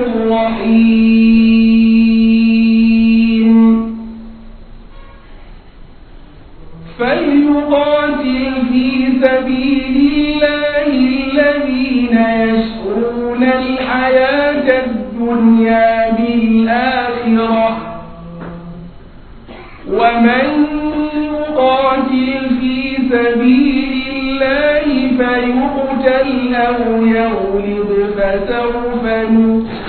الرحيم فليقاتل في سبيل الله الذين يشعرون الحياة الدنيا بالآخرة ومن يقاتل في سبيل الله فيقتل أو يغلب فسوف نؤتيه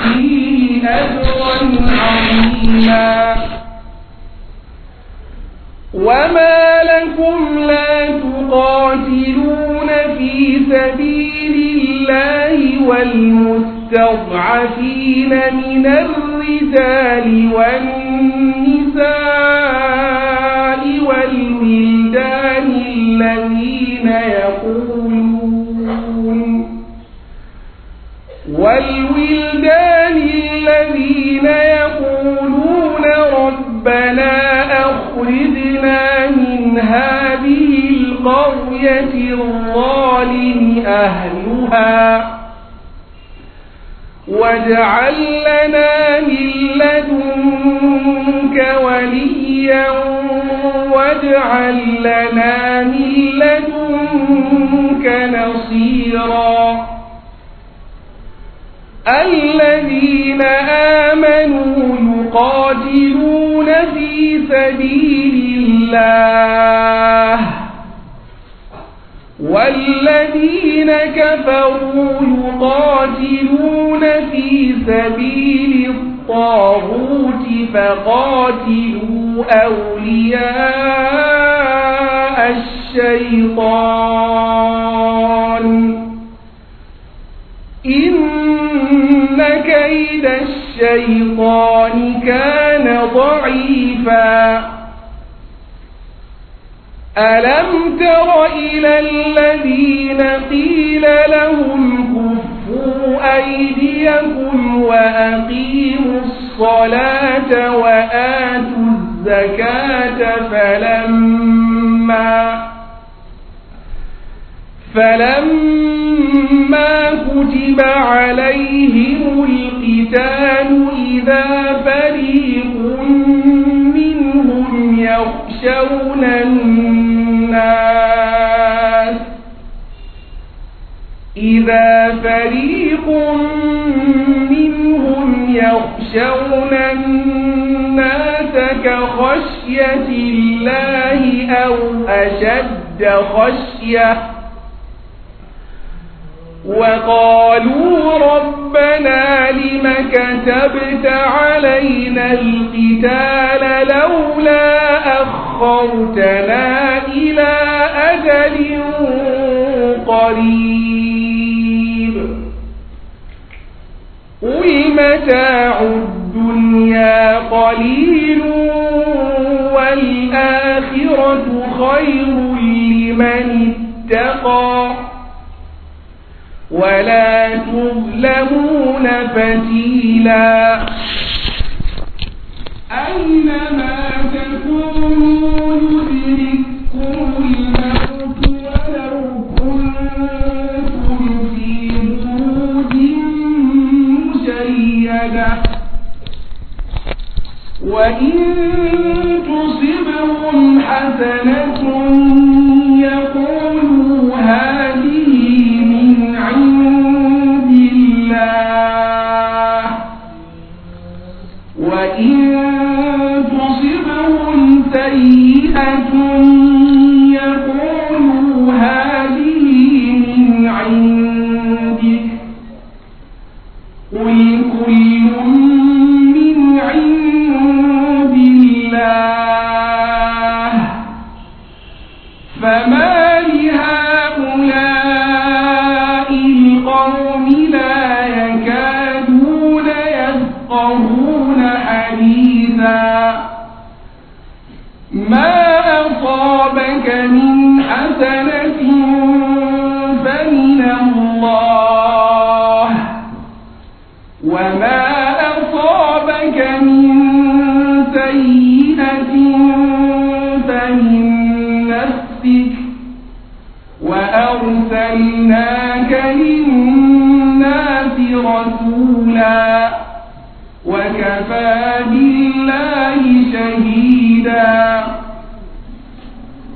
أجرا وما لكم لا تقاتلون في سبيل الله والمستضعفين من الرجال والنساء والولدان الذين يقولون والولدان الذين يقولون ربنا أخرجنا من هذه القرية الظالم أهلها واجعل لنا من لدنك وليا واجعل لنا من لدنك نصيرا الذين آمنوا يقاتلون في سبيل الله والذين كفروا يقاتلون في سبيل الطاغوت فقاتلوا أولياء الشيطان إن كيد الشيطان كان ضعيفا ألم تر إلى الذين قيل لهم كفوا أيديكم وأقيموا الصلاة وآتوا الزكاة فلما فلما ما كتب عليهم القتال إذا فريق منهم يخشون الناس إذا فريق منهم يخشون الناس كخشية الله أو أشد خشية وقالوا ربنا لم كتبت علينا القتال لولا أخرتنا إلى أجل قريب قل متاع الدنيا قليل والآخرة خير لمن اتقى ولا تظلمون فتيلا أينما تكونوا يدرككم الموت ولو كنتم في بروج مشيدة وإن تصبهم حسنة يقول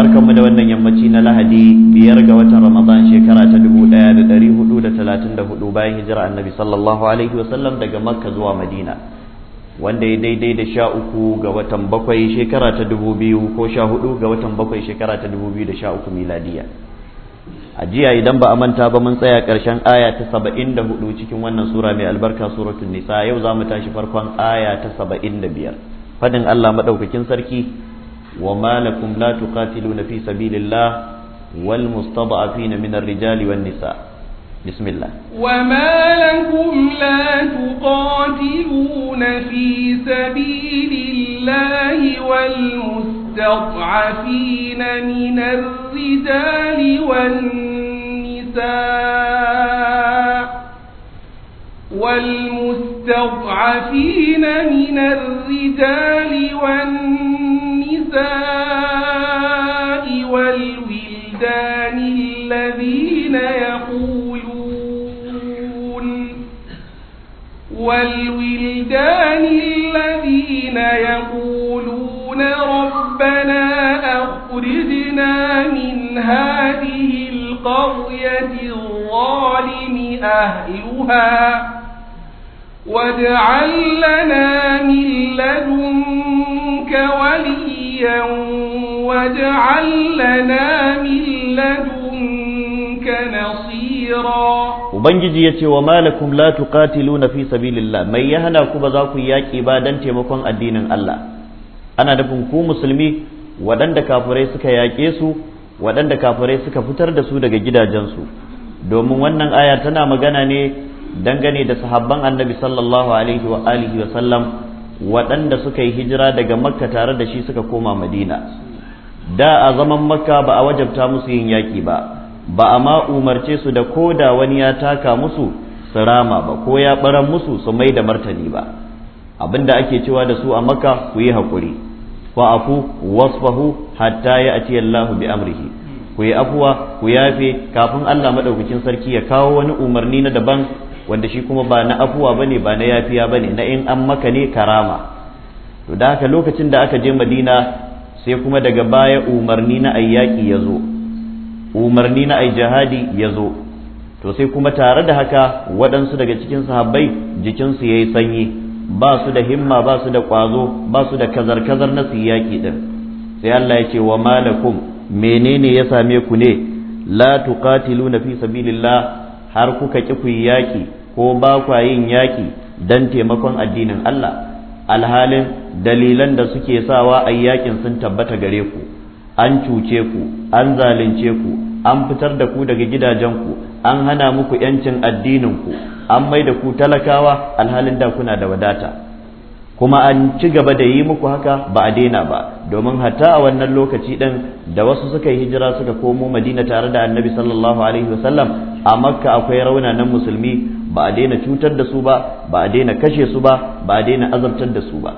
barkanmu da wannan yammaci na lahadi biyar ga watan ramadan shekara ta dubu ɗaya da ɗari hudu da talatin da hudu bayan hijira annabi sallallahu alaihi wasallam daga makka zuwa madina wanda ya daidai da sha uku ga watan bakwai shekara ta dubu biyu ko sha hudu ga watan bakwai shekara ta dubu biyu da sha uku miladiya a jiya idan ba a manta ba mun tsaya karshen aya ta saba'in da hudu cikin wannan sura mai albarka suratun nisa yau za mu tashi farkon aya ta saba'in da biyar fadin allah maɗaukakin sarki وما لكم لا تقاتلون في سبيل الله والمستضعفين من الرجال والنساء بسم الله وما لكم لا تقاتلون في سبيل الله والمستضعفين من الرجال والنساء والمستضعفين من الرجال والنساء والولدان الذين يقولون والولدان الذين يقولون ربنا أخرجنا من هذه القرية الظالم أهلها واجعل لنا من لدنك وليا وليا واجعل لنا من لدنك نصيرا Ubangiji ya ce wa malakum la tuqatiluna fi sabilillah mai ya hana ku ba za ku yaƙi ba don taimakon addinin Allah ana nufin ku musulmi waɗanda kafirai suka yaƙe su waɗanda kafirai suka fitar da su daga gidajensu domin wannan aya tana magana ne dangane da sahabban annabi sallallahu alaihi wa alihi wa sallam waɗanda suka yi hijira daga makka tare da shi suka koma madina da a zaman makka ba a wajabta musu yin yaƙi ba ba a ma umarce su da ko da wani ya taka musu su rama ba ko ya ɓaran musu su mai da martani ba abin da ake cewa da su a makka ku yi haƙuri afu wasfahu hatta ya ati Allahu bi amrihi ku yi afuwa ku yafe kafin Allah madaukakin sarki ya kawo wani umarni na daban wanda shi kuma ba na afuwa bane ba na yafiya bane na in an maka ne karama to da haka lokacin da aka je madina sai kuma daga baya umarni na ayyaki ya zo umarni na ai jihadi ya zo to sai kuma tare da haka waɗansu daga cikin sahabbai jikinsu ya yi sanyi ba su da himma ba su da ƙwazo ba su da kazar-kazar na siyaki ɗin sai Allah ya ce wa malakum menene ya same ku ne la tuqatiluna fi sabilillah har kuka ki ku yaki ko ba kwa yin yaƙi don taimakon addinin Allah alhalin dalilan da suke sawa a yakin sun tabbata gare ku an cuce ku an zalunce ku an fitar da ku daga gidajenku an hana muku yancin addininku an mai da ku talakawa alhalin da kuna da wadata kuma an ci gaba da yi muku haka ba a daina ba domin hatta a wannan lokaci ɗin da wasu suka yi hijira suka komo madina tare da annabi sallallahu alaihi wasallam a makka akwai raunanan musulmi ba a daina cutar da su ba ba a daina kashe su ba ba a daina azabtar da su ba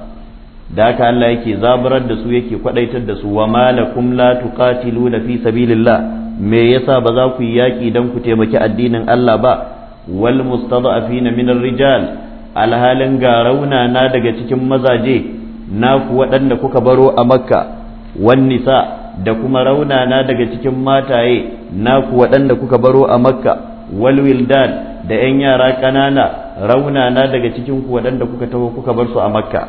da haka Allah yake zaburar da su yake kwadaitar da su wa malakum la la fi sabilillah me yasa ba za ku yi yaki dan ku taimaki addinin Allah ba wal mustada'afina min rijal alhalin ga rauna na daga cikin mazaje na ku waɗanda kuka baro a makka wan nisa' da kuma raunana daga cikin mataye na naku waɗanda kuka baro a makka wal wildan da 'yan yara ƙanana raunana daga cikin ku waɗanda kuka taho kuka bar su a makka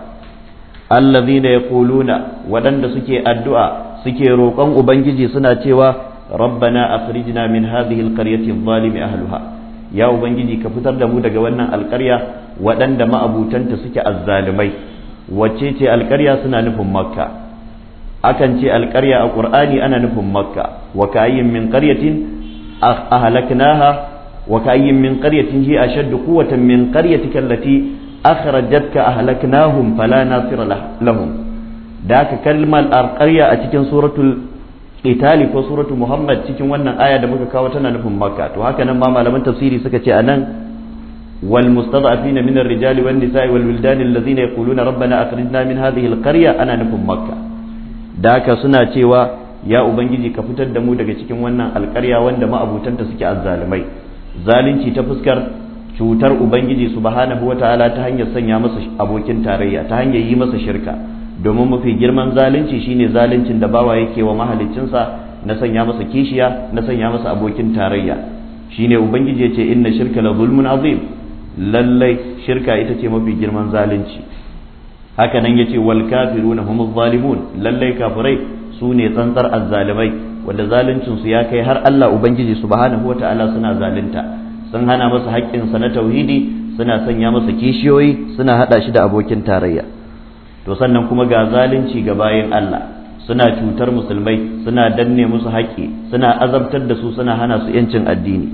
allazina yaquluna waɗanda suke addu'a suke roƙon ubangiji suna cewa rabbana afirijina min hadhihi alqaryati adh-dhalimi ahliha ya ubangiji ka fitar da mu daga wannan alƙarya waɗanda ma'abutanta suke azzalumai wacce ce alƙarya suna nufin makka akan ce alƙarya a ƙur'ani ana nufin makka wa kayin min ƙaryatin ahlaknaha وكأي من قرية هي أشد قوة من قريتك التي أخرجتك أهلكناهم فلا ناصر لهم ذاك كلمة القرية أتكن سورة القتال وسورة محمد تكن ونن آية دمك كاوتنا نفهم مكة وهكذا ما معلمان تفسيري سكتي أنا والمستضعفين من الرجال والنساء والولدان الذين يقولون ربنا أخرجنا من هذه القرية أنا نفهم مكة ذاك سنة cewa ya ubangiji ka fitar da mu daga cikin wannan alƙarya wanda ma'abutanta suke azzalimai zalunci ta fuskar cutar ubangiji subhanahu wataala ta hanyar sanya masa abokin tarayya ta hanyar yi masa shirka domin mafi girman zalunci shine zaluncin da bawa yake wa mahaliccinsa na sanya masa kishiya na sanya masa abokin tarayya shine ubangiji yace ce inna shirka la zulmun azim lallai shirka ita ce mafi girman zalunci haka nan yace wal kafiruna humuz zalimun lallai kafirai sune tsantsar azzalimai wanda zaluncinsu ya kai har Allah Ubangiji subhanahu wa ta'ala suna zalunta sun hana masa haƙƙinsa na tauhidi suna sanya masa kishiyoyi suna haɗa shi da abokin tarayya to sannan kuma ga zalunci ga bayan Allah suna cutar musulmai suna danne musu haƙƙi suna azabtar da su suna hana su yancin addini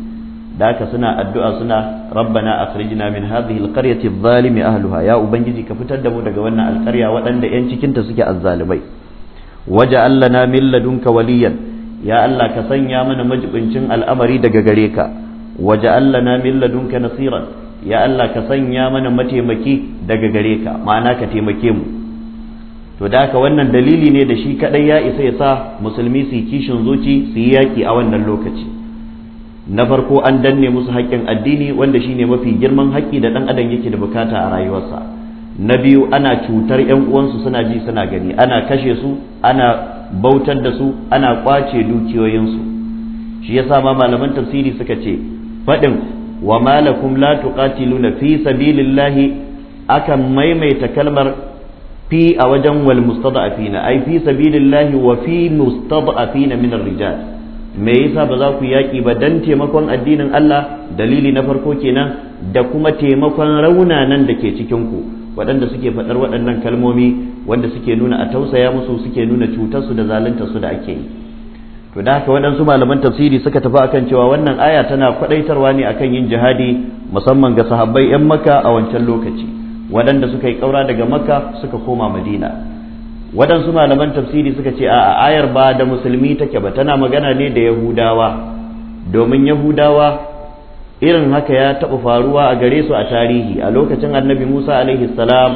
da haka suna addu'a suna rabbana akhrijna min hadhihi alqaryati adh-dhalimi ahluha ya ubangiji ka fitar da mu daga wannan alƙarya waɗanda yan cikinta suke waje allah na min ladunka waliyan ya Allah ka sanya mana majibincin al'amari daga gare ka waje Allah na min ladunka nasiran ya Allah ka sanya mana mataimaki daga gare ka ma'ana ka taimake mu to da haka wannan dalili ne da shi kadai ya isa ya sa musulmi su kishin zuci su yi yaki a wannan lokaci na farko an danne musu haƙƙin addini wanda shine mafi girman haƙƙi da ɗan adam yake da bukata a rayuwarsa na biyu ana cutar 'yan uwansu suna ji suna gani ana kashe su ana bautar da su ana kwace dukiyoyinsu shi yasa ma malaman tafsiri suka ce faɗin wa malakum la tuqatiluna fi sabilillahi akan maimaita kalmar fi a wajen wal mustada'afina ai fi sabilillahi wa fi mustada'afina min ar-rijal me yasa ba za ku yaki ba dan taimakon addinin Allah dalili na farko kenan da kuma taimakon raunanan da ke cikin ku waɗanda suke faɗar waɗannan kalmomi wanda suke nuna a tausaya musu suke nuna cutarsu da zalunta su da ake yi to da haka waɗansu malaman tafsiri suka tafi akan cewa wannan aya tana kwaɗaitarwa ne akan yin jihadi musamman ga sahabbai 'yan makka a wancan lokaci waɗanda suka yi kaura daga makka suka koma madina waɗansu malaman tafsiri suka ce a ayar ba da musulmi take ba tana magana ne da yahudawa domin yahudawa irin haka ya taɓa faruwa a gare su a tarihi a lokacin annabi musa alaihi salam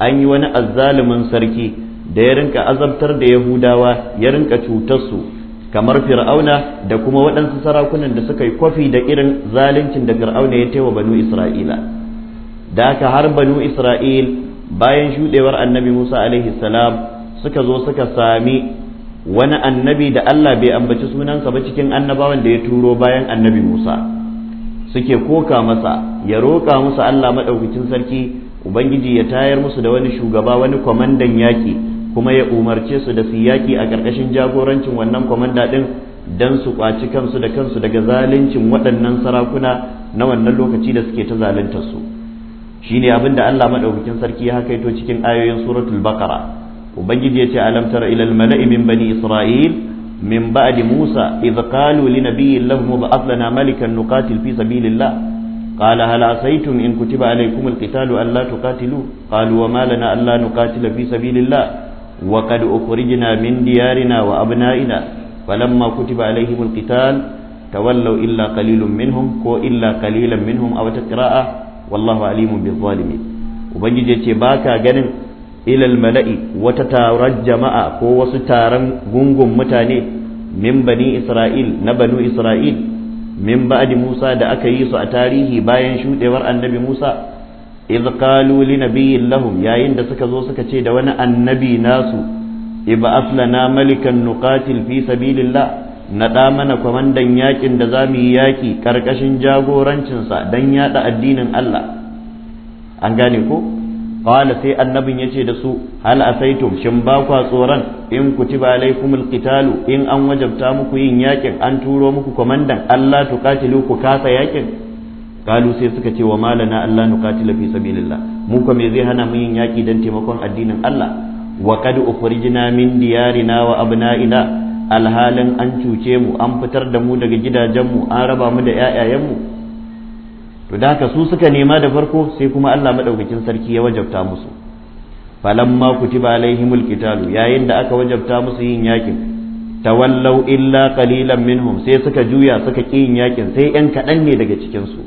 an yi wani azzalumin sarki da ya rinka azabtar da yahudawa ya rinka cutarsu kamar fir'auna da kuma waɗansu sarakunan da suka yi kwafi da irin zaluncin da fir'auna ya taiwa banu isra'ila da haka har banu isra'il bayan shuɗewar annabi musa alaihi salam suka zo suka sami wani annabi da allah bai ambaci sunansa ba cikin annabawan da ya turo bayan annabi musa suke koka masa ya roƙa musu Allah maɗaukacin sarki ubangiji ya tayar musu da wani shugaba wani kwamandan yaƙi kuma ya umarce su da su yaƙi a ƙarƙashin jagorancin wannan kwamanda ɗin don su ƙwaci kansu da kansu daga zaluncin waɗannan sarakuna na wannan lokaci da suke ta zalunta su ne abin da Allah maɗaukakin sarki ya hakaito cikin ayoyin suratul bakara ubangiji ya ce alam tara ilal mala'i min bani isra'il من بعد موسى إذ قالوا لنبي لهم وبعث لنا ملكا نقاتل في سبيل الله قال هل عصيتم إن كتب عليكم القتال ألا تقاتلوا قالوا وما لنا ألا نقاتل في سبيل الله وقد أخرجنا من ديارنا وأبنائنا فلما كتب عليهم القتال تولوا إلا قليل منهم كو إلا قليلا منهم أو تقراء والله عليم بالظالمين وبنجي جيتي باكا جنن ilal mala'i wata taron jama'a ko wasu taron gungun mutane min bani isra'il na banu isra'il min ba'di musa da aka yi su a tarihi bayan shuɗewar annabi musa idh qalu li nabiyyin lahum yayin da suka zo suka ce da wani annabi nasu ib'ath lana malikan nuqatil fi sabilillah naɗa mana kwamandan yakin da za mu yi yaki karkashin jagorancinsa don yaɗa addinin Allah an gane ko qala sai annabin yace da su hal asaitum shin ba kwa tsoron in ku kutiba alaikumul qitalu in an wajabta muku yin yakin an turo muku komandan Allah tuqatilu ku kasa yakin kalu sai suka ce wa malana Allah nuqatila fi sabilillah mu kuma me zai hana mu yin yaki dan taimakon addinin Allah wa qad ukhrijna min diyarina wa abna'ina alhalin an cuce mu an fitar da mu daga gidajen mu an raba mu da mu. to da haka su suka nema da farko sai kuma Allah madaukakin sarki ya wajabta musu falamma kutiba alaihimul qitalu yayin da aka wajabta musu yin yakin tawallau illa qalilan minhum sai suka juya suka ki yin yakin sai yan kaɗan ne daga cikin su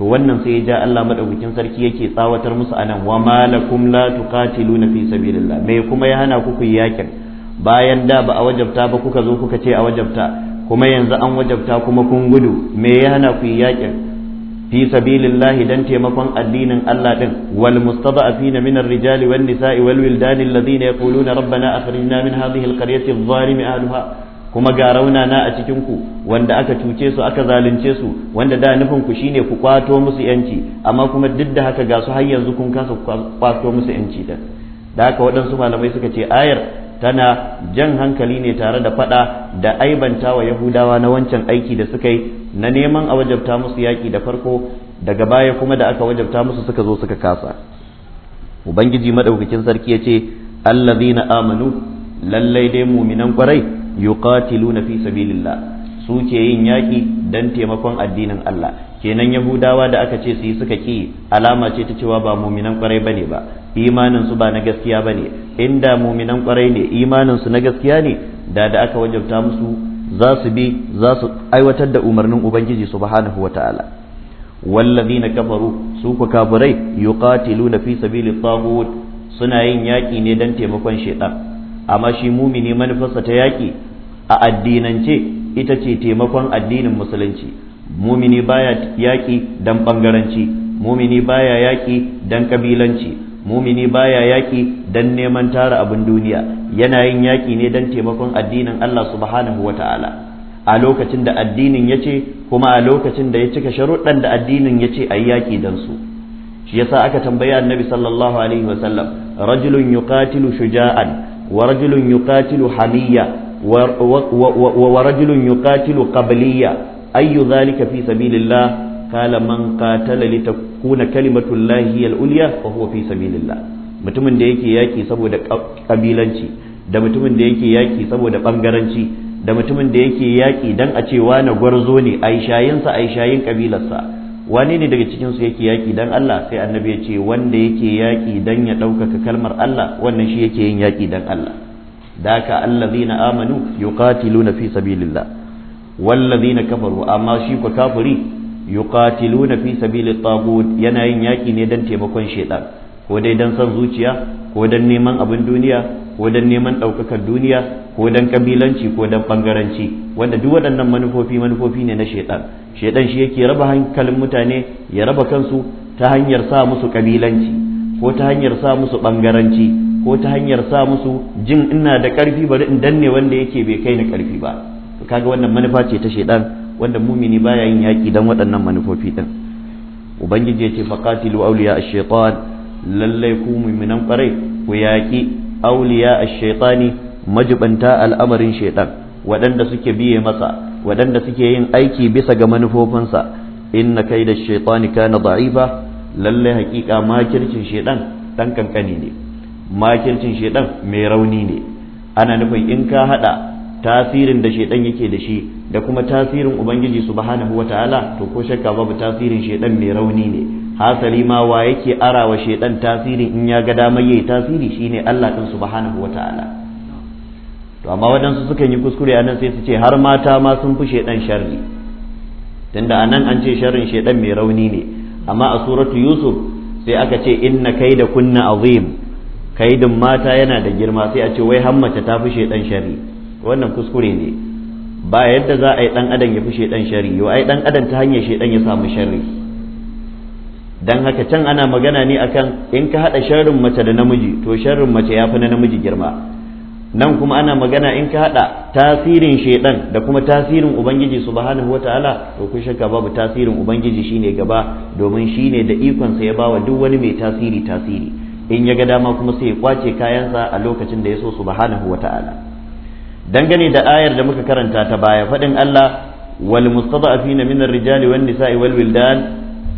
to wannan sai ya ja Allah madaukakin sarki yake tsawatar musu anan wa malakum la tuqatiluna fi sabilillah me kuma ya hana ku yakin bayan da ba a wajabta ba kuka zo kuka ce a wajabta kuma yanzu an wajabta kuma kun gudu me ya hana ku yakin fi sabilillahi dan taimakon addinin Allah din wal mustada'afina min ar-rijali wan nisa'i wal wildani alladhina yaquluna rabbana akhrijna min hadhihi al-qaryati adh-dhalimi ahliha kuma ga rauna na a cikin ku wanda aka cuce su aka zalunce su wanda da nufin ku shine ku kwato musu yanci amma kuma duk da haka ga su har yanzu kun kasa kwato musu yanci da da haka waɗansu malamai suka ce ayar tana jan hankali ne tare da faɗa da aibantawa yahudawa na wancan aiki da suka yi na neman a wajabta musu yaƙi da farko daga baya kuma da aka wajabta musu suka zo suka kasa ubangiji maɗaukakin sarki ya ce allah na amanu lallai dai muminan kwarai yuqatiluna fi sabilillah su ke yin yaƙi don taimakon addinin Allah kenan yahudawa da aka ce su yi suka ki alama ce ta cewa ba muminan kwarai bane ba imanin ba na gaskiya bane inda muminan kwarai ne imanin na gaskiya ne da da aka wajabta musu za su bi za su aiwatar da umarnin ubangiji subhanahu wataala na kafaru su ku kafirai yuqatiluna fi sabili taghut suna yin yaƙi ne don taimakon shaitan amma shi mumini manufarsa ta yaƙi a addinance ita ce taimakon addinin musulunci mumini baya yaƙi don ɓangaranci mumini baya yaƙi don ƙabilanci mumini baya yaki dan neman tara abin duniya yana yin yaki ne dan taimakon addinin Allah subhanahu wata'ala a lokacin da addinin ya ce kuma a lokacin da ya cika sharuɗan da addinin ya ce a yaƙi dan su shi yasa aka tambaya annabi sallallahu alaihi wa sallam rajulun yuqatilu shuja'an wa rajulun yuqatilu hamiyya wa rajulun yuqatilu qabliya ayyu dhalika fi sabilillah kala man qatala li takuna kalimatullahi hiya al-ulya fa huwa fi sabilillah mutumin da yake yaki saboda kabilanci da mutumin da yake yaki saboda bangaranci da mutumin da yake yaki dan a ce wani gwarzo ne aishayin sa aishayin kabilarsa wane ne daga cikin su yake yaki dan Allah sai annabi ya ce wanda yake yaki dan ya ɗaukaka kalmar Allah wannan shi yake yin yaki dan Allah daka allazina amanu yuqatiluna fi sabilillah wallazina kafaru amma shi ko kafiri yuqatiluna fi sabili tagut yana yin yaki ne dan taimakon shaitan ko dai dan san zuciya ko dan neman abin duniya ko dan neman ɗaukakar duniya ko dan kabilanci ko dan bangaranci wanda duk waɗannan manufofi manufofi ne na shaitan shaitan shi yake raba hankalin mutane ya raba kansu ta hanyar sa musu kabilanci ko ta hanyar sa musu bangaranci ko ta hanyar sa musu jin ina da karfi bari in danne wanda yake bai kai ni ƙarfi ba kaga wannan manufa ce ta shaidan wanda mumini baya yin yaki dan waɗannan manufofi din ubangiji ce faqatilu awliya ash-shaytan lallai ku mu'minan kwarai ku yaki awliya ash-shaytani majibanta al'amarin shaytan waɗanda suke biye masa waɗanda suke yin aiki bisa ga manufofinsa inna kaida ash-shaytani kana da'ifa lallai hakika makircin shaytan dan kankani ne makircin shaiɗan mai rauni ne ana nufin in ka hada tasirin da shaidan yake da shi da kuma tasirin ubangiji subhanahu wataala to ko shakka babu tasirin shedan mai rauni ne hasali ma wa yake arawa shedan tasirin in ya ga damar yayi tasiri shine Allah din subhanahu wataala to amma waɗansu sukan yi kuskure anan sai su ce har mata ma sun fi shedan sharri tunda anan an ce sharrin shedan mai rauni ne amma a suratu yusuf sai aka ce inna kaida kunna azim kaidin mata yana da girma sai a ce wai hammata ta fi shedan sharri wannan kuskure ne ba yadda za a yi dan adam ya fi shedan sharri yau yi dan adam ta hanyar shedan ya samu sharri dan haka can ana magana ne akan in ka hada sharrin mace da namiji to sharrin mace ya fi na namiji girma nan kuma ana magana in ka haɗa tasirin shaiɗan da kuma tasirin ubangiji subhanahu wataala to kun shakka babu tasirin ubangiji shine gaba domin shine da ikon sa ya bawa duk wani mai tasiri tasiri in ya ga dama kuma sai ya kwace kayansa a lokacin da ya so subhanahu wataala dangane da ayar da muka karanta ta baya faɗin Allah wal mustada'afina min ar-rijali wan nisa'i wal wildan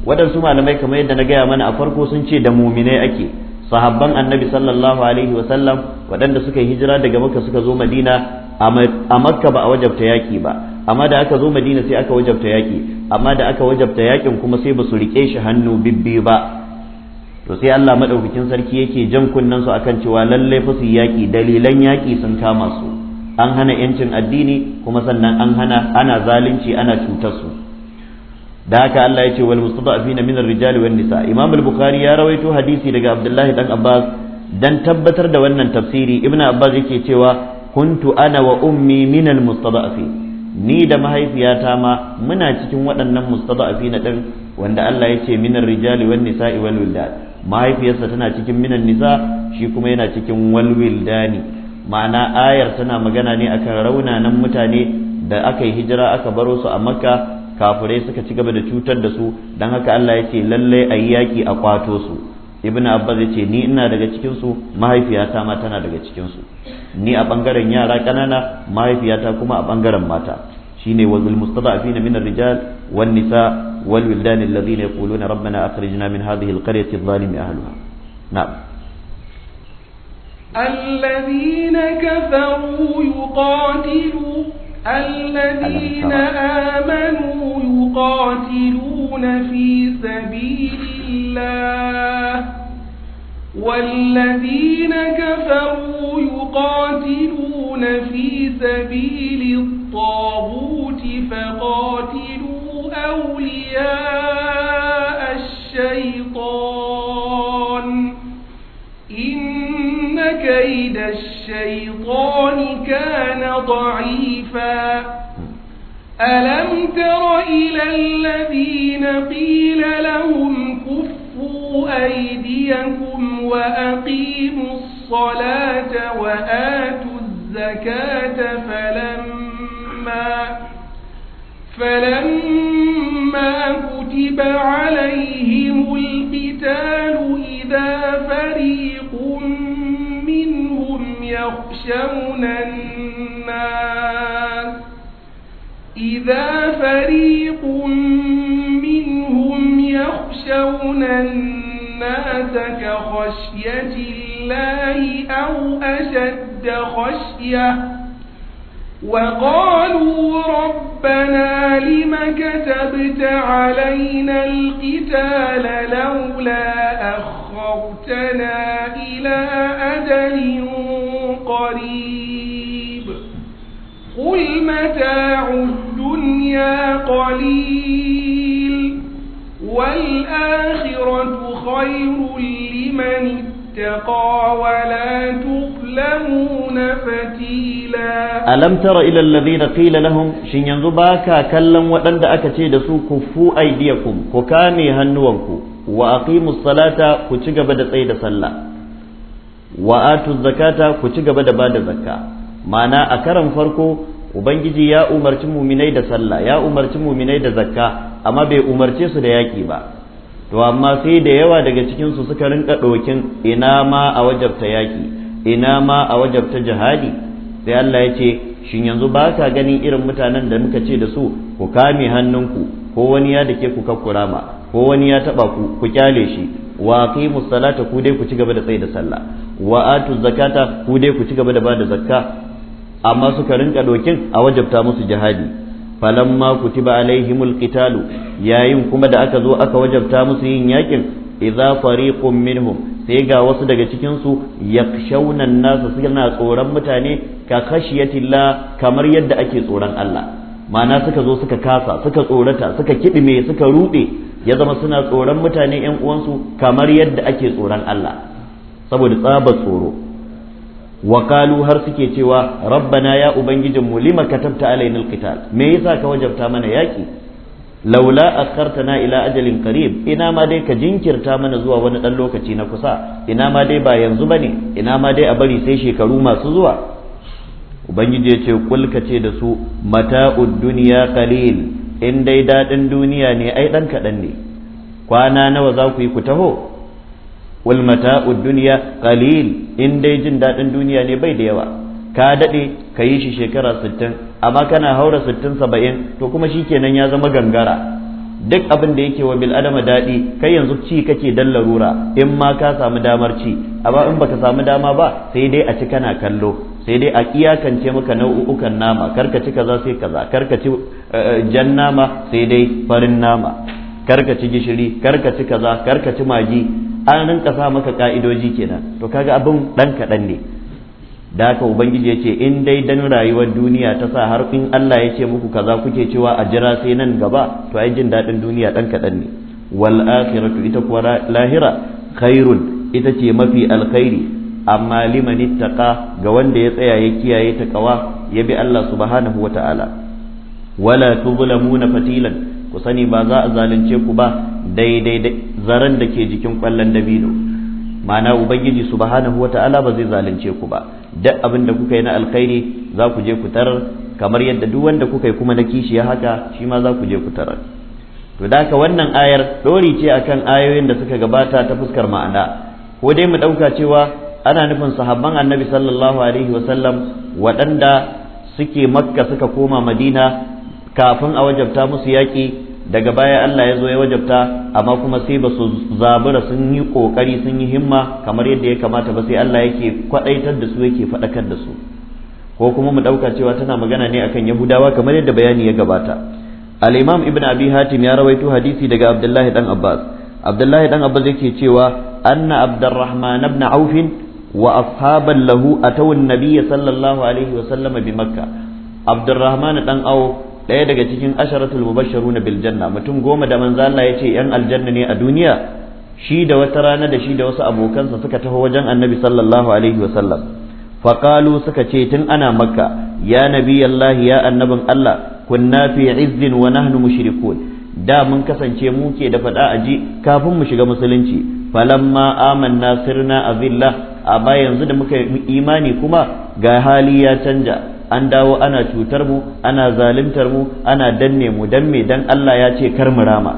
waɗansu malamai kamar yadda na gaya mana a farko sun ce da muminai ake sahabban annabi sallallahu alaihi wa sallam waɗanda suka yi hijira daga makka suka zo madina a makka ba a wajabta yaki ba amma da aka zo madina sai aka wajabta yaki amma da aka wajabta yakin kuma sai ba su rike shi hannu bibbi ba to sai Allah madaukakin sarki yake jan kunnen su akan cewa lalle fa su yaki dalilan yaƙi sun kama su an hana yancin addini kuma sannan an hana ana zalunci ana cutar su da haka Allah ya ce wal mustada'afina min ar-rijali wan nisa Imam al-Bukhari ya rawaito hadisi daga Abdullah dan Abbas dan tabbatar da wannan tafsiri Ibn Abbas yake cewa kuntu ana wa ummi min al ni da mahaifiyata ma muna cikin waɗannan mustada'afina din wanda Allah ya ce min ar-rijali wan nisa'i wal wildad mahaifiyarsa tana cikin minan nisa shi kuma yana cikin wal wildani ma'ana ayar tana magana ne akan raunanan mutane da aka yi hijira aka baro su a makka kafirai suka ci gaba da cutar da su don haka Allah ya ce lallai a yi a kwato su ibn abbas ya ce ni ina daga cikin su mahaifiyata ma tana daga cikin su ni a bangaren yara kanana mahaifiyata kuma a bangaren mata shine wazul zul mustada'afina min ar-rijal wan nisa wal wildan alladhina yaquluna rabbana akhrijna min hadhihi al-qaryati adh-dhalimi ahliha na'am الذين كفروا يقاتلوا الذين آمنوا يقاتلون في سبيل الله والذين كفروا يقاتلون في سبيل الطاغوت فقاتلوا أولياء الشيطان كيد الشيطان كان ضعيفا ألم تر إلى الذين قيل لهم كفوا أيديكم وأقيموا الصلاة وآتوا الزكاة فلما فلما كتب عليهم القتال إذا فريق منهم يخشون الناس إذا فريق منهم يخشون الناس كخشية الله أو أشد خشية وقالوا ربنا لم كتبت علينا القتال لولا أخرتنا إلى أدل قريب قل متاع الدنيا قليل والآخرة خير لمن اتقى ولا تظلمون فتيلا ألم تر إلى الذين قيل لهم شن ينزباك كلم وأند أكتيد سو كفوا أيديكم كوكامي هنوانكو وأقيموا الصلاة كتشغب دسيد صلى وآتوا الزكاة كتشغب دباد زكاة معنى أكرم فرقو Ubangiji ya umarci muminai da sallah ya umarci muminai da zakka amma bai umarce su da yaƙi ba to amma sai da yawa daga cikin su suka rinka ɗokin ina ma a wajabta yaki ina ma a wajabta jihadi sai Allah ya ce shin yanzu ba ka ganin irin mutanen da muka ce da su ku kame hannunku ko wani ya dake ku kakkura ma ko wani ya taba ku ku kyale shi wa aqimu salata ku dai ku ci gaba da tsayi da sallah wa atuz zakata ku dai ku ci gaba da bada zakka amma suka rinka dokin a wajabta musu jihadi falamma kutiba alaihimul qitalu yayin kuma da aka zo aka wajabta musu yin yakin idza fariqun minhum sai ga wasu daga cikin su yakshawna nasu suna tsoron mutane ka tilla kamar yadda ake tsoron Allah ma'ana suka zo suka kasa suka tsorata suka kidime suka rude ya zama suna tsoron mutane yan uwansu kamar yadda ake tsoron Allah saboda tsaba tsoro wa har suke cewa rabbana ya ubangijin mu lima katabta alaina alqital me yasa ka wajabta mana yaki laula akhartana ila ajalin qarib ina ma dai ka jinkirta mana zuwa wani dan lokaci na kusa ina ma dai ba yanzu bane ina ma dai a bari sai shekaru masu zuwa ubangiji ya ce kul ka ce da su mata'ud dunya qalil in dai dadin duniya ne ai dan kadan ne kwana nawa za ku yi ku taho wal mata'ud dunya qalil in dai jin dadin duniya ne bai da yawa ka dade ka yi shi shekara 60 amma kana haura 60 70 to kuma shikenan ya zama gangara duk abin da yake wa bil adama daɗi kai yanzu ci kake dan larura in ma ka samu damar ci amma in baka samu dama ba sai dai a ci kana kallo sai dai a iyakance maka nau'ukan nama karka ci kaza sai kaza karka ci eh, jan nama sai dai farin nama karka ci gishiri karka ci kaza karka ci magi an rinka sa maka ka'idoji kenan to kaga abin dan kaɗan ne da haka ubangiji ya ce in dai dan rayuwar duniya ta sa har in Allah ya ce muku kaza kuke cewa a jira sai nan gaba to ai jin daɗin duniya dan kaɗan ne wal akhiratu ita kuwa lahira khairun ita ce mafi alkhairi amma liman ittaqa ga wanda ya tsaya ya kiyaye takawa ya bi Allah subhanahu wata'ala wala tuzlamuna fatilan ku sani ba za a zalunce ku ba daidai da zaren da ke jikin kwallon dabino ma'ana ubangiji subhanahu wata'ala ba zai zalunce ku ba duk abin da kuka yi na alkhairi za ku je ku tarar kamar yadda duk wanda kuka yi kuma na kishiya haka shi ma za ku je ku tarar to da haka wannan ayar dori ce akan ayoyin da suka gabata ta fuskar ma'ana ko dai mu dauka cewa ana nufin sahabban annabi sallallahu alaihi wasallam waɗanda suke makka suka koma madina kafin a wajabta musu yaƙi daga baya Allah ya zo ya wajabta amma kuma sai ba su zabura sun yi kokari sun yi himma kamar yadda ya kamata ba sai Allah yake kwadaitar da su yake fadakar da su ko kuma mu ɗauka cewa tana magana ne akan Yahudawa kamar yadda bayani ya gabata al-Imam Ibn Abi Hatim ya rawaito hadisi daga Abdullahi dan Abbas Abdullahi dan Abbas yake cewa anna Abdurrahman ibn Auf wa ashaban lahu atawun nabiyyi sallallahu alaihi wa sallam bi Makkah Abdurrahman dan Auf ɗaya daga cikin asharatul mubashsharuna bil biljanna mutum goma da manzo Allah ce yan aljanna ne a duniya shi da wata rana da shi da wasu abokansa suka taho wajen annabi sallallahu alaihi wa sallam faqalu suka ce tun ana makka ya nabi Allah ya annabin Allah kunna fi izzin wa nahnu mushrikun da mun kasance mu ke da faɗa aji kafin mu shiga musulunci falamma amanna sirna azillah a ba yanzu da muka imani kuma ga hali ya canja an dawo ana cutar mu ana zalimtar mu ana danne mu dan me dan Allah ya ce kar mu rama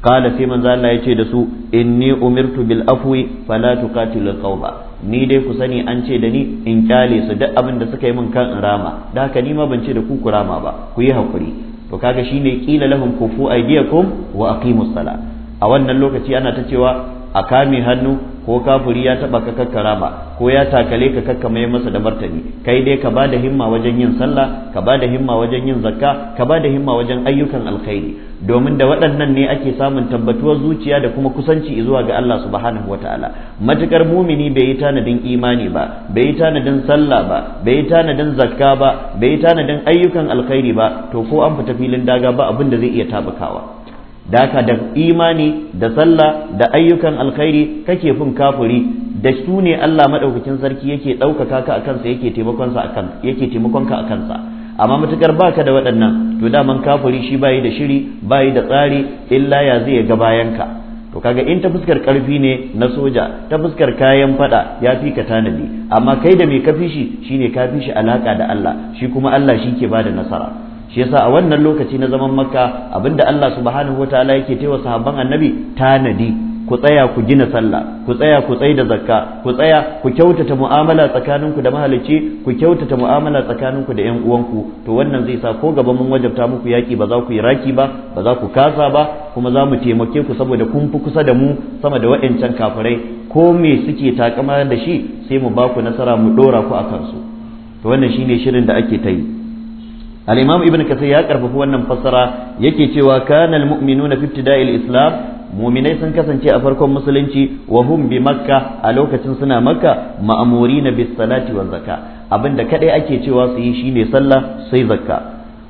qala sai manzo Allah ya ce da su inni umirtu bil afwi fala tuqatil qawma ni dai ku sani an ce da ni in kyale su duk abin da suka yi min kan in rama da haka ni ma ban ce da ku ku rama ba ku yi hakuri to kaga shine qila lahum kufu aydiyakum wa aqimus sala a wannan lokaci ana ta cewa a kame hannu ko kafuri ya taba ka ba ko ya takale ka kakka mai masa da martani kai dai ka bada himma wajen yin sallah ka bada himma wajen yin zakka ka bada himma wajen ayyukan alkhairi domin da waɗannan ne ake samun tabbatuwar zuciya da kuma kusanci zuwa ga Allah subhanahu wataala matukar mumini bai yi tanadin imani ba bai yi tanadin sallah ba bai yi tanadin zakka ba bai yi tanadin ayyukan alkhairi ba to ko an fita filin daga ba abin da zai iya tabakawa. da haka da imani da sallah da ayyukan alkhairi kake fin kafuri da su ne Allah madaukakin sarki yake ɗaukaka ka a kansa yake taimakon sa akan yake taimakon ka a kansa amma matukar baka da waɗannan to daman kafuri shi bayi da shiri bayi da tsari illa ya zai ga bayan ka to kaga in ta fuskar karfi ne na soja ta fuskar kayan fada ya fi ka tanadi amma kai da mai kafi shi shine kafi shi alaka da Allah shi kuma Allah shi ke bada nasara shi yasa a wannan lokaci na zaman makka abinda Allah subhanahu wataala yake taiwa sahabban annabi tanadi ku tsaya ku gina sallah ku tsaya ku tsai da zakka ku tsaya ku kyautata mu'amala tsakaninku da mahalicci ku kyautata mu'amala tsakaninku da yan uwanku to wannan zai sa ko gaba mun wajabta muku yaki ba za ku yi raki ba ba za ku kasa ba kuma za mu taimake ku saboda kun fi kusa da mu sama da wa'ancan kafirai ko me suke takama da shi sai mu ba ku nasara mu dora ku a kansu to wannan shine shirin da ake ta yi al-imam ibn kasir ya karfafi wannan fassara yake cewa kana muminu na fi ibtida'il islam mu'minai sun kasance a farkon musulunci wa hum makka a lokacin suna makka ma'amurina na salati waz zakka abinda kadai ake cewa su yi shine sallah sai zaka.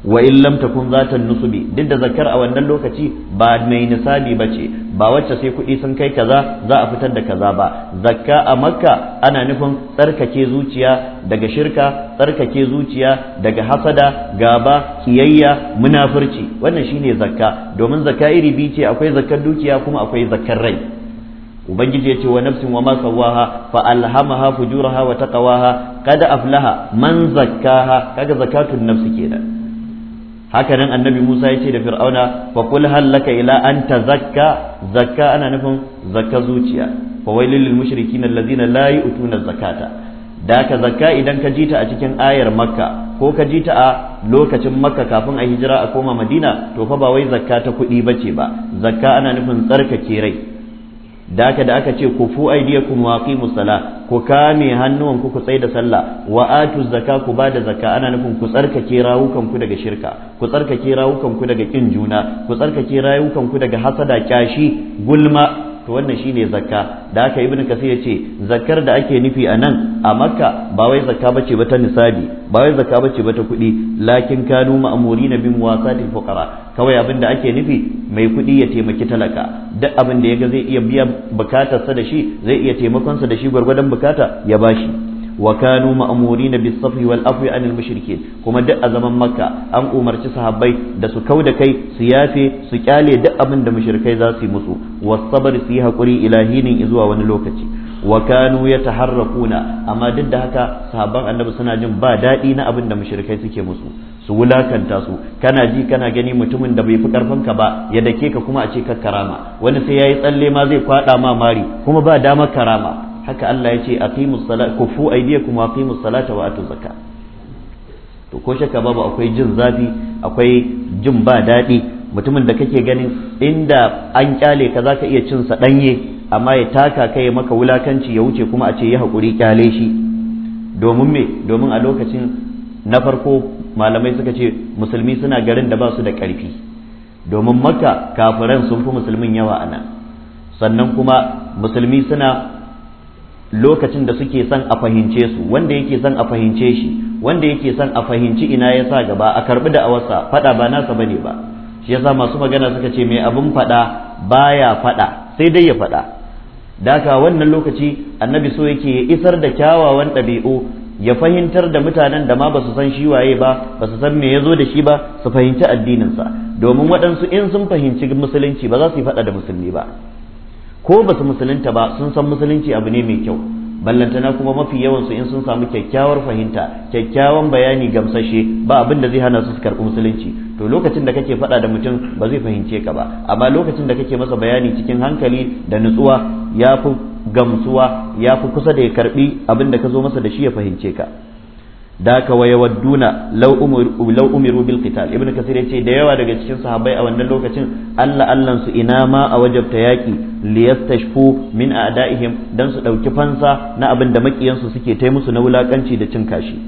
wa in lam takun zatan nusubi duk da zakar a wannan lokaci ba mai nisabi ce ba wacce sai kuɗi sun kai kaza za a fitar da kaza ba zakka a makka ana nufin tsarkake zuciya daga shirka tsarkake zuciya daga hasada gaba kiyayya munafurci wannan shine zakka domin zakka iri biyu ce akwai zakkar dukiya kuma akwai zakkar rai ubangiji ya ce wa nafsin wa ma sawaha fa alhamaha fujuraha wa taqawaha qad aflaha man zakkaha kaga zakatun nafsi kenan haka nan annabi Musa ya ce da Fir'auna fa kul hal laka ila an tazakka zakka ana nufin zakka zuciya fa wailil lil mushrikin allazina la yu'tuna zakata da ka zakka idan ka jita a cikin ayar makka ko ka jita a lokacin makka kafin a hijira a koma madina to fa ba wai zakka ta kuɗi bace ba zakka ana nufin tsarkake rai da aka da aka ce ku fu aidiyakum wa aqimu sala ku kame hannuwanku ku ku tsaye da sallah wa atu zaka ku ba da zakka ana nufin ku tsarkake rawukanku ku daga shirka ku tsarkake rawukan ku daga kin juna ku tsarkake rawukan ku daga hasada kyashi gulma to wannan shine zakka da aka ibnu kasir yace zakkar da ake nufi a nan a makka ba wai zakka bace ba ta nisabi ba wai zakka bace ba ta kuɗi lakin kanu ma'amuri ma'murina bin wasati fuqara kawai abin da ake nufi mai kuɗi ya taimaki talaka duk abin da yaga zai iya biya bukatarsa da shi zai iya taimakonsa da shi gwargwadon bukata ya bashi wa kanu ma'murina bis safi wal afwi anil mushrikeen kuma duk a zaman makka an umarci sahabbai da su kauda kai su yafe su kyale duk abin da mushrikai za su yi musu sabar suyi su yi hakuri ilahinin zuwa wani lokaci wa kanu na amma duk da haka sahabban annabi suna jin ba daɗi na abin da mushrikai suke musu su wulakanta su kana ji kana gani mutumin da bai fi karfin ka ba ya dake ka kuma a ce ka karama wani sai ya yi tsalle ma zai kwaɗa ma mari kuma ba damar karama haka Allah ya ce a aqimus salata kufu aydiyakum kuma fi salata wa atuz zaka to ko shaka babu akwai jin zafi akwai jin ba daɗi mutumin da kake ganin inda an kyale ka za ka iya cin sa ɗanye amma ya taka kai ya maka wulakanci ya wuce kuma a ce ya haƙuri kyale shi domin me domin a lokacin na farko malamai suka ce musulmi suna garin da ba su da ƙarfi domin maka kafiran sun fi musulmin yawa a nan sannan kuma musulmi suna lokacin da suke son a fahimce su wanda yake son a fahimce shi wanda yake son a fahimci ina ya sa gaba a karbi da awarsa fada ba nasa bane ba shi yasa masu magana suka ce mai abun fada baya fada sai dai ya fada daka wannan lokaci annabi so yake ya isar da kyawawan ɗabi'u ya fahimtar da mutanen da ma ba su san shi waye ba ba su san me ya zo da shi ba su fahimci addininsa domin waɗansu in sun fahimci musulunci ba za su yi faɗa da musulmi ba ko ba su musulunta ba sun san musulunci abu ne mai kyau ballantana kuma mafi yawan su in sun samu kyakkyawar fahimta kyakkyawan bayani gamsashe ba abin da zai hana su su karɓi musulunci to lokacin da kake faɗa da mutum ba zai fahimce ka ba amma lokacin da kake masa bayani cikin hankali da nutsuwa ya fi gamsuwa ya fi kusa da ya karɓi abin da ka zo masa da shi ya fahimce ka da ka waya wadduna lau umiru bil qital ibnu kasir yace da yawa daga cikin sahabbai a wannan lokacin Allah Allah su ina ma a wajabta yaki liyastashfu min a'daihim dan su dauki fansa na abin da makiyansu suke tai musu na wulakanci da cin kashi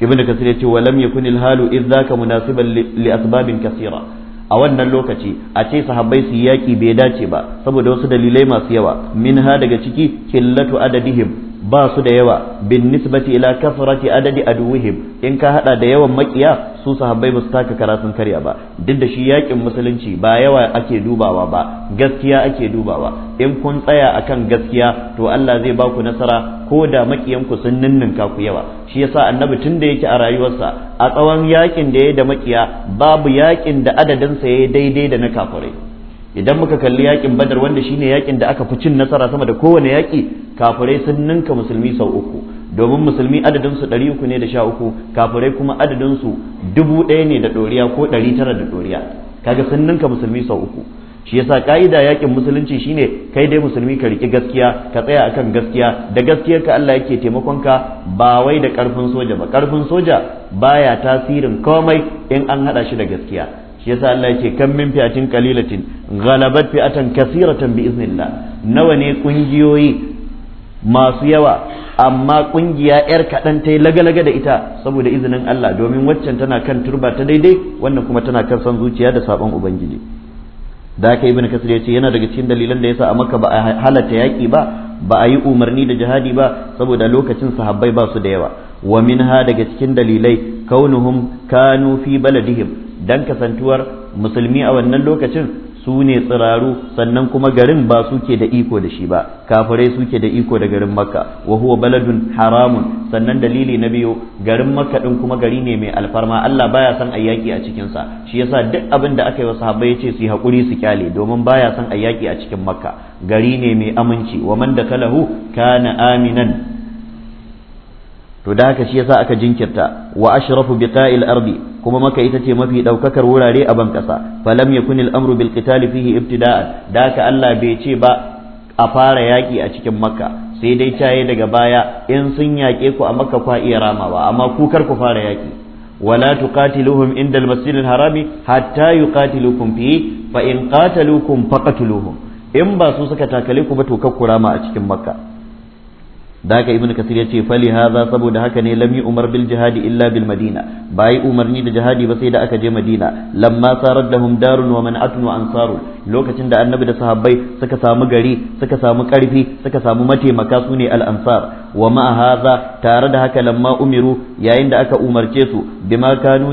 ibnu kasir yace wa lam yakun halu idh zaka munasiban li asbabin kasira a wannan lokaci a ce sahabbai su yaki bai dace ba saboda wasu dalilai masu yawa min ha daga ciki killatu adadihim ba su da yawa bin nisbati ila kafarati adadi aduwihim in ka hada da yawan makiya su sahabbai ba su taka kara sun karya ba duk da shi yakin musulunci ba yawa ake dubawa ba gaskiya ake dubawa in kun tsaya akan gaskiya to Allah zai ba ku nasara ko da makiyan ku sun ninninka ku yawa shi yasa annabi tun da yake a rayuwarsa a tsawon yakin da ya da makiya babu yakin da adadin sa yayi daidai da na kafirai idan muka kalli yakin badar wanda shine yakin da aka fi cin nasara sama da kowane yaki kafirai sun ninka musulmi sau uku domin musulmi adadin su ɗari uku ne da sha uku kafirai kuma adadin su dubu ɗaya ne da ɗoriya ko ɗari tara da ɗoriya kaga sun ninka musulmi sau uku shi yasa ka'ida yakin musulunci shine kai dai musulmi ka riki gaskiya ka tsaya akan gaskiya da gaskiyar ka Allah yake taimakon ka ba wai da karfin soja ba karfin soja baya tasirin komai in an haɗa shi da gaskiya shi yasa Allah yake kan min fi'atin qalilatin ghalabat fi'atan kathiratan bi iznillah nawa ne kungiyoyi masu yawa amma kungiya yar kaɗan ta yi lagalaga da ita saboda izinin Allah domin waccan tana kan turba ta daidai wannan kuma tana kan son zuciya da sabon ubangiji da aka ibn kasir yace yana daga cikin dalilan da yasa a maka ba a halatta yaƙi ba ba a yi umarni da jihadi ba saboda lokacin sahabbai ba su da yawa wa minha daga cikin dalilai kaunuhum kanu fi baladihim dan kasantuwar musulmi a wannan lokacin su ne tsiraru sannan kuma garin ba suke da iko da shi ba kafirai suke da iko da garin makka wa huwa baladun haramun sannan dalili na biyu garin makka din kuma gari ne mai alfarma Allah baya son ayyaki a cikin sa shi yasa duk abin da aka yi wa sahabbai yace su yi hakuri su kyale domin baya son ayyaki a cikin makka gari ne mai aminci wa man dakalahu kana aminan to da haka shi yasa aka jinkirta wa ashrafu biqa'il ardi kuma maka ita ce mafi daukakar wurare a ban kasa falam yakun al-amru bil qitali fihi ibtida'a da haka Allah bai ce ba a fara yaki a cikin makka sai dai caye daga baya in sun yaƙe ku a makka kwa iya ramawa amma ku kar ku fara yaki ولا تقاتلوهم عند المسجد الحرام حتى يقاتلوكم فيه فإن قاتلوكم فقتلوهم in ba su suka takale ku ba to kakkura ma a cikin makka da haka ibnu kasir ce fali haza saboda haka ne lam umar bil jihadi illa bil madina yi umarni da jihadi ba sai da aka je madina lamma sarar da darun wa man'atun wa ansaru lokacin da annabi da sahabbai suka samu gari suka samu karfi suka samu mataimaka sune al ansar wa ma tare da haka lamma umiru yayin da aka umarce su bima kanu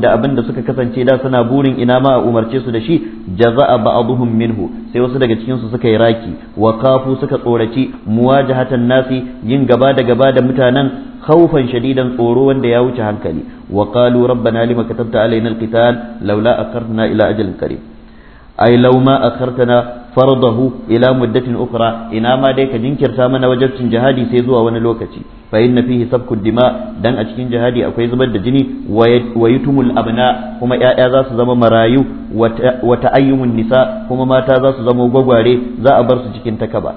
da abin da suka kasance da suna burin ina ma a umarce su da shi jaza'a ba'dhum minhu sai wasu daga cikin su suka yi raki wa suka tsoraci muwajahatan nasi yin gaba da gaba da mutanen khawfan shadidan tsoro wanda ya wuce hankali wa qalu rabbana lima katabta alaina alqital laula akartana ila ajalin qarib ai law ma akhartana fardahu ila muddatin ukra ina ma dai ka jinkirta mana wajen cin jihadi sai zuwa wani lokaci fa inna fihi sabku dima dan a cikin jihadi akwai zubar da jini wa yutumul abna kuma yaya za su zama marayu wata ta'ayyumun nisa kuma mata za su zama gwagware za a bar su cikin takaba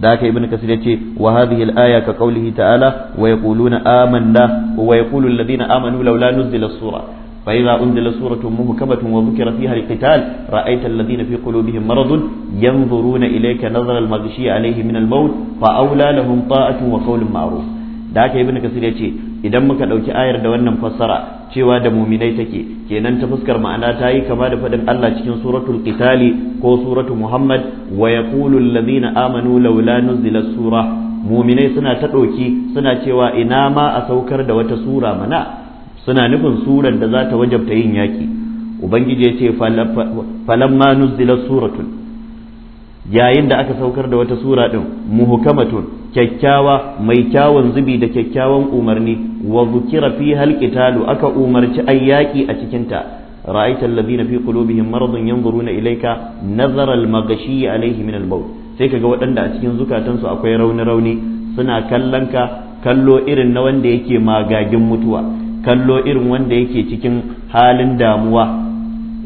da haka ibnu kasir yace wa aya ka qawlihi ta'ala wa yaquluna amanna wa yaqulu alladhina amanu laula nuzila sura فإذا أنزل سورة محكمة وذكر فيها القتال رأيت الذين في قلوبهم مرض ينظرون إليك نظر المغشي عليه من الموت فأولى لهم طاعة وقول معروف da yi ibn kasir ya ce idan muka ɗauki ayar da wannan fassara cewa da muminai take kenan ta fuskar ma'ana ta yi kama da faɗin Allah cikin suratul qitali ko suratul muhammad wa yaqulu alladhina amanu laula nuzila sura muminai suna ta ɗauki suna cewa ina ma a saukar da wata sura mana suna nufin surar da za ta wajabta yin yaƙi ubangiji ya ce falamma nuzila suratun yayin da aka saukar da wata sura din muhukamatun kyakkyawa mai kyawun zubi da kyakkyawan umarni wa zukira fi halqitalu aka umarci ayyaki a cikin ta ra'aita alladhina fi qulubihim maradun yanzuruna ilayka nazara almaghshi alayhi min almaut sai kaga waɗanda a cikin zukatansu akwai rauni rauni suna kallon ka kallo irin na wanda yake magagin mutuwa kallo irin wanda yake cikin halin damuwa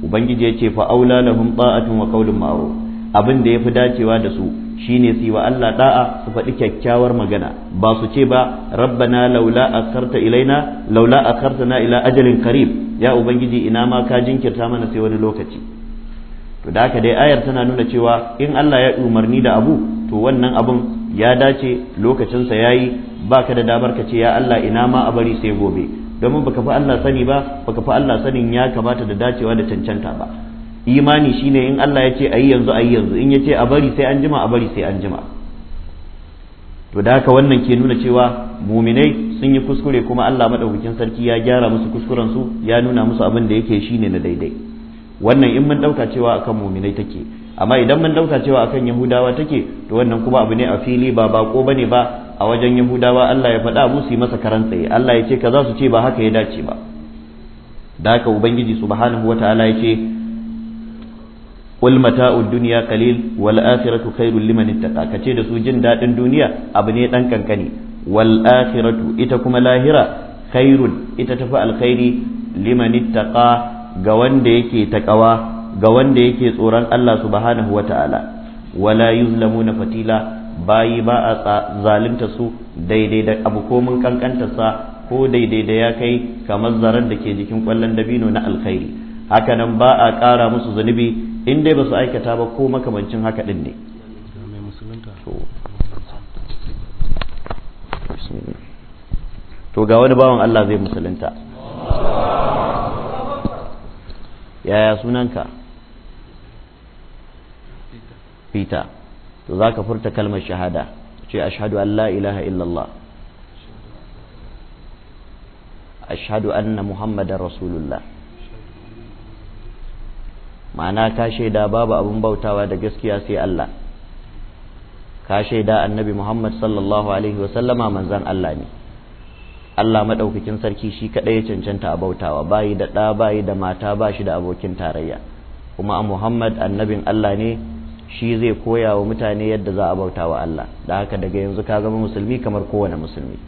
ubangiji yace ce fa aula lahum ta'atun wa qawlun ma'ruf abin da yafi dacewa da su shine su wa Allah da'a su faɗi kyakkyawar magana ba su ce ba rabbana laula akarta ilaina laula na ila ajalin qarib ya ubangiji ina ma ka jinkirta mana sai wani lokaci to da haka dai ayar tana nuna cewa in Allah ya umarni da abu to wannan abun ya dace lokacinsa yayi baka da damar ka ce ya Allah ina ma a bari sai gobe domin baka fi Allah sani ba baka fi Allah sanin ya kamata da dacewa da cancanta ba imani shine in Allah ya ce ayi yanzu ayi yanzu in ya ce a bari sai an jima a bari sai an jima to da haka wannan ke nuna cewa muminai sun yi kuskure kuma Allah madaukakin sarki ya gyara musu kuskuren su ya nuna musu abin da yake shine na daidai wannan in mun dauka cewa akan muminai take amma idan mun dauka cewa akan yahudawa take to wannan kuma abu ne a fili ba ba ko bane ba a wajen yahudawa Allah ya faɗa musu yi masa karan tsaye Allah ya ce kaza su ce ba haka ya dace ba da haka ubangiji subhanahu wataala ya ce qul mata'ud dunya qalil wal akhiratu khairul liman ittaqa kace da su jin dadin duniya abu ne dan kankani wal akhiratu ita kuma lahira khairun ita tafi alkhairi liman ittaqa ga wanda yake takawa ga wanda yake tsoron Allah subhanahu wataala wala yuzlamuna fatila bayi ba a zalunta su daidai da abu ko mun kankanta sa ko daidai da ya kai kamar zarar da ke jikin kwallon dabino na alkhairi hakanan ba a kara musu zunubi in dai ba su aikata ba ko makamancin haka din ne to ga wani bawan Allah zai musulunta yaya sunanka Peter to za ka furta kalmar shahada ce ashadu an ilaha illallah ashadu anna muhammadan rasulullah ma'ana ka shaida babu abin bautawa da gaskiya sai Allah ka shaida annabi muhammad sallallahu alaihi wasallama manzan Allah ne Allah maɗaukakin sarki shi kaɗai ya cancanta a bautawa bayi da ɗa bayi da mata ba shi da abokin tarayya kuma a Muhammad annabin Allah ne shi zai koya wa mutane yadda za a bauta wa Allah da haka daga yanzu ka zama musulmi kamar kowane musulmi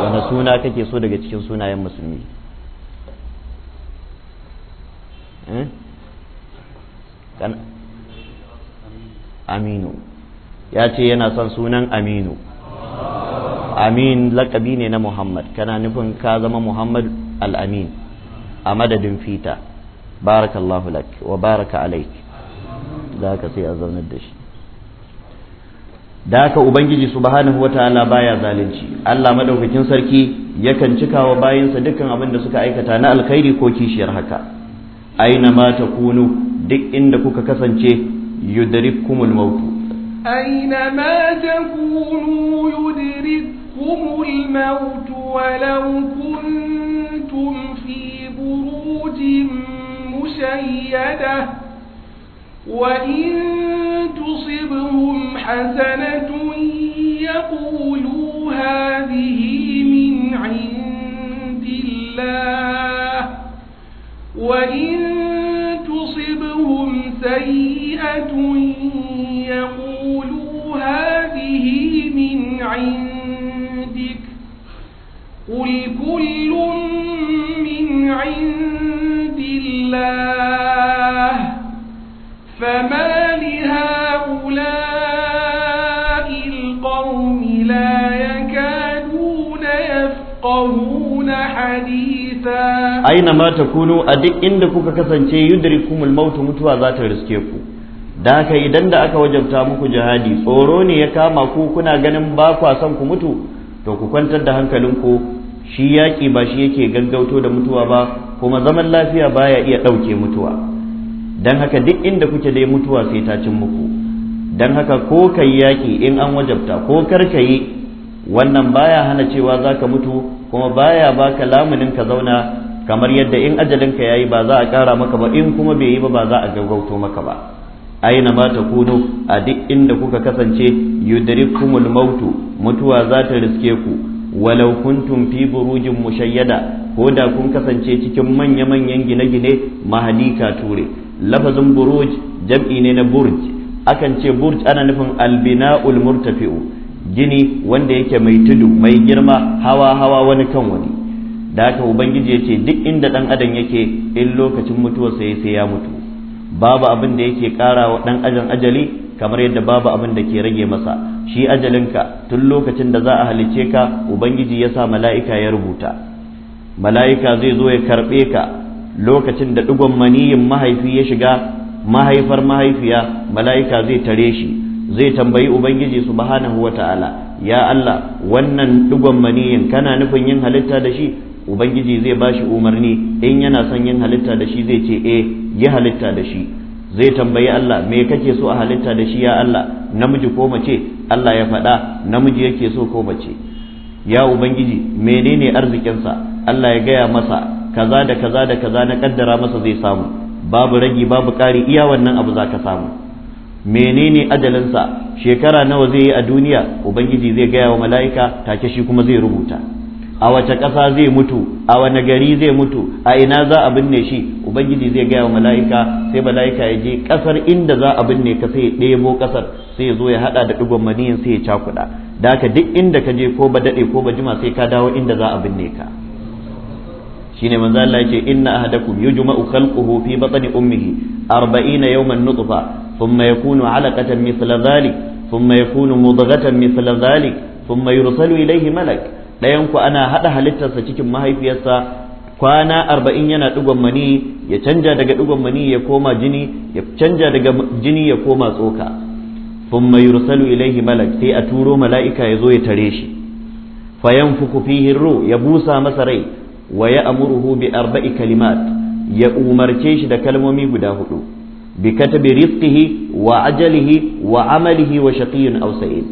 wani suna kake so daga cikin sunayen musulmi eh? aminu ya ce yana son sunan aminu amin lakabi ne na muhammad kana nufin ka zama muhammad al-amin a madadin fita barakallahu lak wa baraka alaiki. da haka sai a zaunar da shi da haka ubangiji subhanahu wataala baya zalunci Allah madaukakin sarki yakan cika wa bayinsa dukkan abin da suka aikata na alkhairi ko kishiyar haka aina ma takunu duk inda kuka kasance yudrikkumul mautu. aina ma takunu yudrikkumul mautu, walau kuntum fi burujin mushayyada وإن تصبهم حسنة يقولوا هذه من عند الله وإن تصبهم سيئة يقولوا هذه من عندك قل كل من عند الله فما لهؤلاء القوم لا يكادون يفقهون حديثا أينما تكونوا أدئ إنكم كسنتي يدركم الموت متوا ذات da haka idan da aka wajabta muku jihadi tsoro ne ya kama ku kuna ganin ba son ku mutu to ku kwantar da hankalinku shi yaƙi ba shi yake gaggauto da mutuwa ba kuma zaman lafiya baya iya ɗauke mutuwa dan haka duk inda kuke dai mutuwa sai ta cin muku dan haka ko kai yaki in an wajabta ko kar ka yi wannan baya hana cewa zaka mutu kuma baya baka lamunin ka zauna kamar yadda in ajalinka yayi ba za a ƙara maka ba in kuma bai yi ba ba za a gaggauto maka ba aina ma ta kuno a duk inda kuka kasance yudrikumul mautu mutuwa za ta riske ku walau kuntum fi burujin mushayyada ko da kun kasance cikin manya-manyan gine-gine mahalika ka ture lafazin buruj jam'i ne na burj akan ce burj ana nufin albina'ul murtafi'u gini wanda yake mai tudu mai girma hawa hawa wani kan wani da haka ubangiji ya ce duk inda dan adam yake in lokacin mutuwarsa ya sai ya mutu babu abin da yake kara wa dan adam ajali kamar yadda babu abin da ke rage masa shi ajalinka tun lokacin da za a halice ka ubangiji ya sa mala'ika ya rubuta mala'ika zai zo ya karbe ka lokacin da ɗigon maniyin mahaifi ya shiga mahaifar mahaifiya mala'ika zai tare shi zai tambayi ubangiji subhanahu wata'ala ya Allah wannan ɗigon maniyin kana nufin yin halitta da shi ubangiji zai ba shi umarni in yana son yin halitta da shi zai ce e yi halitta da shi zai tambayi Allah me kake so a halitta da shi ya Allah namiji ko mace Allah ya faɗa namiji yake so ko mace ya ubangiji menene arzikinsa Allah ya gaya masa kaza da kaza da kaza na kaddara masa zai samu babu ragi babu ƙari iya wannan abu za ka samu menene ajalinsa shekara nawa zai yi a duniya ubangiji zai gaya wa mala'ika take shi kuma zai rubuta a wace ƙasa zai mutu a wane gari zai mutu a ina za a binne shi ubangiji zai gaya wa mala'ika sai mala'ika ya je ƙasar inda za a binne ka sai ya ɗebo ƙasar sai ya zo ya haɗa da ɗigon maniyin sai ya cakuɗa da haka duk inda ka je ko ba daɗe ko ba jima sai ka dawo inda za a binne ka shine manzo Allah yace inna ahadakum yujma'u khalquhu fi batni ummihi 40 yawman nutfa thumma yakunu 'alaqatan mithla dhalik thumma yakunu mudghatan mithla dhalik thumma yursalu ilayhi malak dayan ku ana hada halittarsa cikin mahaifiyarsa kwana arba'in yana dugon mani ya canja daga dugon mani ya koma jini ya canja daga jini ya koma tsoka thumma yursalu ilayhi malak sai a turo mala'ika ya zo ya tare shi fayanfuku fihi ruh ya busa masa rai wa ya'muruhu bi arba'i kalimat ya umarce shi da kalmomi guda hudu bi katabi rizqihi wa ajalihi wa amalihi wa shaqiyyun aw sa'id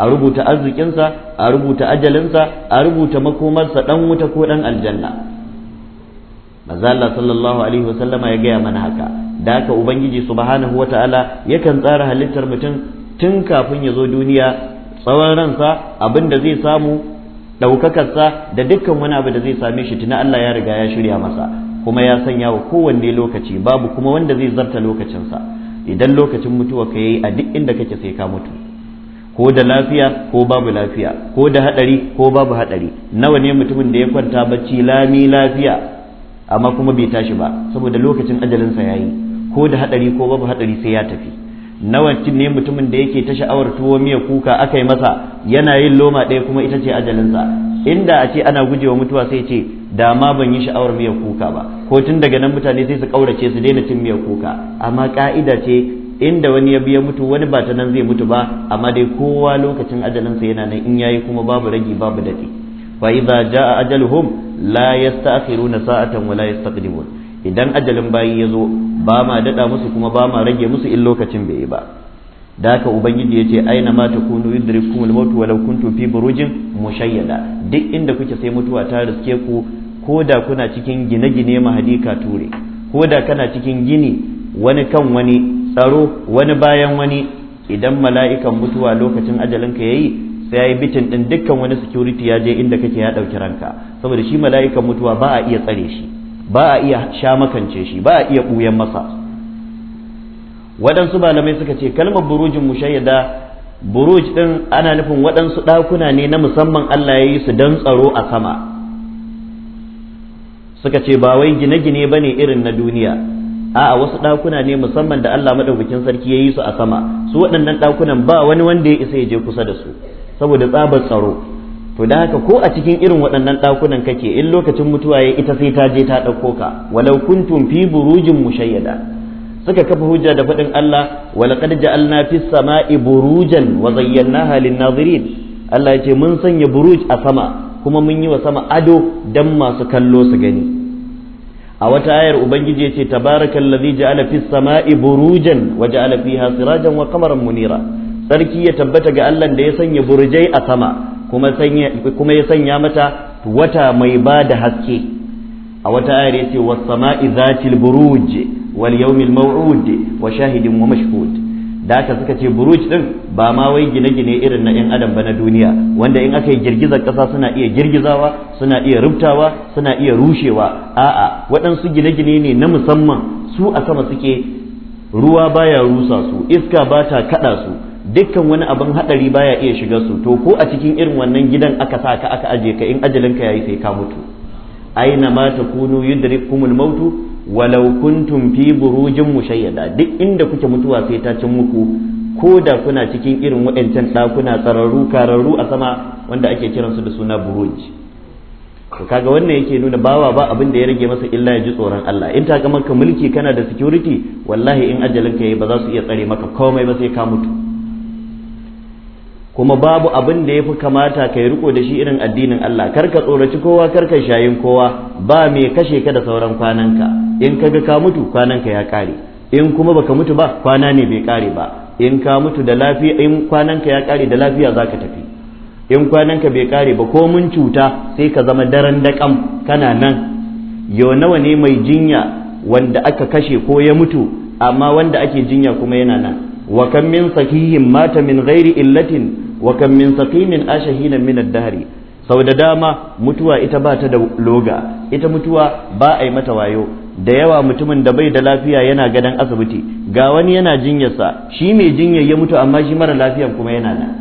a rubuta arzikinsa a rubuta ajalinsa a rubuta makomarsa dan wuta ko dan aljanna manzo Allah sallallahu alaihi wasallama ya gaya mana haka da haka ubangiji subhanahu wataala yakan tsara halittar mutum tun kafin ya zo duniya tsawon ransa abin da zai samu ɗaukakarsa da dukkan wani abu da zai same shi tuna Allah ya riga ya shirya masa kuma ya sanya wa kowanne lokaci babu kuma wanda zai zarta lokacinsa idan lokacin mutuwa ka yi a duk inda kake sai ka mutu ko da lafiya ko babu lafiya ko da haɗari ko babu haɗari nawa ne mutumin da ya kwanta bacci lami lafiya amma kuma bai tashi ba saboda lokacin ajalinsa ya yi ko da haɗari ko babu haɗari sai ya tafi nawa ne mutumin da yake ta sha'awar tuwo miya kuka aka yi masa yana yin loma ɗaya kuma ita ce ajalinsa inda a ce ana gujewa mutuwa sai ce da ma ban yi sha'awar miya kuka ba ko tun daga nan mutane sai su ƙaurace su daina cin miya kuka amma ƙa'ida ce inda wani ya biya mutu wani ba ta nan zai mutu ba amma dai kowa lokacin ajalinsa yana nan in yayi kuma babu ragi babu daɗi fa idza jaa ajaluhum la yasta'khiruna sa'atan wa la yastaqdimun idan ajalin bayi ya zo ba ma daɗa musu kuma ba ma rage musu in lokacin bai yi ba da haka ubangiji ya ce aina ma takunu yudrikumul maut walau kuntum fi burujin mushayyada duk inda kuke sai mutuwa ta riske ku koda kuna cikin gine-gine mahadika ture ko da kana cikin gini wani kan wani tsaro wani bayan wani idan mala'ikan mutuwa lokacin ajalinka yayi sai yayi bitin din dukkan wani security ya je inda kake ya ɗauki ranka saboda shi mala'ikan mutuwa ba a iya tsare shi ba a iya sha makance shi ba a iya ɓuyan masa waɗansu malamai suka ce kalmar burujin mushayyada buruj ɗin ana nufin waɗansu ɗakuna ne na musamman Allah ya yi su don tsaro a sama suka ce ba wai gine-gine ba ne irin na duniya a wasu ɗakuna ne musamman da Allah maɗaukakin sarki ya yi su a sama su waɗannan ɗakunan ba wani wanda ya isa ya je kusa da su saboda tsabar tsaro to da haka ko a cikin irin waɗannan ɗakunan kake in lokacin mutuwa ya ita sai ta je ta ɗauko ka walau kuntum fi burujin mushayyada suka kafa hujja da faɗin Allah walaqad ja'alna fis sama'i burujan wa zayyanaha lin nazirin Allah yace mun sanya buruj a sama kuma mun yi wa sama ado dan masu kallo su gani a wata ayar ubangiji yace tabarakallazi ja'ala fis sama'i burujan wa ja'ala fiha sirajan wa qamaran munira sarki ya tabbata ga Allah da ya sanya burjai a sama kuma ya sanya mata wata mai ba da haske a wata ayar yace was sama'i zatil buruj wal yawmil maw'ud wa shahidin wa mashhud da ta suka ce buruj din ba ma wai gine-gine irin na yan adam ba na duniya wanda in aka yi girgizar kasa suna iya girgizawa suna iya rubtawa suna iya rushewa a'a waɗansu gine-gine ne na musamman su a sama suke ruwa baya rusa su iska bata ta kaɗa su dukkan wani abin hadari baya iya shiga su to ko a cikin irin wannan gidan aka sa ka aka aje ka in ajalin ka yayi sai ka mutu aina ma takunu yudrikumul mautu walau kuntum fi burujin mushayyada duk inda kuke mutuwa sai ta cin muku ko da kuna cikin irin waɗancan ɗakuna tsararru kararru a sama wanda ake kiransu da suna buruj to kaga wannan yake nuna bawa ba abin da ya rage masa illa ya ji tsoron Allah in ta maka mulki kana da security wallahi in ajalin ka yayi ba za su iya tsare maka komai ba sai ka mutu kuma babu abin da ya fi kamata kai yi riko da shi irin addinin Allah karka tsoraci kowa karka shayin kowa ba mai kashe ka da sauran kwananka in ka ga ka mutu kwananka ya kare in kuma baka mutu ba kwana ne bai kare ba in ka mutu da lafiya in kwananka ya kare da lafiya zaka tafi in kwananka bai kare ba ko mun cuta sai ka zama daren daƙam kana nan yau nawa ne mai jinya wanda aka kashe ko ya mutu amma wanda ake jinya kuma yana nan wa kam min sakihin mata min ghairi illatin wa kam min saqimin ashahina min ad sau da dama mutuwa ita ba ta da loga ita mutuwa ba a yi mata wayo da yawa mutumin da bai da lafiya yana gadon asibiti ga wani yana jinyarsa shi mai jinyar ya mutu amma shi mara lafiyan kuma yana nan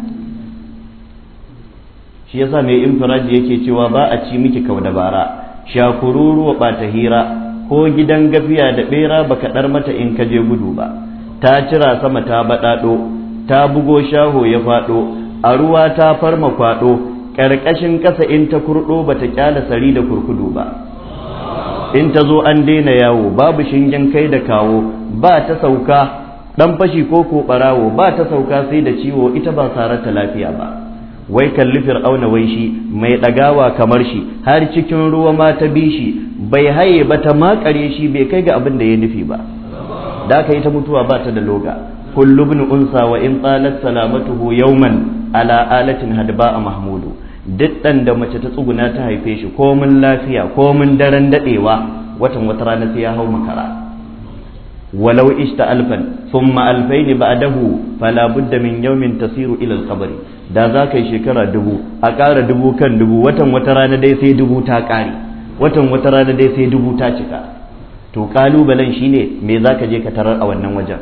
shi yasa mai infiraji yake cewa ba a ci miki kau da bara shakururuwa ta hira ko gidan gafiya da ɓera baka ɗar mata in ka je gudu ba ta cira sama ta baɗaɗo ta bugo shaho ya faɗo a ruwa ta farma kwaɗo ƙarƙashin ƙasa in ta kurɗo ba ta ƙyala sari da kurkudu ba in ta zo an daina yawo babu shingen kai da kawo ba ta sauka ɗan fashi ko ko ɓarawo ba ta sauka sai da ciwo ita ba sarata lafiya ba wai kalli fir'auna wai shi mai ɗagawa kamar shi har cikin ruwa ma ta bi shi bai haye ba ta makare shi bai kai ga abin da ya nufi ba da aka yi ta mutuwa ba ta da loga kullu ibn unsa wa in qalat salamatuhu yawman ala alatin hadba mahmudu duk dan da mace ta tsuguna ta haife shi komin lafiya komin daren dadewa watan wata rana sai ya hau makara walau عشت alfan thumma alfain ba'dahu fala budda min yawmin tasiru ila القبر da za ka shekara dubu a ƙara dubu kan dubu watan wata rana dai sai dubu ta ƙare watan wata rana dai sai dubu ta cika to kalubalen shine me za ka je ka tarar a wannan wajen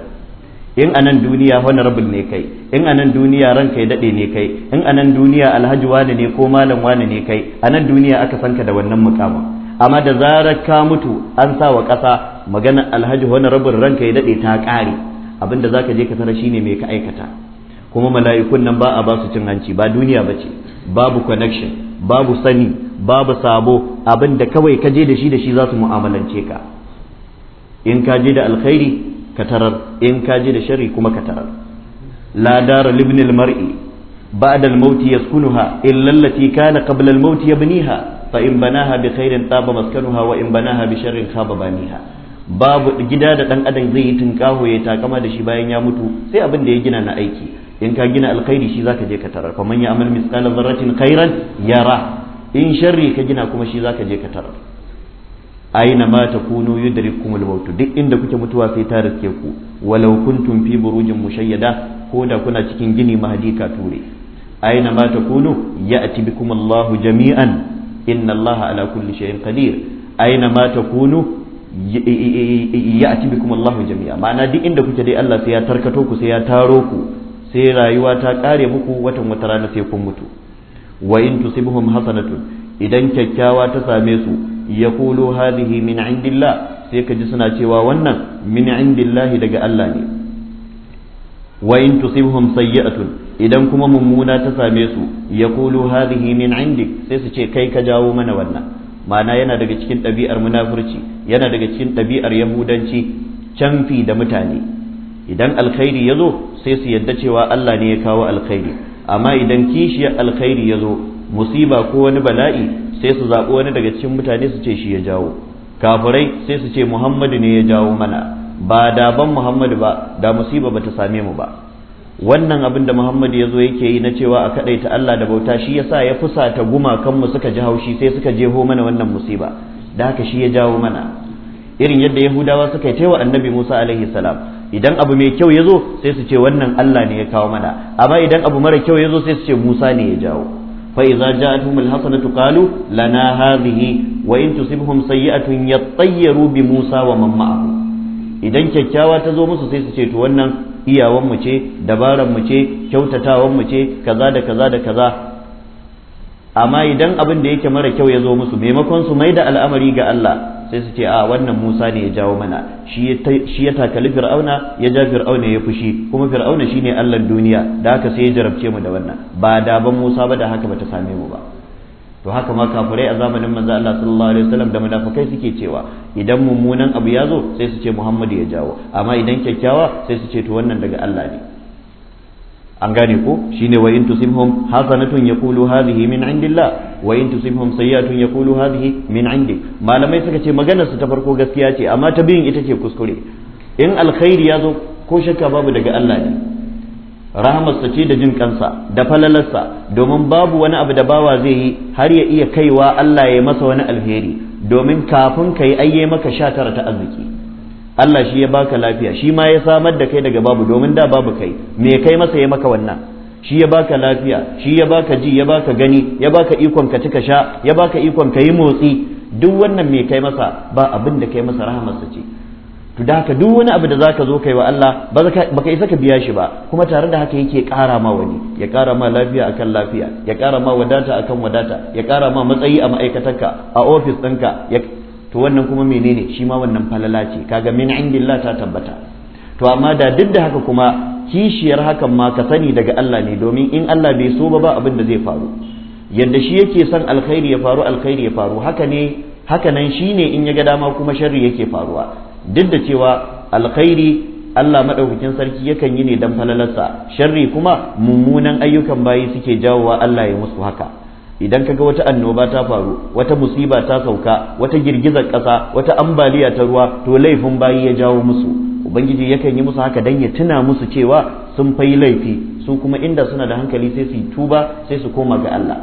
in anan duniya honorable ne kai in anan duniya ranka ya dade ne kai in anan duniya alhaji wani ne ko malam wani ne kai anan duniya aka san ka da wannan mukama amma da zarar ka mutu an sa wa ƙasa maganar alhaji honorable ranka ya dade ta ƙare abinda ka je ka tarar shine mai ka aikata kuma mala'ikun nan ba a ba su cin hanci ba duniya ba ce babu connection babu sani babu sabo abinda kawai ka je da shi da shi za su mu'amalance ka in ka ji da alkhairi ka tarar in ka da shari kuma ka tarar la dara libni almar'i ba'da almauti yaskunuha illa allati kana qabla almauti yabniha fa in banaha bi khairin taba maskanuha wa in banaha bi sharrin khaba baniha babu gida da dan adam zai yi tinkaho ya takama da shi bayan ya mutu sai abin da ya gina na aiki in ka gina alkhairi shi zaka je ka tarar fa man ya'mal mithqala dharratin khairan yara in sharri ka gina kuma shi zaka je ka tarar aina ma takunu yudrikumul maut duk inda kuke mutuwa sai ta riske ku walau kuntum fi burujin mushayyada ko da kuna cikin gini mahadi ture aina ma kuno ya'ti bikum Allahu jami'an inna Allaha ala kulli shay'in qadir aina ma kuno ya'ti bikum Allahu jami'an ma'ana duk inda kuke dai Allah sai ya tarkato ku sai ya taro ku sai rayuwa ta kare muku watan wata rana sai kun mutu wa in tusibhum hasanatun idan kyakkyawa ta same su yaqulu hadhihi min indillah sai ka ji suna cewa wannan min indillahi daga Allah ne wa in tusibhum sayyi'atun idan kuma mummuna ta same su yaqulu hadhihi min indik sai su ce kai ka jawo mana wannan ma'ana yana daga cikin ɗabi'ar munafurci yana daga cikin ɗabi'ar yahudanci canfi da mutane idan alkhairi ya zo sai su yadda cewa Allah ne ya kawo alkhairi amma idan kishiyar alkhairi ya zo musiba ko wani bala'i sai su zaɓi wani daga cikin mutane su ce shi ya jawo kafirai sai su ce muhammadu ne ya jawo mana ba da ban muhammadu ba da musiba bata same mu ba wannan abin da muhammadu ya zo yake yi na cewa a kaɗai ta allah da bauta shi ya sa ya fusata gumakanmu suka ji haushi sai suka jeho mana wannan musiba da haka shi ya jawo mana irin yadda yahudawa suka yi taiwa annabi musa alaihi salam idan abu mai kyau ya zo sai su ce wannan allah ne ya kawo mana amma idan abu mara kyau ya zo sai su ce musa ne ya jawo Fa'iza idza ja'atuhum Tukalu, lana hadhihi wa in yi sayyi'atun yattayyaru bi Musa wa Mamma'a. idan kyakkyawa ta zo musu sai su ce to wannan iyawan mu ce dabaran ce kyautatawan ce kaza da kaza da kaza amma idan abin da yake mara kyau ya zo musu maimakon su mai da al'amari ga Allah sai su ce a wannan Musa ne ya jawo mana shi ya takali Fir'auna ya ja Fir'auna ya fushi kuma Fir'auna shine Allah duniya da haka sai ya jarabce mu da wannan ba da ban Musa ba da haka bata same mu ba to haka ma kafirai a zamanin manzo Allah sallallahu alaihi wasallam da munafikai suke cewa idan mummunan abu ya zo sai su ce Muhammadu ya jawo amma idan kyakkyawa sai su ce to wannan daga Allah ne an gane ko shine wa in tusimhum hasanatun yaqulu hadhihi min indillah wa in tusibhum ya yaqulu hadhihi min indi malamai suka ce maganar su ta farko gaskiya ce amma ta biyun ita ce kuskure in alkhairi ya zo ko shakka babu daga Allah ne sa ce da jin kansa da falalarsa domin babu wani abu da bawa zai yi har ya iya kaiwa Allah ya masa wani alheri domin kafin ka yi ayye maka sha tara ta arziki Allah shi ya baka lafiya shi ma ya samar da kai daga babu domin da babu kai me kai masa ya maka wannan shi ya baka lafiya shi ya baka ji ya baka gani ya baka ikon ka ci ka sha ya baka ikon ka yi motsi duk wannan me kai masa ba abin da kai masa rahamarsa ce to da haka duk wani abu da zaka zo kai wa Allah ba ka isa ka biya shi ba kuma tare da haka yake kara ma wani ya kara ma lafiya akan lafiya ya kara ma wadata akan wadata ya kara ma matsayi a ka a ofis ɗinka to wannan kuma menene shi ma wannan falala ce kaga min indillah ta tabbata to amma da duk da haka kuma kishiyar hakan ma ka sani daga Allah ne domin in Allah bai so ba ba abin da zai faru yadda shi yake son alkhairi ya faru alkhairi ya faru haka ne haka nan shine in ya ga dama kuma sharri yake faruwa duk da cewa alkhairi Allah madaukakin sarki yakan yi ne dan falalarsa sharri kuma mummunan ayyukan bayi suke jawowa Allah ya musu haka idan kaga wata annoba ta faru wata musiba ta sauka wata girgizar ƙasa wata ambaliya ta ruwa to laifin bayi ya jawo musu ubangiji yakan yi musu haka dan ya tuna musu cewa sun fai laifi su kuma inda suna da hankali sai su yi tuba sai su koma ga Allah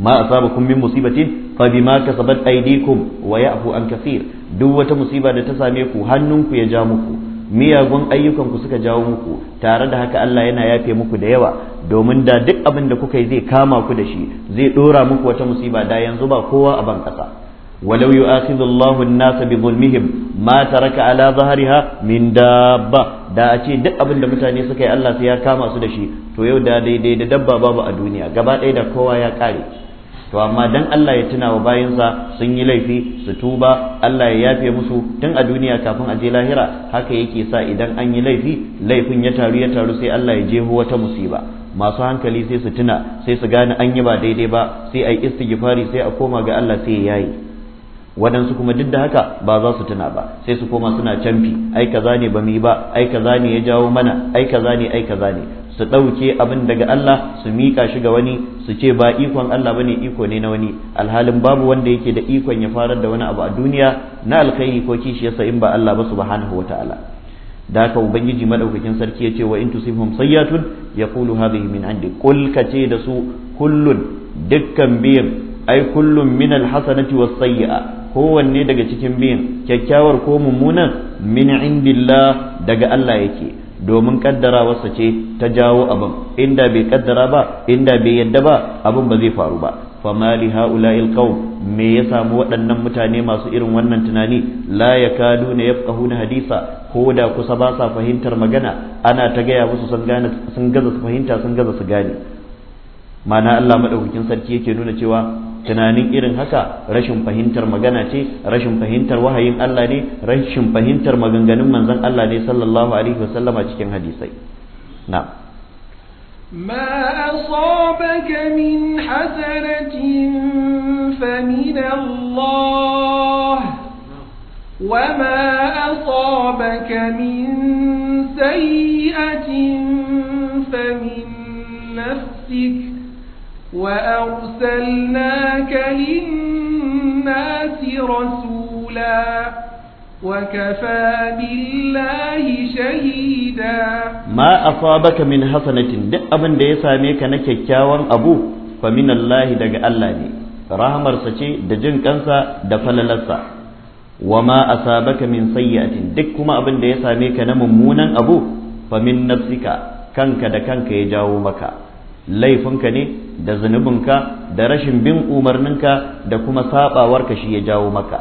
ma kun min musibatin fa bima kasabat aydikum wa ya'fu an kaseer duk wata musiba da ta same ku hannunku ya ja muku miyagun ayyukan ku suka jawo muku tare da haka Allah yana yafe muku da yawa domin da duk abin da kuka yi zai kama ku da shi zai ɗora muku wata musiba da yanzu ba kowa a ban ƙasa. ولو يؤاخذ الله الناس بظلمهم ما ترك على ظهرها من دابة da a ce duk abin da mutane suka yi Allah sai ya kama su da shi to yau da daidai da dabba babu a duniya gaba ɗaya da kowa ya ƙare to amma dan Allah ya tuna wa bayinsa sun yi laifi su tuba Allah ya yafe musu tun a duniya kafin a je lahira haka yake sa idan an yi laifi laifin ya taru ya taru sai Allah ya jeho wata musiba masu hankali sai su tuna sai su gane an yi ba daidai ba sai a yi istighfari sai a koma ga Allah sai ya yi. waɗansu kuma duk da haka ba za su tuna ba sai su koma suna canfi ai kaza ne ba mu yi ba ai kaza ne ya jawo mana ai kaza ne ai kaza ne su ɗauke abin daga Allah su miƙa shi ga wani su ce ba ikon Allah bane iko ne na wani alhalin babu wanda yake da ikon ya farar da wani abu a duniya na alkhairi ko kishiyarsa in ba Allah ba subhanahu wataala da haka ubangiji madaukakin sarki ya ce wa in tusibhum sayyatun yaqulu hadhihi min indi qul ce da su kullun dukkan biyan ai kullun min alhasanati was sayyi'a kowanne daga cikin biyun kyakkyawar ko mummunan min indillah daga Allah yake domin kaddara wasa ce ta jawo abin inda bai kaddara ba inda bai yadda ba abin ba zai faru ba fama li ha'ula'il qaum me ya samu waɗannan mutane masu irin wannan tunani la kahu na hadisa ko da kusa ba sa fahimtar magana ana ta gaya musu sun gane gaza su fahimta sun gaza su gane mana Allah madaukakin sarki yake nuna cewa tunanin irin haka rashin fahimtar magana ce rashin fahimtar wahayin Allah ne rashin fahimtar maganganun manzon Allah ne sallallahu alaihi wasallama cikin hadisai na'am ما أصابك من حسنة فمن الله وما أصابك من سيئة فمن نفسك وأرسلناك للناس رسولا وكفى بالله شهيدا ما أصابك من حسنة دعبن دي ساميك نككاوان أبو فمن الله دق الله دي رحمر سچي دجن كنسا دفللسا وما أصابك من سيئة دكما أبن دي ساميك نممونا أبو فمن نفسك كنك دكنك يجاو مكا laifinka ne da zunubinka da rashin bin umarninka da kuma sabawarka shi ya jawo maka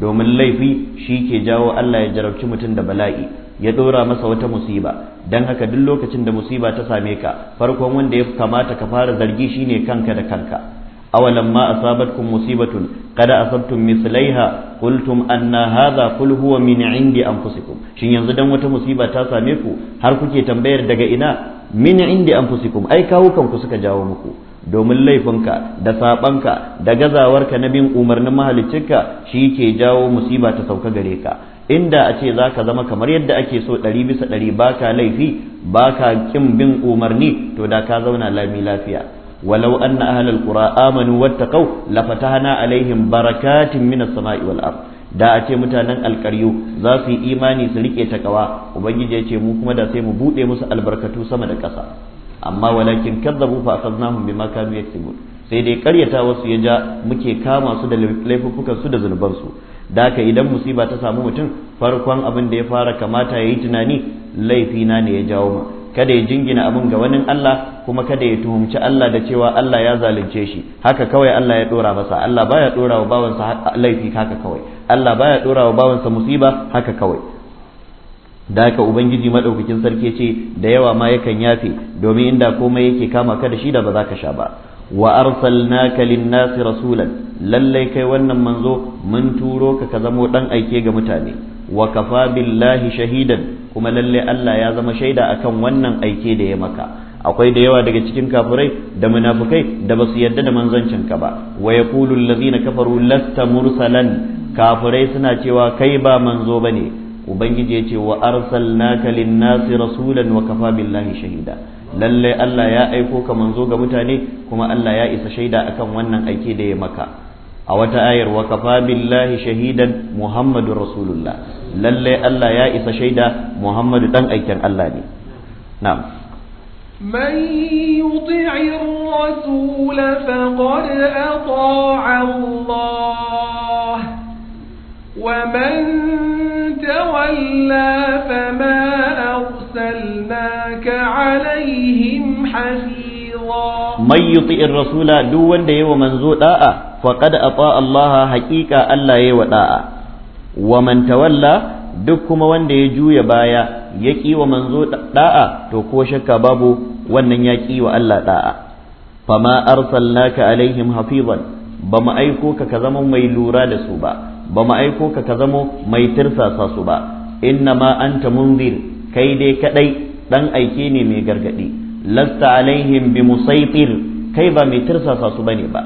domin laifi shi ke jawo Allah ya jarabci mutum da bala'i ya ɗora masa wata musiba don haka duk lokacin da musiba ta same ka farkon wanda ya kamata ka fara zargi shine kanka da kanka awalan ma asabatkum musibatun qad asabtum mislaiha qultum anna hadha qul huwa min indi anfusikum shin yanzu dan wata musiba ta same ku har kuke tambayar daga ina min indi anfusikum ai kawukan ku suka jawo muku domin laifinka da saɓanka da gazawarka na bin umarnin mahaliccinka shi ke jawo musiba ta sauka gare ka inda a ce za ka zama kamar yadda ake so ɗari bisa ɗari ba ka laifi ba ka kin bin umarni to da ka zauna lami lafiya ولو أن أهل القرى آمنوا واتقوا لفتحنا عليهم بركات من السماء والأرض da a ce mutanen alkaryu za su yi imani su ta takawa ubangiji ya ce mu kuma da sai mu buɗe musu albarkatu sama da ƙasa amma walakin kazzabu fa akhadnahum bima kanu yaktubun sai dai karyata wasu ya ja muke kama su da laifuffukan su da zunuban su daka idan musiba ta samu mutum farkon abin da ya fara kamata ya yi tunani laifina ne ya jawo mu kada ya jingina abin ga wani Allah kuma kada ya tuhumci Allah da cewa Allah ya zalunce shi haka kawai Allah ya dora masa Allah baya dora wa bawansa laifi haka kawai Allah baya dora wa bawansa musiba haka kawai da haka ubangiji madaukakin sarki ce da yawa ma yakan yafe domin inda komai yake kama ka da shi da ba za ka sha ba wa arsalnaka lin-nasi rasulan lallai kai wannan manzo mun turo ka ka zamo dan aike ga mutane wa kafa billahi shahidan kuma lallai Allah ya zama shaida akan wannan aike da ya maka akwai da yawa daga cikin kafurai da munafukai da basu yarda da ka ba wa yaqulu allazina kafaru lasta mursalan kafurai suna cewa kai ba manzo bane ubangiji ya ce wa arsalnaka lin rasulan wa kafa billahi shahida lalle Allah ya aiko ka manzo ga mutane kuma Allah ya isa shaida akan wannan aiki da ya maka a wata ayar wa kafa billahi shahidan muhammadu rasulullah lalle Allah ya isa shaida muhammadu dan aikin Allah ne na'am من يطع الرسول فقد أطاع الله ومن تولى فما أرسلناك عليهم حفيظا من يطيع الرسول دون دي ومنزو داء فقد أطاع الله حقيقة ألا يوداء ومن تولى duk kuma wanda ya juya baya ya ƙi wa manzo da'a to ko shakka babu wannan ya ƙi wa Allah da'a fama arsalnaka alaihim hafizan ba mu aiko ka ka zama mai lura da su ba ba mu aiko ka ka zamo mai tirsasa su ba inna ma anta munzir kai dai kadai dan aike ne mai gargadi lasta alaihim bi musaitir kai ba mai tirsasa su bane ba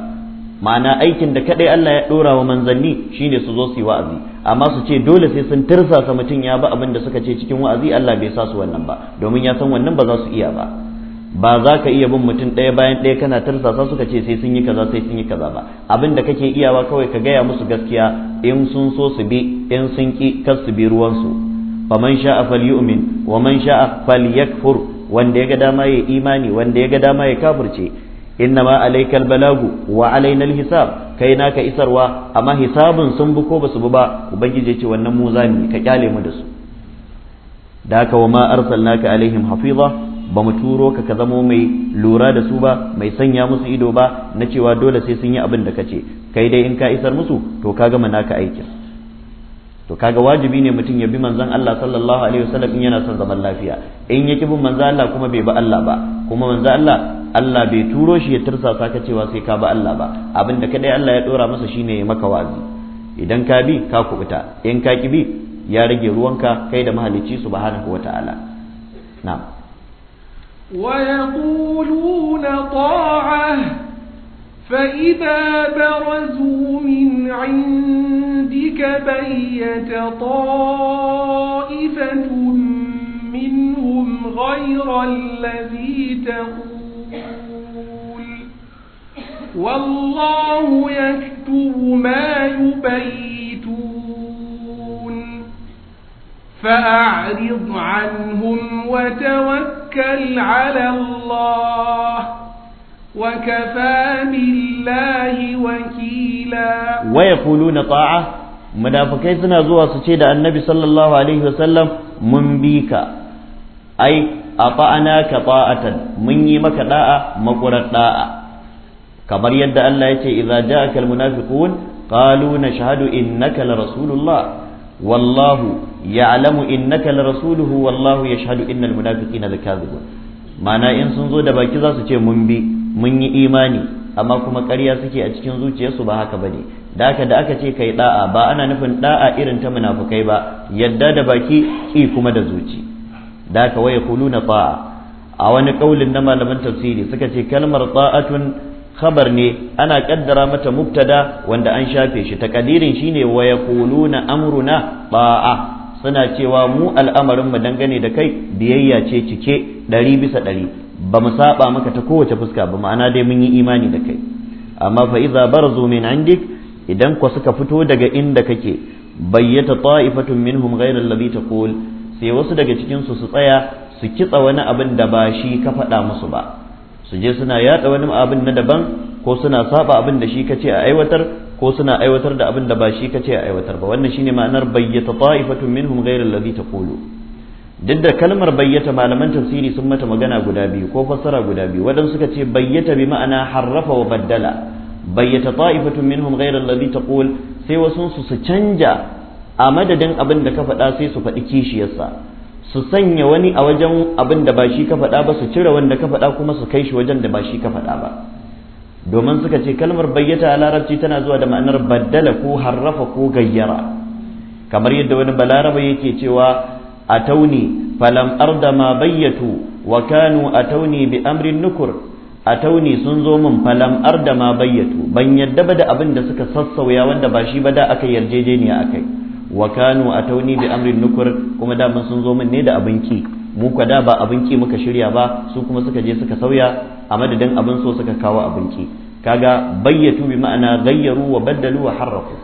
ma'ana aikin da kadai Allah ya dora wa manzanni shine su zo su yi wa'azi amma su ce dole sai sun tirsasa mutum ya ba abin da suka ce cikin wa'azi Allah bai sa su wannan ba domin ya san wannan ba za su iya ba ba za ka iya bin mutum ɗaya bayan ɗaya kana tarsasa suka ce sai sun yi kaza sai sun yi kaza ba abin da kake iyawa kawai ka gaya musu gaskiya in sun so su bi in sun ki kar su bi ruwansu man sha'a falyu'min wa man sha'a falyakfur wanda ya ga dama ya imani wanda ya ga dama ya kafirce innama alaikal balagu wa alainal hisab kai naka isarwa amma hisabun sun bi ko basu bi ba ubangiji ya ce wannan mu zamu ka kyale mu da su da haka wa ma arsalnaka alaihim hafiza ba mu turo ka ka zamo mai lura da su ba mai sanya musu ido ba na cewa dole sai sun yi abin da ka ce kai dai in ka isar musu to ka gama naka aikin to kaga wajibi ne mutum ya bi manzon Allah sallallahu alaihi wasallam in yana son zaman lafiya in ya bin manzon Allah kuma bai ba Allah ba kuma manzon Allah Allah bai turo shi ya sa ka cewa sai ka ba Allah ba abin da kadai Allah ya dora masa shine ya maka wazi idan ka bi ka kubuta in ka ki bi ya rage ruwanka kai da mahalicci subhanahu wataala na'am ويقولون طاعة فإذا برزوا من عندك بيت طائفة منهم غير الذي تقول والله يكتب ما يبين فأعرض عنهم وتوكل على الله وكفى بالله وكيلا ويقولون طاعة munafukai suna zuwa su ce da annabi sallallahu alaihi wasallam mun bi ka ai a ka ta'atan mun yi maka ɗa'a, makurar da'a kamar yadda Allah ya ce idza ja'aka almunafiqun qalu nashhadu innaka la rasulullah wallahu ya alamu ya'lamu innaka rasuluhu wallahu yashhadu innal munafiqina lakazibun mana in sun zo da baki za su ce mun bi mun yi imani amma kuma karya suke a cikin zuciyarsu ba haka bane da haka da aka ce kai ɗa'a ba ana nufin ɗa'a irin ta munafukai ba yadda da baki ki kuma da zuci da haka waya kuluna ta'a a wani kaulin na malaman tafsiri suka ce kalmar ta'atun kabar ne ana ƙaddara mata muftada wanda an shafe shi takadirin shine wa yaquluna amruna ba'a suna cewa mu al'amarin mu dangane da kai biyayya ce cike ɗari bisa ɗari ba mu saba maka ta kowace fuska ba ma'ana dai mun yi imani da kai amma fa iza barzu min indik idan ku suka fito daga inda kake bayyata ta'ifatun minhum ghayra alladhi taqul sai wasu daga cikin su su tsaya su kitsa wani abin da ba shi ka faɗa musu ba su je suna yada wani abin na daban ko suna saba abin da shi kace a aiwatar ko suna aiwatar da abin da ba shi kace a aiwatar ba wannan shine ma'anar bayyata ta'ifatun minhum ghayra allazi taqulu duk da kalmar bayyata malaman tafsiri sun mata magana guda biyu ko fassara guda biyu wadansu suka ce bayyata bi ma'ana harrafa wa baddala bayyata ta'ifatun minhum ghayra allazi taqul sai wasu su canja a madadin abin da ka faɗa sai su faɗi kishiyarsa su sanya wani a wajen abin da ba shi ka faɗa ba su cire wanda ka faɗa kuma su kai shi wajen da ba shi ka faɗa ba domin suka ce kalmar bayyata a larabci tana zuwa da ma'anar baddala ko harrafa ko gayyara kamar yadda wani balaraba yake cewa a tauni falam arda ma bayyatu wa kanu a tauni bi amrin nukur a tauni sun zo min falam arda ma bayyatu ban yadda ba da abin da suka sassauya wanda ba shi ba da aka yarjejeniya a kai. wa kanu tauni bi amrin nukur kuma da mun sun zo min ne da abinki mu kwa da ba abinki muka shirya ba su kuma suka je suka sauya a madadin abin so suka kawo abinki kaga bayyatu bi ma'ana gayyaru wa baddalu wa harraku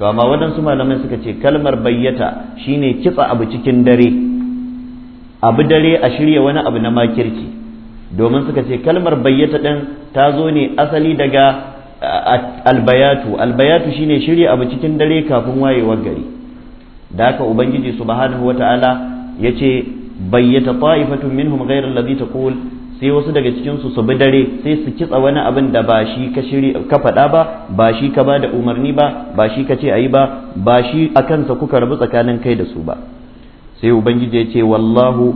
to amma waɗansu malamai suka ce kalmar bayyata shine kitsa abu cikin dare abu dare a shirya wani abu na makirci domin suka ce kalmar bayyata ɗin ta zo ne asali daga albayatu albayatu shine shirya abu cikin dare kafin wayewar gari da haka ubangiji subhanahu wataala yace bayyata ta'ifatun minhum ghayra alladhi taqul sai wasu daga cikin su su bi dare sai su kitsa wani abin da ba shi ka shiri ka faɗa ba ba shi ka ba da umarni ba ba shi ka ce ayi ba ba shi a kansa kuka rabu tsakanin kai da su ba sai ubangiji ya ce wallahu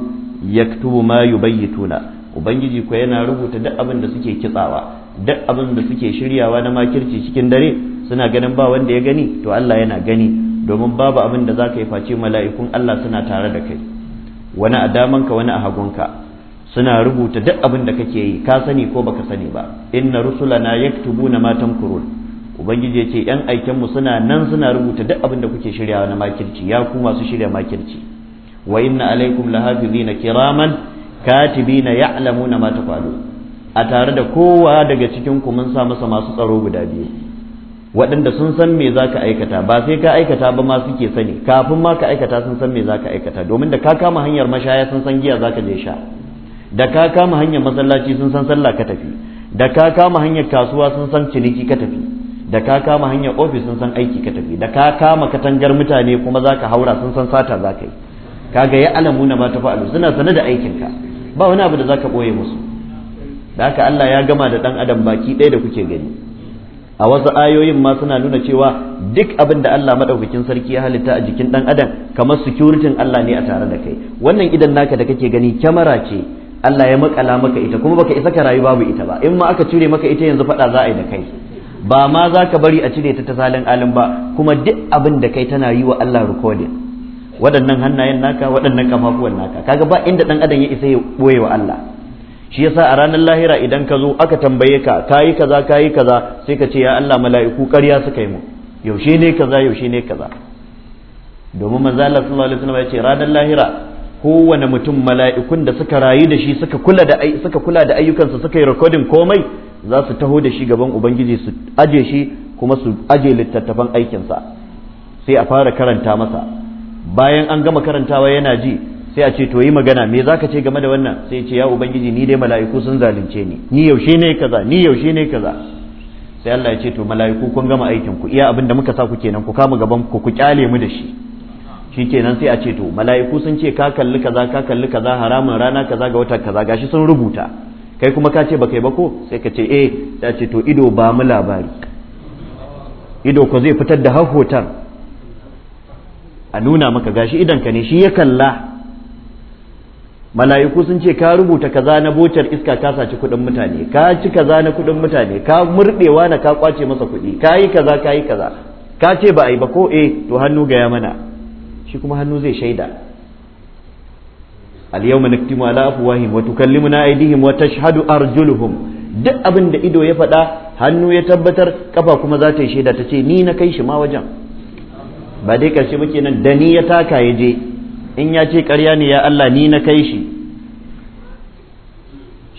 yaktubu ma yubayyituna ubangiji ko yana rubuta duk abin da suke kitsawa duk abin da suke shiryawa na makirci cikin dare suna ganin ba wanda ya gani to Allah yana gani domin babu abin da za ka yi face mala'ikun Allah suna tare da kai wani a damanka wani a hagunka suna rubuta duk abin da kake yi ka sani ko baka sani ba inna tubu na matan kurul ubangiji ya ce yan aikenmu suna nan suna rubuta duk abin da kuke shirya na makirci ya kuma su shirya makirci wa inna alaikum na kiraman katibina ya'lamuna ma kwado. a tare da kowa daga cikin ku mun sa masa masu tsaro guda biyu waɗanda sun san me za ka aikata ba sai ka aikata ba ma suke sani kafin ma ka aikata sun san me za ka aikata domin da ka kama hanyar mashaya sun san giya za ka je sha da ka kama hanyar masallaci sun san sallah ka tafi da ka kama hanyar kasuwa sun san ciniki ka tafi da ka kama hanyar ofis sun san aiki ka tafi da ka kama katangar mutane kuma za ka haura sun san sata za ka yi kaga ya alamu na mata tafa'alu suna sane da aikin ka ba wani abu da za ka ɓoye musu da haka Allah ya gama da ɗan adam baki ɗaya da kuke gani a wasu ayoyin ma suna nuna cewa duk abin da Allah madaukakin sarki ya halitta a jikin dan adam kamar securitin Allah ne a tare da kai wannan idan naka da kake gani kyamara ce Allah ya makala maka ita kuma baka isa ka rayu babu ita ba in ma aka cire maka ita yanzu fada za a yi da kai ba ma za ka bari a cire ta ta salin alin ba kuma duk abin da kai tana yi wa Allah recording waɗannan hannayen naka waɗannan kafafuwan naka kaga ba inda dan adam ya isa ya ɓoye wa Allah shi yasa a ranar lahira idan ka zo aka tambaye ka kayi kaza kayi kaza sai ka ce ya Allah mala'iku ƙarya suka yi mu yaushe ne kaza yaushe ne kaza domin manzo Allah sallallahu alaihi wasallam ya ce ranar lahira kowane mutum mala'ikun da suka rayu da shi suka kula da suka kula da ayyukansa suka yi recording komai za su taho da shi gaban ubangiji su aje shi kuma su aje littattafan aikinsa sai a fara karanta masa bayan an gama karantawa yana ji sai a ce to yi magana me zaka ce game da wannan sai ce ya ubangiji ni dai mala'iku sun zalunce ni ni yaushe ne kaza ni yaushe ne kaza sai Allah ya ce to mala'iku kun gama aikin ku iya abin da muka sa ku kenan ku kama gaban ku ku kyale mu da shi shikenan sai a ce to mala'iku sun ce ka kalli kaza ka kalli kaza haramun rana kaza ga wata kaza gashi sun rubuta kai kuma ka ce baka yi ba ko sai ka ce eh sai ce to ido ba mu labari ido ko zai fitar da hahotan a nuna maka gashi idan ka ne shi ya kalla mala'iku sun ce ka rubuta kaza na bocar iska ka saci kudin mutane ka ci kaza na kudin mutane ka murɗewa na ka kwace masa kuɗi ka yi kaza ka yi kaza ka ce ba a yi ba ko eh to hannu gaya mana shi kuma hannu zai shaida al yawma naktimu ala afwahihim wa tukallimuna aydihim wa tashhadu arjuluhum duk abin da ido ya faɗa hannu ya tabbatar kafa kuma za ta yi shaida ta ce ni na kai shi ma wajen ba dai karshe muke nan da ni ya taka ya je in ya ce ƙarya ne ya Allah ni na kai shi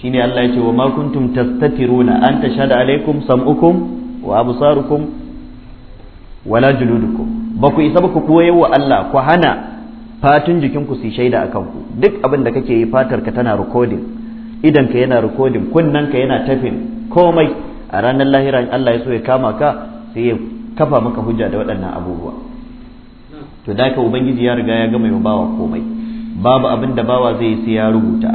Shi ne Allah ya ce wa ta kuntum tastatiruna an da alaikum sam'ukum wa absarukum wala juludukum ba ku isa ba ku wa Allah ku hana fatun jikinku su shaida a kanku duk abin da kake yi fatarka tana rikodin ka yana rikodin ka yana tafin komai a ranar lahira Allah ya so ya kama ka sai ya kafa maka hujja da waɗannan abubuwa to da ubangiji ya riga ya gama yi bawa komai babu abin da bawa zai yi sai ya rubuta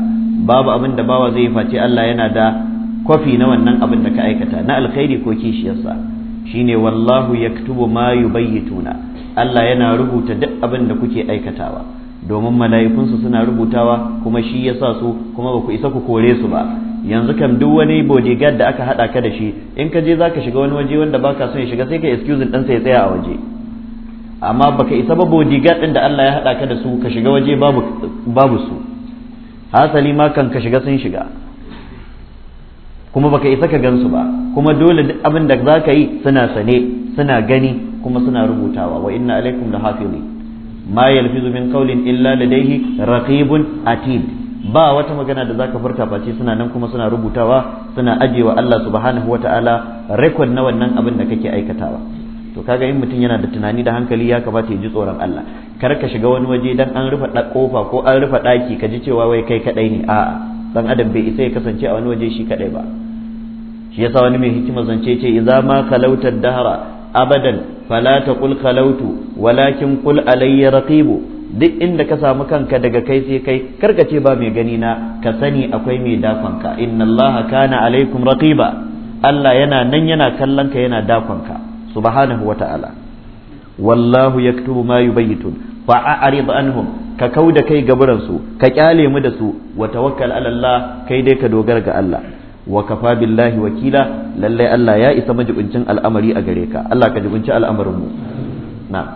babu abin da bawa zai yi face Allah yana da kwafi na wannan abin da ka aikata na alkhairi ko kishiyarsa shine wallahu yaktubu ma yubayyituna Allah yana rubuta duk abin da kuke aikatawa domin mala'ikunsu suna rubutawa kuma shi ya sa su kuma ba ku isa ku kore su ba yanzu kam duk wani bodyguard da aka haɗa ka da shi in ka je zaka shiga wani waje wanda baka son ya shiga sai ka excuse ɗansa ya tsaya a waje amma baka isa ba bodyguard din da Allah ya haɗa ka da su ka shiga waje babu babu su hasali ma kan ka shiga sun shiga kuma baka isa ka gansu ba kuma dole duk abin da zaka yi suna sane suna gani kuma suna rubutawa wa inna alaikum da hafizi ma yalfizu min qawlin illa ladayhi raqibun atid ba wata magana da zaka furta face suna nan kuma suna rubutawa suna ajewa Allah subhanahu wataala record na wannan abin da kake aikatawa to kaga in mutum yana da tunani da hankali ya kamata ya ji tsoron Allah kar ka shiga wani waje dan an rufe kofa ko an rufe daki ka ji cewa wai kai kadai ne a'a dan adam bai isa ya kasance a wani waje shi kadai ba shi yasa wani mai hikima zance ce idza ma kalautar dahara abadan fala taqul kalautu walakin qul alayya raqibu duk inda ka samu kanka daga kai sai kai karka ce ba mai gani na ka sani akwai mai dakonka inna allaha kana alaikum raqiba Allah yana nan yana kallon ka yana dakonka subhanahu wa ta'ala wallahu yaktubu ma yubayyitun fa a'rid anhum ka kauda kai gaburan ka kyale mu da su wa tawakkal ala kai dai ka dogara ga Allah wa kafa billahi wakila lalle Allah ya isa majibincin al'amari a gare ka Allah ka jibinci al'amarin mu na'am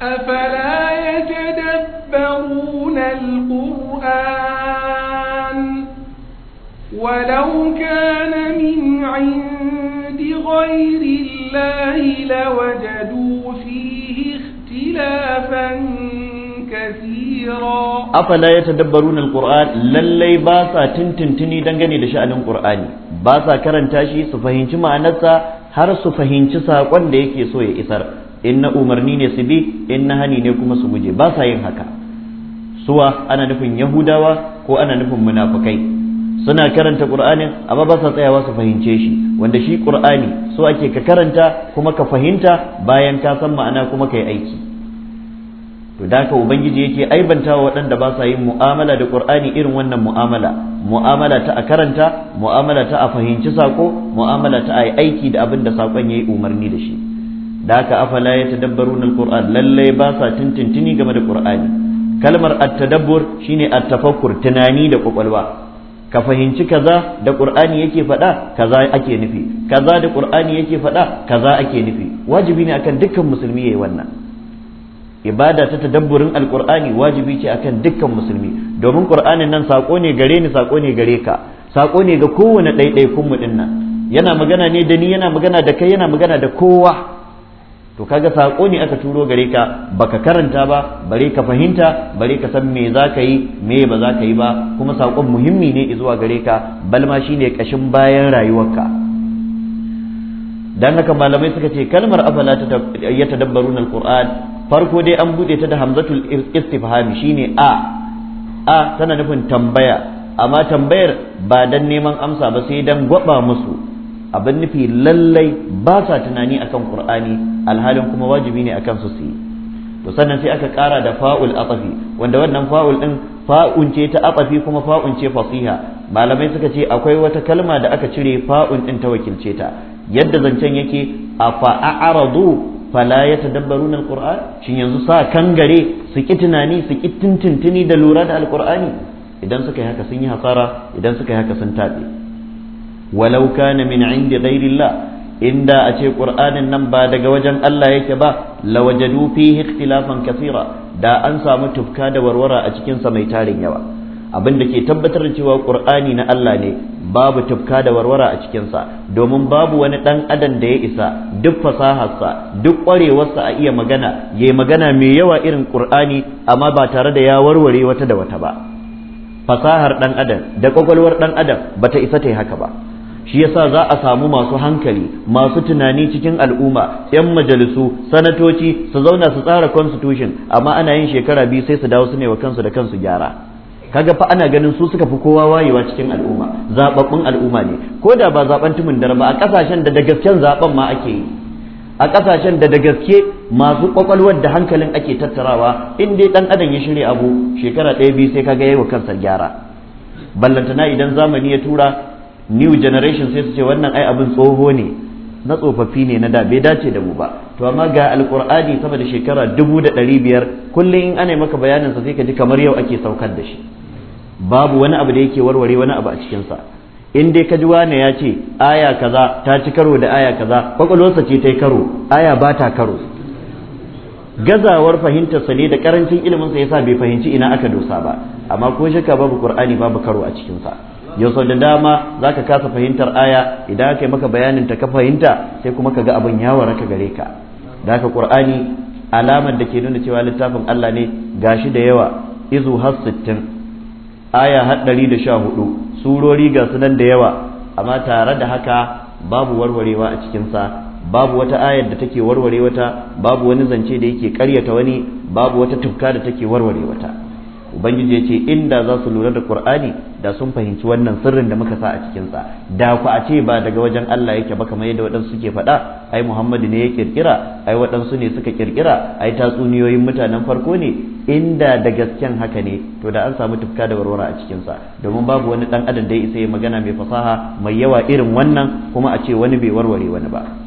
أفلا يتدبرون القرآن ولو كان من عند غير الله الله لوجدوا فيه اختلافا كثيرا أفلا يتدبرون القرآن للي da sha'anin دنغني لشأن القرآن باسا كرن تاشي سفهنش معنسا har su fahimci saƙon da yake so ya isar in na umarni ne su bi in na hani ne kuma su guje ba sa yin haka suwa ana nufin yahudawa ko ana nufin munafukai suna karanta qur'anin amma ba sa tsayawa su fahimce shi wanda shi qur'ani so ake ka karanta kuma ka fahimta bayan ka san ma'ana kuma kai aiki to da ka ubangiji yake aibanta wa waɗanda ba sa yin mu'amala da qur'ani irin wannan mu'amala mu'amala ta a karanta mu'amala ta a fahimci sako mu'amala ta a yi aiki da abin da sakon yayi umarni da shi da ka afala ya tadabbaruna alquran lalle ba sa tintintini game da qur'ani kalmar at-tadabbur shine at-tafakkur tunani da kwakwalwa ka fahimci kaza da qur'ani yake faɗa kaza ake nufi kaza da qur'ani yake faɗa kaza ake nufi wajibi ne akan dukkan musulmi yayi wannan ibada ta tadabburin alqur'ani wajibi ce akan dukkan musulmi domin qur'anin nan sako ne gare ni sako ne gare ka sako ne ga kowane ɗaiɗaikun mu dinnan yana magana ne da ni yana magana da kai yana magana da kowa to kaga sako ne aka turo gare ka baka karanta ba bare ka fahimta bare ka san me za ka yi me ba za ka yi ba kuma sakon muhimmi ne zuwa gare ka balma shine kashin bayan rayuwarka dan haka malamai suka ce kalmar afala ya na alquran farko dai an bude ta da hamzatul istifham shine a a tana nufin tambaya amma tambayar ba dan neman amsa ba sai dan gwaba musu abin nufi lallai ba sa tunani akan qur'ani alhalin kuma wajibi ne akan su su to sannan sai aka kara da fa'ul atafi wanda wannan fa'ul ɗin fa'un ce ta atafi kuma fa'un ce fasiha malamai suka ce akwai wata kalma da aka cire fa'un ɗin ta wakilce ta yadda zancen yake a fa'aradu fala na alquran shin yanzu sa kangare su ki tunani su ki tuntuntuni da lura da alqur'ani idan suka yi haka sun yi hasara idan suka yi haka sun taɓe. walau kana min indi ghairillah inda a ce qur'anin nan ba daga wajen Allah yake ba lawajadu fihi ikhtilafan kathira da an samu tufka da warwara a cikin mai tarin yawa abin da ke tabbatar da cewa qur'ani na Allah ne babu tufka da warwara a cikinsa domin babu wani ɗan adam da ya isa duk fasaharsa duk ƙwarewarsa a iya magana ya yi magana mai yawa irin qur'ani amma ba tare da ya warware wata da wata ba fasahar ɗan adam da ƙwaƙwalwar ɗan adam bata isa ta yi haka ba shi yasa za a samu masu hankali masu tunani cikin al'umma yan majalisu sanatoci su zauna su tsara constitution amma ana yin shekara biyu sai su dawo su ne wa kansu da kansu gyara kaga fa ana ganin su suka fi kowa wayewa cikin al'umma zababbun al'umma ne ko da ba zaben tumin dare ba a kasashen da da gasken zaben ma ake yi a kasashen da da gaske masu kwakwalwar da hankalin ake tattarawa in dai dan adam ya shirya abu shekara ɗaya biyu sai kaga yayi wa kansa gyara ballantana idan zamani ya tura new generation sai su ce wannan ai abin tsoho ne na tsofaffi ne na da bai dace da mu ba to amma ga alkur'ani sama da shekara dubu da ɗari biyar kullum in ana maka bayanin sa sai ka ji kamar yau ake saukar da shi babu wani abu da yake warware wani abu a cikinsa in dai ka ji wani ya ce aya kaza ta ci karo da aya kaza kwakwalwarsa ce ta yi karo aya ba ta karo gazawar fahimtar fahimtarsa ne da karancin iliminsa yasa bai fahimci ina aka dosa ba amma ko shakka babu qur'ani babu karo a cikinsa yau da dama za ka kasa fahimtar aya idan aka maka bayanin ta ka fahimta sai kuma ka ga abin ya raka gare ka da haka qur'ani alamar da ke nuna cewa littafin Allah ne ga shi da yawa izu har sittin aya har da sha hudu surori ga sunan da yawa amma tare da haka babu warwarewa a cikinsa babu wata ayar da take warware wata babu wani zance da yake karyata wani babu wata tufka da take warware wata ubangiji ya ce inda za su lura da qur'ani da sun fahimci wannan sirrin da muka sa a cikin sa da ku a ce ba daga wajen Allah yake ba kamar yadda waɗansu suke faɗa ai muhammadu ne ya kirkira ai waɗansu ne suka kirkira ai tatsuniyoyin mutanen farko ne inda da gasken haka ne to da an samu tufka da warwara a cikin sa domin babu wani ɗan adam da ya isa ya magana mai fasaha mai yawa irin wannan kuma a ce wani bai warware wani ba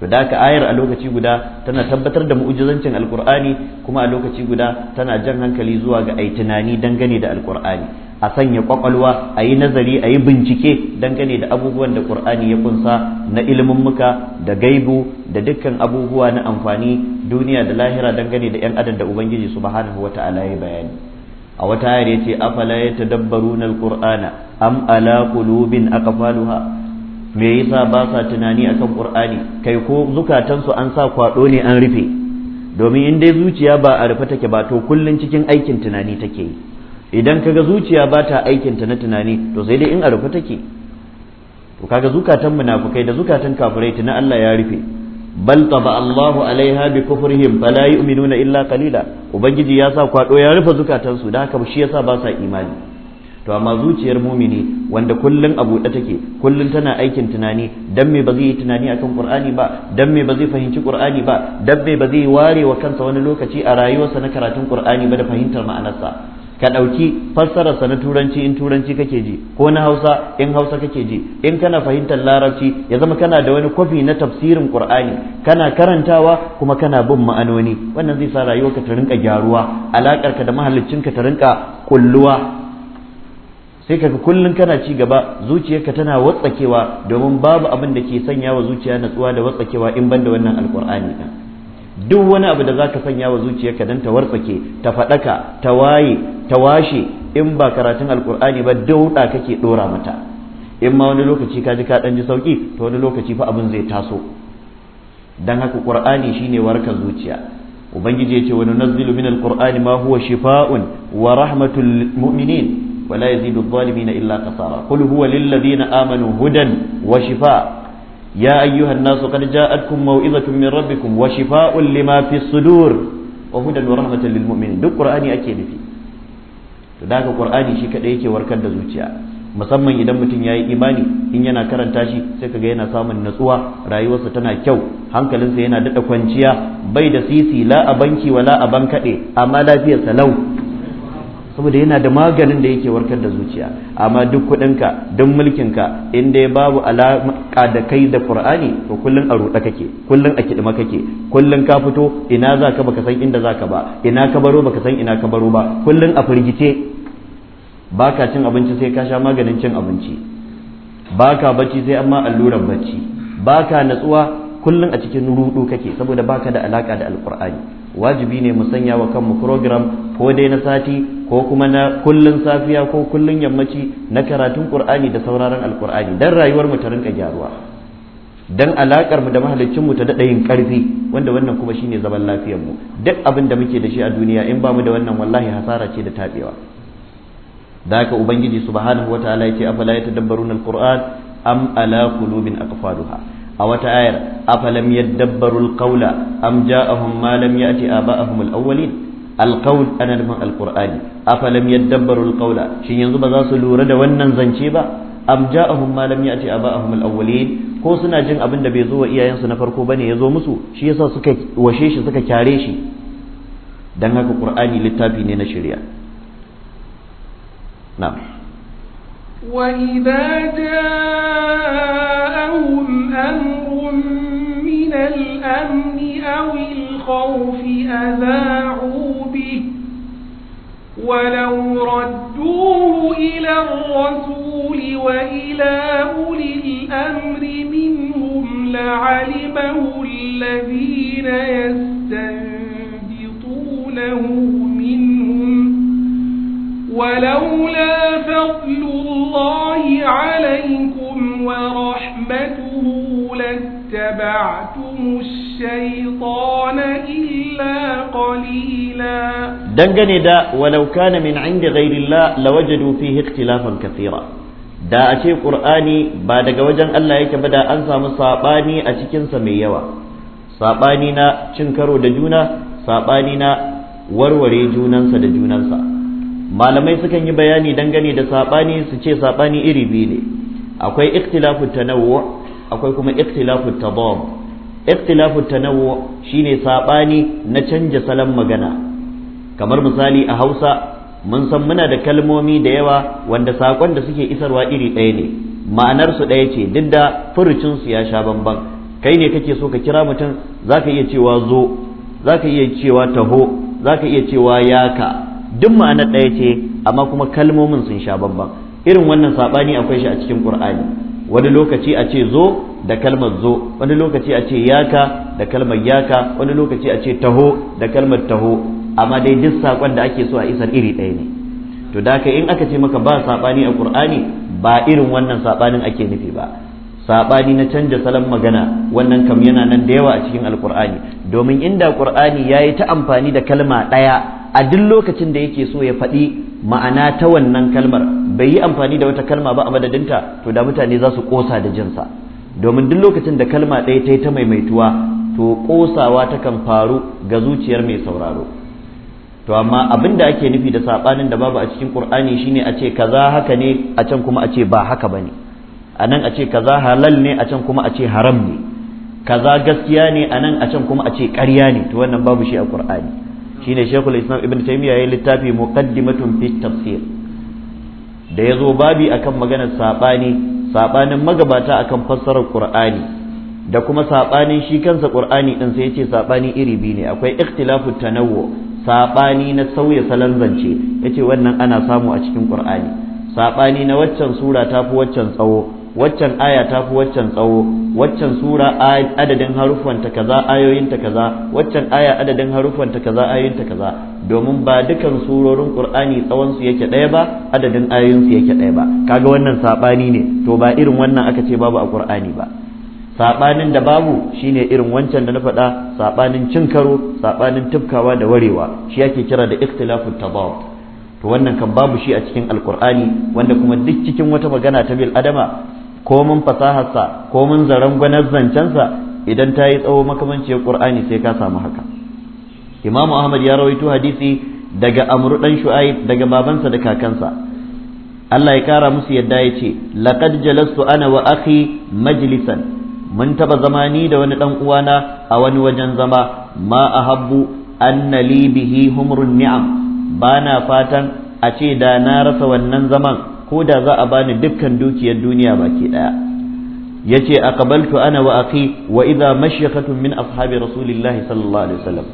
to da ka ayar a lokaci guda tana tabbatar da mu'ujizancin alkur'ani kuma a lokaci guda tana jan hankali zuwa ga ayi tunani dangane da alkur'ani a sanya kwakwalwa a yi nazari a yi bincike dangane da abubuwan da qur'ani ya kunsa na muka da gaibu da dukkan abubuwa na amfani duniya da lahira dangane da yan adam da ubangiji subhanahu wata'ala ya bayani a wata ayar yace afala yatadabbaruna alqur'ana am ala qulubin aqfaluha me yasa ba sa tunani akan qur'ani kai ko zukatansu an sa kwado ne an rufe domin in dai zuciya ba a rufe take ba to kullun cikin aikin tunani take yi idan kaga zuciya ba ta aikin ta na tunani to sai dai in a rufe take to kaga zukatan munafukai da zukatan kafirai tuna Allah ya rufe bal taba Allahu alaiha bi kufrihim fala yu'minuna illa qalila ubangiji ya sa kwado ya rufe zukatansu da haka shi yasa ba sa imani to amma zuciyar mumini wanda kullun a buɗe take kullun tana aikin tunani dan me ba zai yi tunani akan qur'ani ba dan me ba zai fahimci qur'ani ba dan me ba zai ware wa kansa wani lokaci a rayuwarsa na karatun qur'ani ba da fahimtar ma'anarsa ka ɗauki fassararsa na turanci in turanci kake ji ko na hausa in hausa kake ji in kana fahimtar larabci ya zama kana da wani kwafi na tafsirin qur'ani kana karantawa kuma kana bin ma'anoni wannan zai sa rayuwarka ta rinka gyaruwa alaƙarka da ka ta rinka kulluwa sai kaga kullun kana ci gaba zuciyarka tana watsakewa domin babu abin da ke sanya wa zuciya natsuwa da watsakewa in ban da wannan alkur'ani din duk wani abu da za ka sanya wa zuciyarka dan ta wartsake ta faɗaka, ta waye ta washe in ba karatun alkur'ani ba dauda kake ɗora mata in ma wani lokaci ka ji ka ɗan ji sauki ta wani lokaci fa abin zai taso dan haka qur'ani shine warkar zuciya ubangiji ya ce wani nazzilu min Alƙur'ani ma huwa shifa'un wa rahmatul mu'minin ولا يزيد الظالمين إلا خسارا قل هو للذين آمنوا هدى وشفاء يا أيها الناس قد جاءتكم موئظة من ربكم وشفاء لما في الصدور وهدى ورحمة للمؤمنين دو قرآني أكيد فيه ذاك قرآني شيك ديكي وركد زوجيا musamman idan mutum ya yi imani in yana karanta shi sai kaga yana samun natsuwa rayuwarsa tana kyau hankalinsa yana daɗa kwanciya bai da sisi la a banki wa a bankaɗe lau saboda yana da maganin da yake warkar da zuciya amma duk kudinka, duk ka, in dai babu alaƙa da kai da qur'ani to kullun a ruɗa kake kullun a kidima kake kullun ka fito ina za ka baka san inda za ka ba ina ka baro baka san ina ka baro ba kullun a firgice baka cin abinci sai ka sha maganin cin abinci baka bacci sai amma alluran bacci baka natsuwa kullun a cikin ruɗu kake saboda baka da alaƙa da alqur'ani wajibi ne mu sanya wa kanmu program ko dai na sati ko kuma na kullun safiya ko kullun yammaci na karatun qur'ani da sauraron alqur'ani dan rayuwar mu ta rinka gyaruwa dan alakar mu da mahaliccin mu ta dada yin karfi wanda wannan kuma shine zaman lafiyar mu duk abin da muke da shi a duniya in ba mu da wannan wallahi hasara ce da tabewa da haka ubangiji subhanahu wataala yace afala yatadabbaruna alquran am ala qulubin aqfaluha a wata ayar afalam yaddabbarul qawla am ja'ahum ma lam ya'ti aba'ahum al-awwalin alqawl ana nufin alqur'ani afalam yaddabbarul qawla shin yanzu ba za su lura da wannan zance ba am ja'ahum ma lam ya'ti aba'ahum al ko suna jin abin da bai zo wa iyayensu na farko bane ya zo musu shi yasa suka washe shi suka kyare shi dan haka qur'ani littafi ne na shari'a Na wa idza أمر من الأمن أو الخوف أذاعوا به ولو ردوه إلى الرسول وإلى أولي الأمر منهم لعلمه الذين يستنبطونه منهم ولولا فضل الله عليكم ورحمته لاتبعتم الشيطان إلا قليلا دنغني دا ولو كان من عند غير الله لوجدوا فيه اختلافا كثيرا da a ce ƙur'ani ba daga wajen Allah yake ba da an samu saɓani a cikinsa mai yawa saɓani na cin karo da juna saɓani na warware junansa da junansa malamai sukan yi bayani dangane da saɓani su ce saɓani iri biyu ne akwai ikhtilafu tanawwu akwai kuma ikhtilafu tadab ikhtilafu tanawwu shine sabani na canja salon magana kamar misali a Hausa mun san muna da kalmomi da yawa wanda sakon da suke isarwa iri ɗaya ne ma'anar su ɗaya ce duk da furucin su ya sha bamban kai ne kake so ka kira mutum zaka iya cewa zo zaka iya cewa taho zaka iya cewa yaka duk ma'anar ɗaya ce amma kuma kalmomin sun sha bamban irin wannan saɓani akwai shi a cikin qur'ani wani lokaci a ce zo da kalmar zo wani lokaci a ce yaka da kalmar yaka wani lokaci a ce taho da kalmar taho amma dai duk sakon da ake so a isar iri ɗaya ne to da in aka ce maka ba saɓani a qur'ani ba irin wannan saɓanin ake nufi ba saɓani na canja salon magana wannan kam yana nan da yawa a cikin alkur'ani domin inda qur'ani ya yi ta amfani da kalma ɗaya a duk lokacin da yake so ya faɗi ma'ana ta wannan kalmar bai yi amfani da wata kalma ba a madadinta to da mutane za su kosa da jinsa domin duk lokacin da kalma ɗaya ta yi ta maimaituwa to kosawa takan faru ga zuciyar mai sauraro to amma abin da ake nufi da saɓanin da babu a cikin ƙur'ani shine a ce kaza haka ne a can kuma a ce ba haka ba ne a nan a ce kaza halal ne a can kuma a ce haram ne kaza gaskiya ne a nan a can kuma a ce ƙarya ne to wannan babu shi a ƙur'ani shine shekul islam ibn taymiya ya littafi muqaddimatun fi tafsir da ya zo babi akan maganar saɓani saɓanin magabata akan fassarar ƙur'ani, da kuma saɓanin shi kansa ƙur'ani ɗin sai ya ce saɓani iri biyu ne akwai ikhtilafu tanawwu saɓani na sauya salon zance ce wannan ana samu a cikin ƙur'ani, saɓani na waccan sura ta fi waccan tsawo waccan aya ta fi waccan tsawo waccan sura adadin haruffanta kaza ayoyinta kaza waccan aya adadin haruffanta kaza ayoyinta kaza domin ba dukan surorin qur'ani tsawon su yake ɗaya ba adadin ayoyin su yake ɗaya ba kaga wannan sabani ne to ba irin wannan aka ce babu a qur'ani ba sabanin da babu shine irin wancan da na faɗa sabanin cin karo sabanin tufkawa da warewa shi ake kira da ikhtilafut tabawu to wannan kan babu shi a cikin alkur'ani wanda kuma duk cikin wata magana ta bil adama Ko komin fasaharsa komin zaren gwanar zancensa idan ta yi tsawo makamanciyar ƙur'ani sai ka samu haka imamu ahmad ya rawaito hadisi daga amru dan shu'aib daga babansa da kakansa Allah ya kara musu yadda ya ce laqad jalastu ana wa akhi majlisan mun taba zama ni da wani ɗan uwana a wani wajen zama ma ahabbu anna li bihi humrun ni'am bana fatan a ce da na rasa wannan zaman ko da za a bani dukkan dukiyar duniya baki daya yace aqbaltu ana wa akhi wa idha mashyakatun min ashabi rasulillah sallallahu alaihi wasallam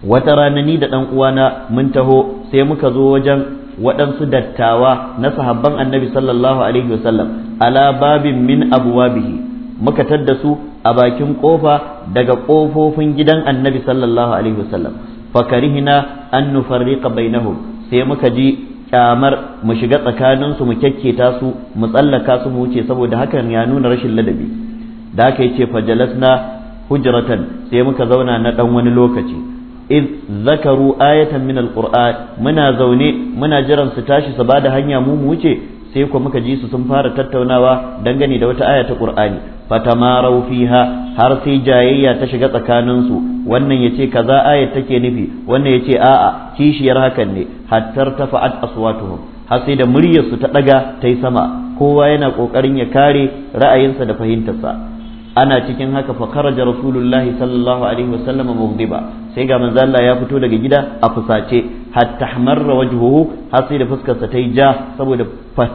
wata rana ni da dan uwana mun taho sai muka zo wajen waɗansu dattawa na sahabban annabi sallallahu alaihi wasallam ala babin min abwabihi muka tadda su a bakin kofa daga kofofin gidan annabi sallallahu alaihi wasallam fakarihina an nufarriqa bainahum sai muka ji kyamar mu shiga tsakaninsu mu kyakketa su mu tsallaka su mu wuce saboda hakan ya nuna rashin ladabi da aka yace na hujratan sai muka zauna na ɗan wani lokaci in zakaru ayatan min alquran muna zaune muna jiran su tashi su bada hanya mu mu wuce sai ko muka ji su sun fara tattaunawa dangane da wata aya ta qur'ani fatamarau fiha har sai jayayya ta shiga tsakaninsu wannan yace kaza ayat take nufi wannan yace a'a kishiyar hakan ne hattar fa'ad aswatuhum har sai da muryarsu ta daga ta yi sama kowa yana kokarin ya kare ra'ayinsa da fahimtarsa ana cikin haka fa kharaja rasulullahi sallallahu alaihi wasallam mughdiba sai ga manzo Allah ya fito daga gida a fusace hatta hamarra wajhuhu har sai da fuskarsa ta yi ja saboda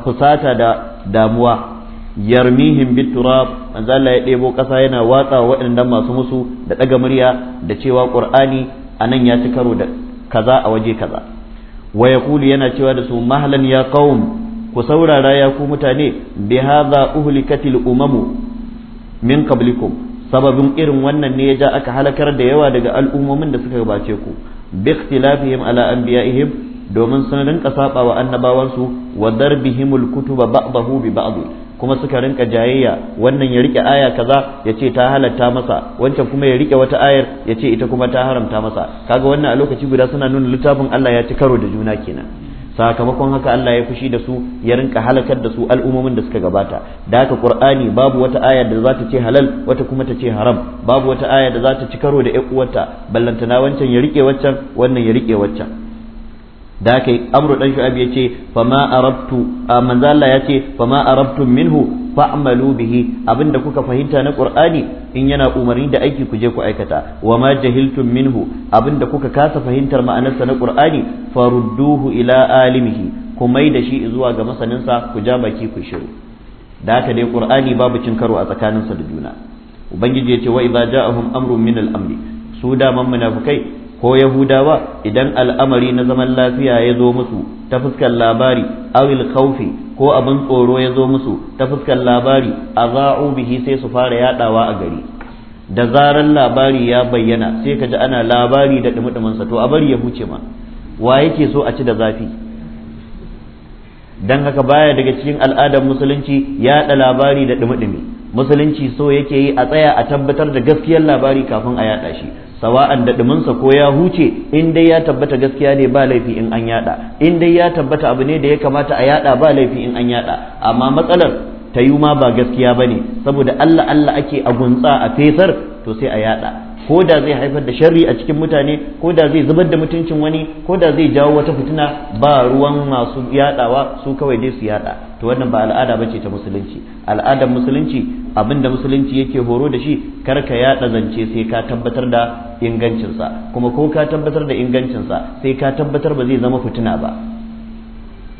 fusata da damuwa yarmihim biturab manzo Allah ya ɗebo ƙasa yana watsa waɗannan masu musu da ɗaga murya da cewa qur'ani anan ya ci karo da kaza a waje kaza wa yaqulu yana cewa da su mahalan ya qaum ku saurara ya ku mutane bi hadha uhlikatil umamu min qablikum sababin irin wannan ne ya ja aka halakar da yawa daga al'ummomin da suka gabace ku bi ikhtilafihim ala anbiya'ihim domin sun rinka saba wa annabawansu wa darbihimul kutuba ba'dahu bi ba'd kuma suka rinka jayayya wannan ya rike aya kaza ya ce ta halatta masa wancan kuma ya rike wata ayar ya ce ita kuma ta haramta masa kaga wannan a lokaci guda suna nuna littafin Allah ya ci karo da juna kenan sakamakon haka Allah ya fushi da su ya rinka halakar da su al'ummomin da suka gabata da haka qur'ani babu wata aya da za ta ce halal wata kuma ta ce haram babu wata aya da za ta ci karo da ƴan uwarta ballantana wancan ya rike waccan wannan ya rike waccan da kai amru dan shu'aib yace ma arabtu manzo Allah yace ma arabtum minhu fa'malu bihi abinda kuka fahimta na qur'ani in yana umarni da aiki ku je ku aikata wa ma jahiltum minhu abinda kuka kasa fahimtar ma'anarsa na qur'ani farudduhu ila alimihi ku mai da shi zuwa ga masaninsa ku ja baki ku shiru da haka dai qur'ani babu cin karo a tsakaninsa da juna ubangiji yace wa idza ja'ahum amrun min al-amri su da man munafikai ko yahudawa idan al'amari na zaman lafiya ya zo musu ta fuskar labari awil khawfi ko abin tsoro ya zo musu ta fuskar labari a aza'u bihi sai su fara yadawa a gari da zaran labari ya bayyana sai ka ji ana labari da dumudumin sa to a bari ya huce ma wa yake so a ci da zafi dan haka baya daga cikin al'adar musulunci yaɗa labari da dumudumi musulunci so yake yi a tsaya a tabbatar da gaskiyar labari kafin a yada shi sawa'an da duminsa ko ya huce in dai ya tabbata gaskiya ne ba laifi in an yada in dai ya tabbata abu ne da ya kamata a yada ba laifi in an yada amma matsalar ta yi ma ba gaskiya ba ne saboda Allah Allah ake a gunsa a fesar to sai a yada ko da zai haifar da sharri a cikin mutane ko da zai zubar da mutuncin wani ko da zai jawo wata fitina ba ruwan masu yadawa su kawai dai su yada to wannan ba al'ada bace ta musulunci al'adar musulunci abin da musulunci yake horo da shi kar ka yaɗa zance sai ka tabbatar da ingancinsa kuma ko ka tabbatar da ingancinsa sai ka tabbatar ba zai zama fitina ba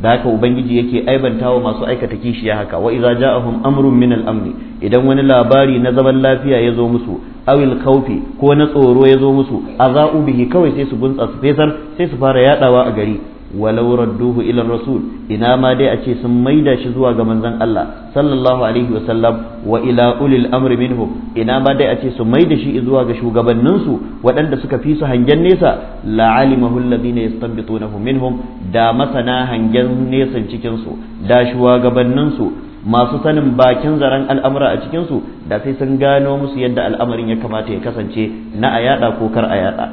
da haka ubangiji yake aibantawa masu aikata kishiya haka wa iza ja'ahum amrun min al-amni idan wani labari na zaman lafiya ya zo musu awil kaufi ko na tsoro ya zo musu azau bihi kawai sai su gunsa su fesar sai su fara yadawa a gari walau radduhu ila rasul ina ma dai a ce sun maida shi zuwa ga manzon Allah sallallahu alaihi wa sallam wa ila ulil amri minhum ina ma dai a ce sun maida shi zuwa ga shugabannin su waɗanda suka fi su hangen nesa la alimahu alladhina yastanbitunahu minhum da masana hangen nesan cikin su da shugabannin su masu sanin bakin zaren al'amura a cikin su da sai sun gano musu yadda al'amarin ya kamata ya kasance na a yada ko kar a yada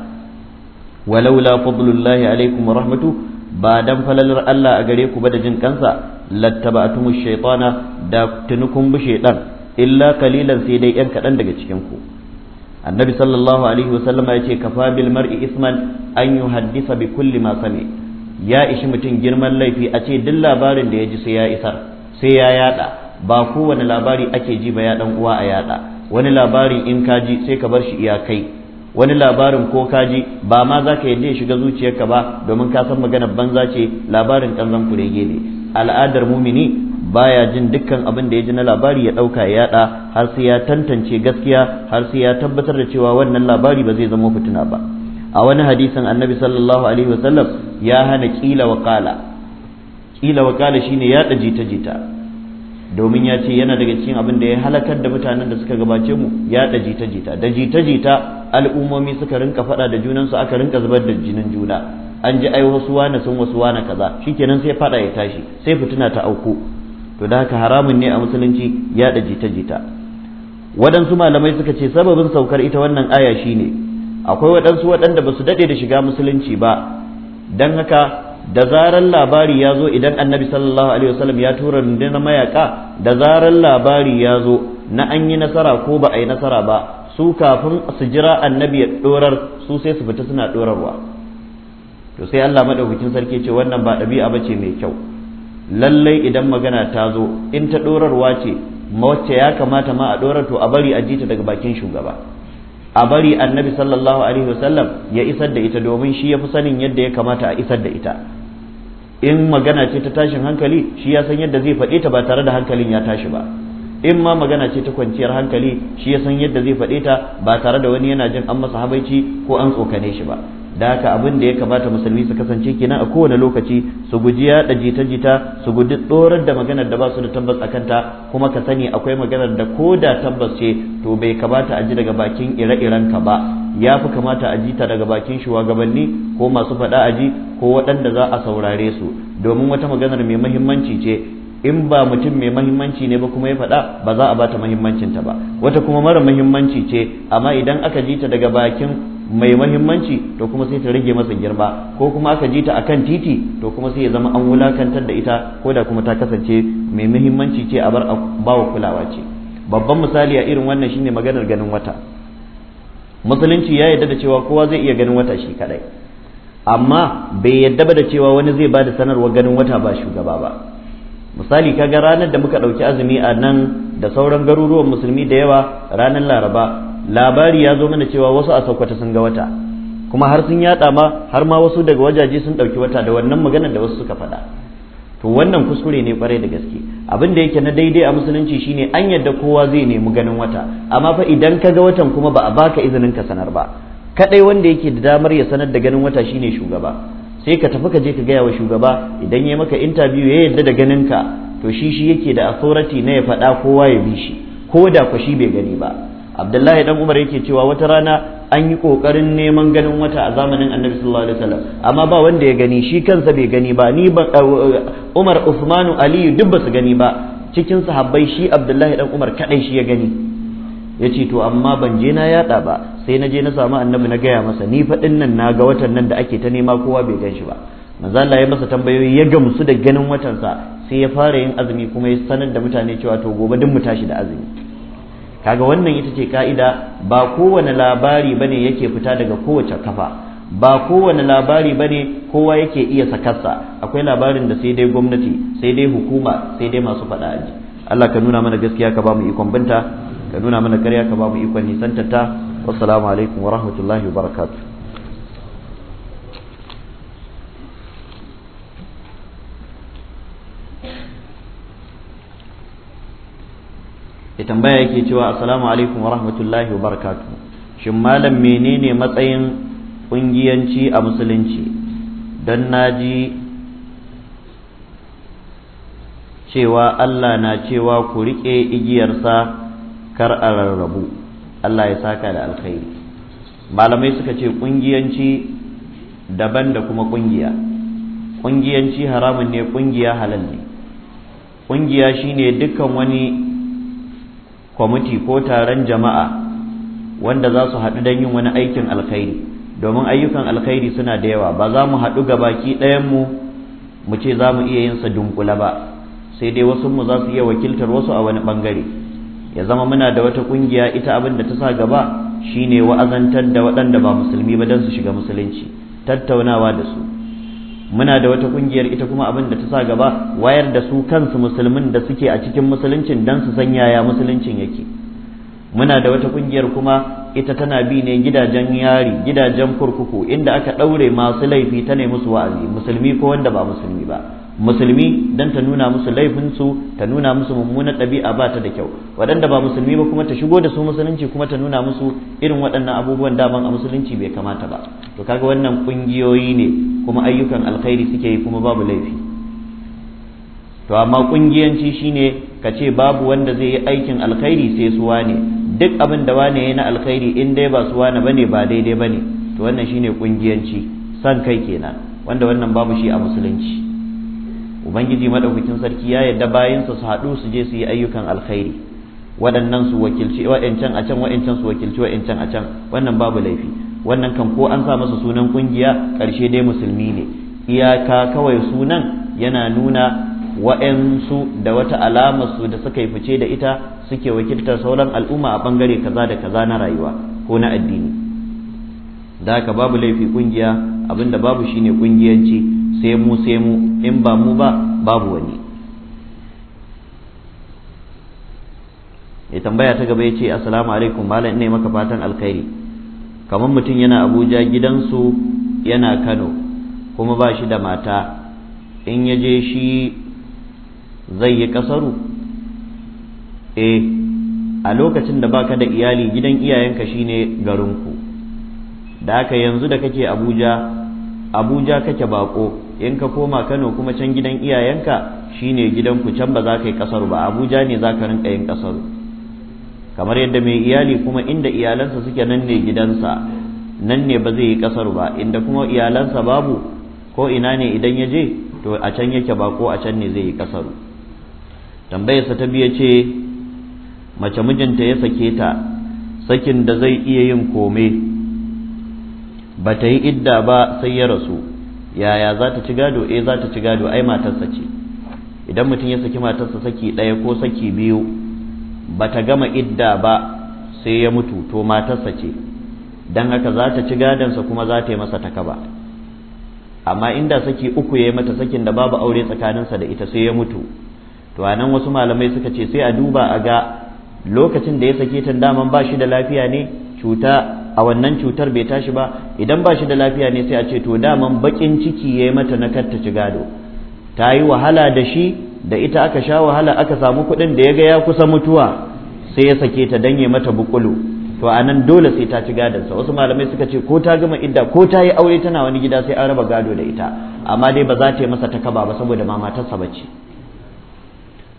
walaula fadlullahi alaikum wa rahmatu. ba dan falalar Allah a gare ku ba da jin kansa lattaba'tumush shaytana da tunukun bi shaytan illa kalilan sai dai yan kaɗan daga cikin ku annabi sallallahu alaihi wasallam ya ce kafa bil mar'i isman an yuhaddisa bi kulli ma sami ya ishi mutum girman laifi a ce duk labarin da ya ji sai ya isar sai ya yada ba kowane labari ake ji ba ya dan uwa a yada wani labarin in ka ji sai ka bar shi iya kai. wani labarin ko kaji ba ma za ka yadda ya shiga zuciyarka ba domin ka san maganar banza ce labarin kanzan kurege ne al'adar mumini baya jin dukkan abin da ya ji na labari ya ɗauka ya yaɗa har sai ya tantance gaskiya har sai ya tabbatar da cewa wannan labari ba zai zama fitina ba a wani hadisin annabi sallallahu alaihi wasallam ya hana kila wa kala kila wa kala shine yaɗa jita jita domin ya ce yana daga cikin abin da ya halakar da mutanen da suka gabace mu ya da jita jita da jita jita al'ummomi suka rinka faɗa da junansu aka rinka zubar da jinin juna an ji ai wasu wane sun wasu wane kaza shikenan sai faɗa ya tashi sai fitina ta auku to da haka haramun ne a musulunci ya da jita jita waɗansu malamai suka ce sababin saukar ita wannan aya shine akwai waɗansu waɗanda ba su daɗe da shiga musulunci ba don haka da zarar labari ya zo idan annabi sallallahu alaihi wasallam ya tura rundunar mayaka da zarar labari ya zo na an yi nasara ko ba a yi nasara ba su kafin su jira annabi ya dorar su sai su fita suna dorarwa to sai Allah madaukakin sarki ce wannan ba ɗabi'a ba mai kyau lallai idan magana ta zo in ta dorarwa ce wacce ya kamata ma a dorar to a bari a jita daga bakin shugaba a bari annabi sallallahu alaihi wasallam ya isar da ita domin shi ya fi sanin yadda ya kamata a isar da ita in magana ce ta tashin hankali shi ya san yadda zai faɗe ta ba tare da hankalin ya tashi ba in ma magana ce ta kwanciyar hankali shi ya san yadda zai faɗe ta ba tare da wani yana jin an masa habaici ko an tsokane shi ba da haka abin da ya kamata musulmi su kasance kenan a kowane lokaci su guji yada jita-jita su guji tsorar da maganar da ba su da tabbas a kanta kuma ka sani akwai maganar da ko da tabbas ce to bai kamata a ji daga bakin ire iren ka ba ya fi kamata a ji ta daga bakin shugabanni ko masu faɗa a ji ko waɗanda za a saurare su domin wata maganar mai mahimmanci ce in ba mutum mai mahimmanci ne ba kuma ya faɗa ba za a bata mahimmancinta ba wata kuma mara mahimmanci ce amma idan aka ji ta daga bakin mai mahimmanci to kuma sai ta rage masa girma ko kuma aka ji ta akan titi to kuma sai ya zama an wulakantar da ita ko da kuma ta kasance mai mahimmanci ce a bar a bawa kulawa ce babban misali a irin wannan shine maganar ganin wata musulunci ya yarda da cewa kowa zai iya ganin wata shi kadai amma bai yarda ba da cewa wani zai bada sanarwar ganin wata ba shugaba ba misali kaga ranar da muka ɗauki azumi a nan da sauran garuruwan musulmi da yawa ranar laraba labari ya zo mana cewa wasu a saukwata sun ga wata kuma har sun yada ma har ma wasu daga wajaje sun ɗauki wata da wannan magana da wasu suka faɗa to wannan kuskure ne kwarai da gaske abin da yake na daidai a musulunci shine an yadda kowa zai nemi ganin wata amma fa idan ka ga watan kuma ba a baka izinin ka sanar ba kadai wanda yake da damar ya sanar da ganin wata shine shugaba sai ka tafi ka je ka gaya wa shugaba idan ya maka interview ya yadda da ganin ka to shi shi yake da authority na ya faɗa kowa ya bi shi ko da kwashi bai gani ba abdullahi dan umar yake cewa wata rana an yi kokarin neman ganin wata a zamanin annabi sallallahu alaihi wasallam amma ba wanda ya gani shi kansa bai gani ba ni ba eh, umar usmanu Ali duk ba su gani ba cikin sahabbai shi abdullahi dan umar kadai shi ya gani yace to amma ban je na yada ba sai na je na samu annabi na gaya masa ni faɗin nan na ga watan nan da ake ta nema kowa bai gan shi ba Allah ya masa tambayoyi ya gamsu da ganin watansa sai ya fara yin azumi kuma ya sanar da mutane cewa to gobe duk mu tashi da azumi kaga wannan ita ce ka'ida ba kowane labari bane yake fita daga kowace kafa ba kowane labari bane kowa yake iya sakarsa akwai labarin da sai dai gwamnati sai dai hukuma sai dai masu faɗa aji Allah ka nuna mana gaskiya ka ba mu ikon binta ka nuna mana karya ka ba mu ikon nisantarta wassalamu alaikum wa rahmatullahi wa barakatuh ya tambaya yake cewa assalamu alaikum wa rahmatullahi wa shin malam menene matsayin ƙungiyanci a musulunci don na ji cewa Allah na cewa ku riƙe igiyarsa kar a rarrabu Allah ya saka da alkhairi malamai suka ce kungiyanci daban da kuma kungiya kungiyanci haramun ne ƙungiya halal ne kungiya shine dukkan wani kwamiti ko taron jama'a wanda za su haɗu don yin wani aikin alkhairi domin ayyukan alkhairi suna da yawa ba za mu haɗu ga baki ɗayan mu mu ce za mu iya yin sa dunkula ba sai dai wasu mu za su iya wakiltar wasu a wani ɓangare ya zama muna da wata ƙungiya ita abin da ta sa gaba shine wa'azantar da waɗanda ba musulmi ba don su shiga musulunci tattaunawa da su muna da wata kungiyar ita kuma abin da ta sa gaba wayar da su kansu musulmin da suke a cikin musuluncin don su san yaya musuluncin yake muna da wata kungiyar kuma ita tana bi ne gidajen yari gidajen kurkuku inda aka ɗaure masu laifi ta ne musu wa'azi musulmi ko wanda ba musulmi ba musulmi dan ta nuna musu laifinsu ta nuna musu mummunar ɗabi'a ba ta da kyau waɗanda ba musulmi ba kuma ta shigo da su musulunci kuma ta nuna musu irin waɗannan abubuwan daban a musulunci bai kamata ba to kaga wannan ƙungiyoyi ne kuma ayyukan alkhairi suke yi kuma babu laifi to amma ƙungiyanci shine ka ce babu wanda zai yi aikin alkhairi sai su wane duk abin da wane yana alkhairi in dai ba su wane bane ba daidai bane to wannan shine ƙungiyanci san kai kenan wanda wannan babu shi a musulunci ubangiji madaukakin sarki ya yarda bayansa su haɗu su je su yi ayyukan alkhairi waɗannan su wakilci wa'ancan a can wa'ancan su wakilci wa'ancan a can wannan babu laifi wannan kan ko an sa masa sunan kungiya ƙarshe dai musulmi ne iyaka kawai sunan yana nuna wa'yansu da wata alama su da suka yi fice da ita suke wakiltar sauran al'umma a bangare kaza da kaza na rayuwa ko na addini da haka babu laifi kungiya abinda babu shine kungiyanci sai mu sai mu in ba mu ba babu wani ya tambaya ta gaba ya ce asalamu alaikum malam ne maka fatan alkhairi kamar mutum yana abuja gidansu yana kano kuma ba shi da mata in ya je shi zai yi kasaru eh a lokacin da baka da iyali gidan iyayenka shine garinku da aka yanzu da kake abuja abuja kake bako in ka koma Kano kuma can gidan iyayenka shine gidanku can ba za ka yi kasar ba Abuja ne za ka rinka yin kasar kamar yadda mai iyali kuma inda iyalansa suke nan ne gidansa nan ne ba zai yi kasar ba inda kuma iyalansa babu ko ina ne idan ya je to a can yake ba ko a can ne zai yi kasar tambayarsa ta biya ce mace mijinta ya sake ta sakin da zai iya yin kome ba ta yi idda ba sai ya rasu yaya za ta ci gado eh za ta ci gado ai matarsa ce idan mutum ya saki matarsa saki ɗaya ko saki biyu ba ta gama idda ba sai ya mutu to matarsa ce don haka za ta ci gadonsa kuma za ta yi masa takaba amma inda saki uku ya yi mata sakin da babu aure tsakaninsa da ita sai ya mutu to a nan wasu malamai suka ce sai a duba a ga lokacin da ya sake ta daman ba shi da lafiya ne cuta a wannan cutar bai tashi ba idan ba shi da lafiya ne sai a ce to daman bakin ciki ya yi mata na ta ci gado ta yi wahala da shi da ita aka sha wahala aka samu kuɗin da ya ga ya kusa mutuwa sai ya sake ta danye mata bukulu to a nan dole sai ta ci gadonsa wasu malamai suka ce ko ta gama idda ko ta yi aure tana wani gida sai an raba gado da ita amma dai ba za ta yi masa takaba ba saboda ma matarsa bace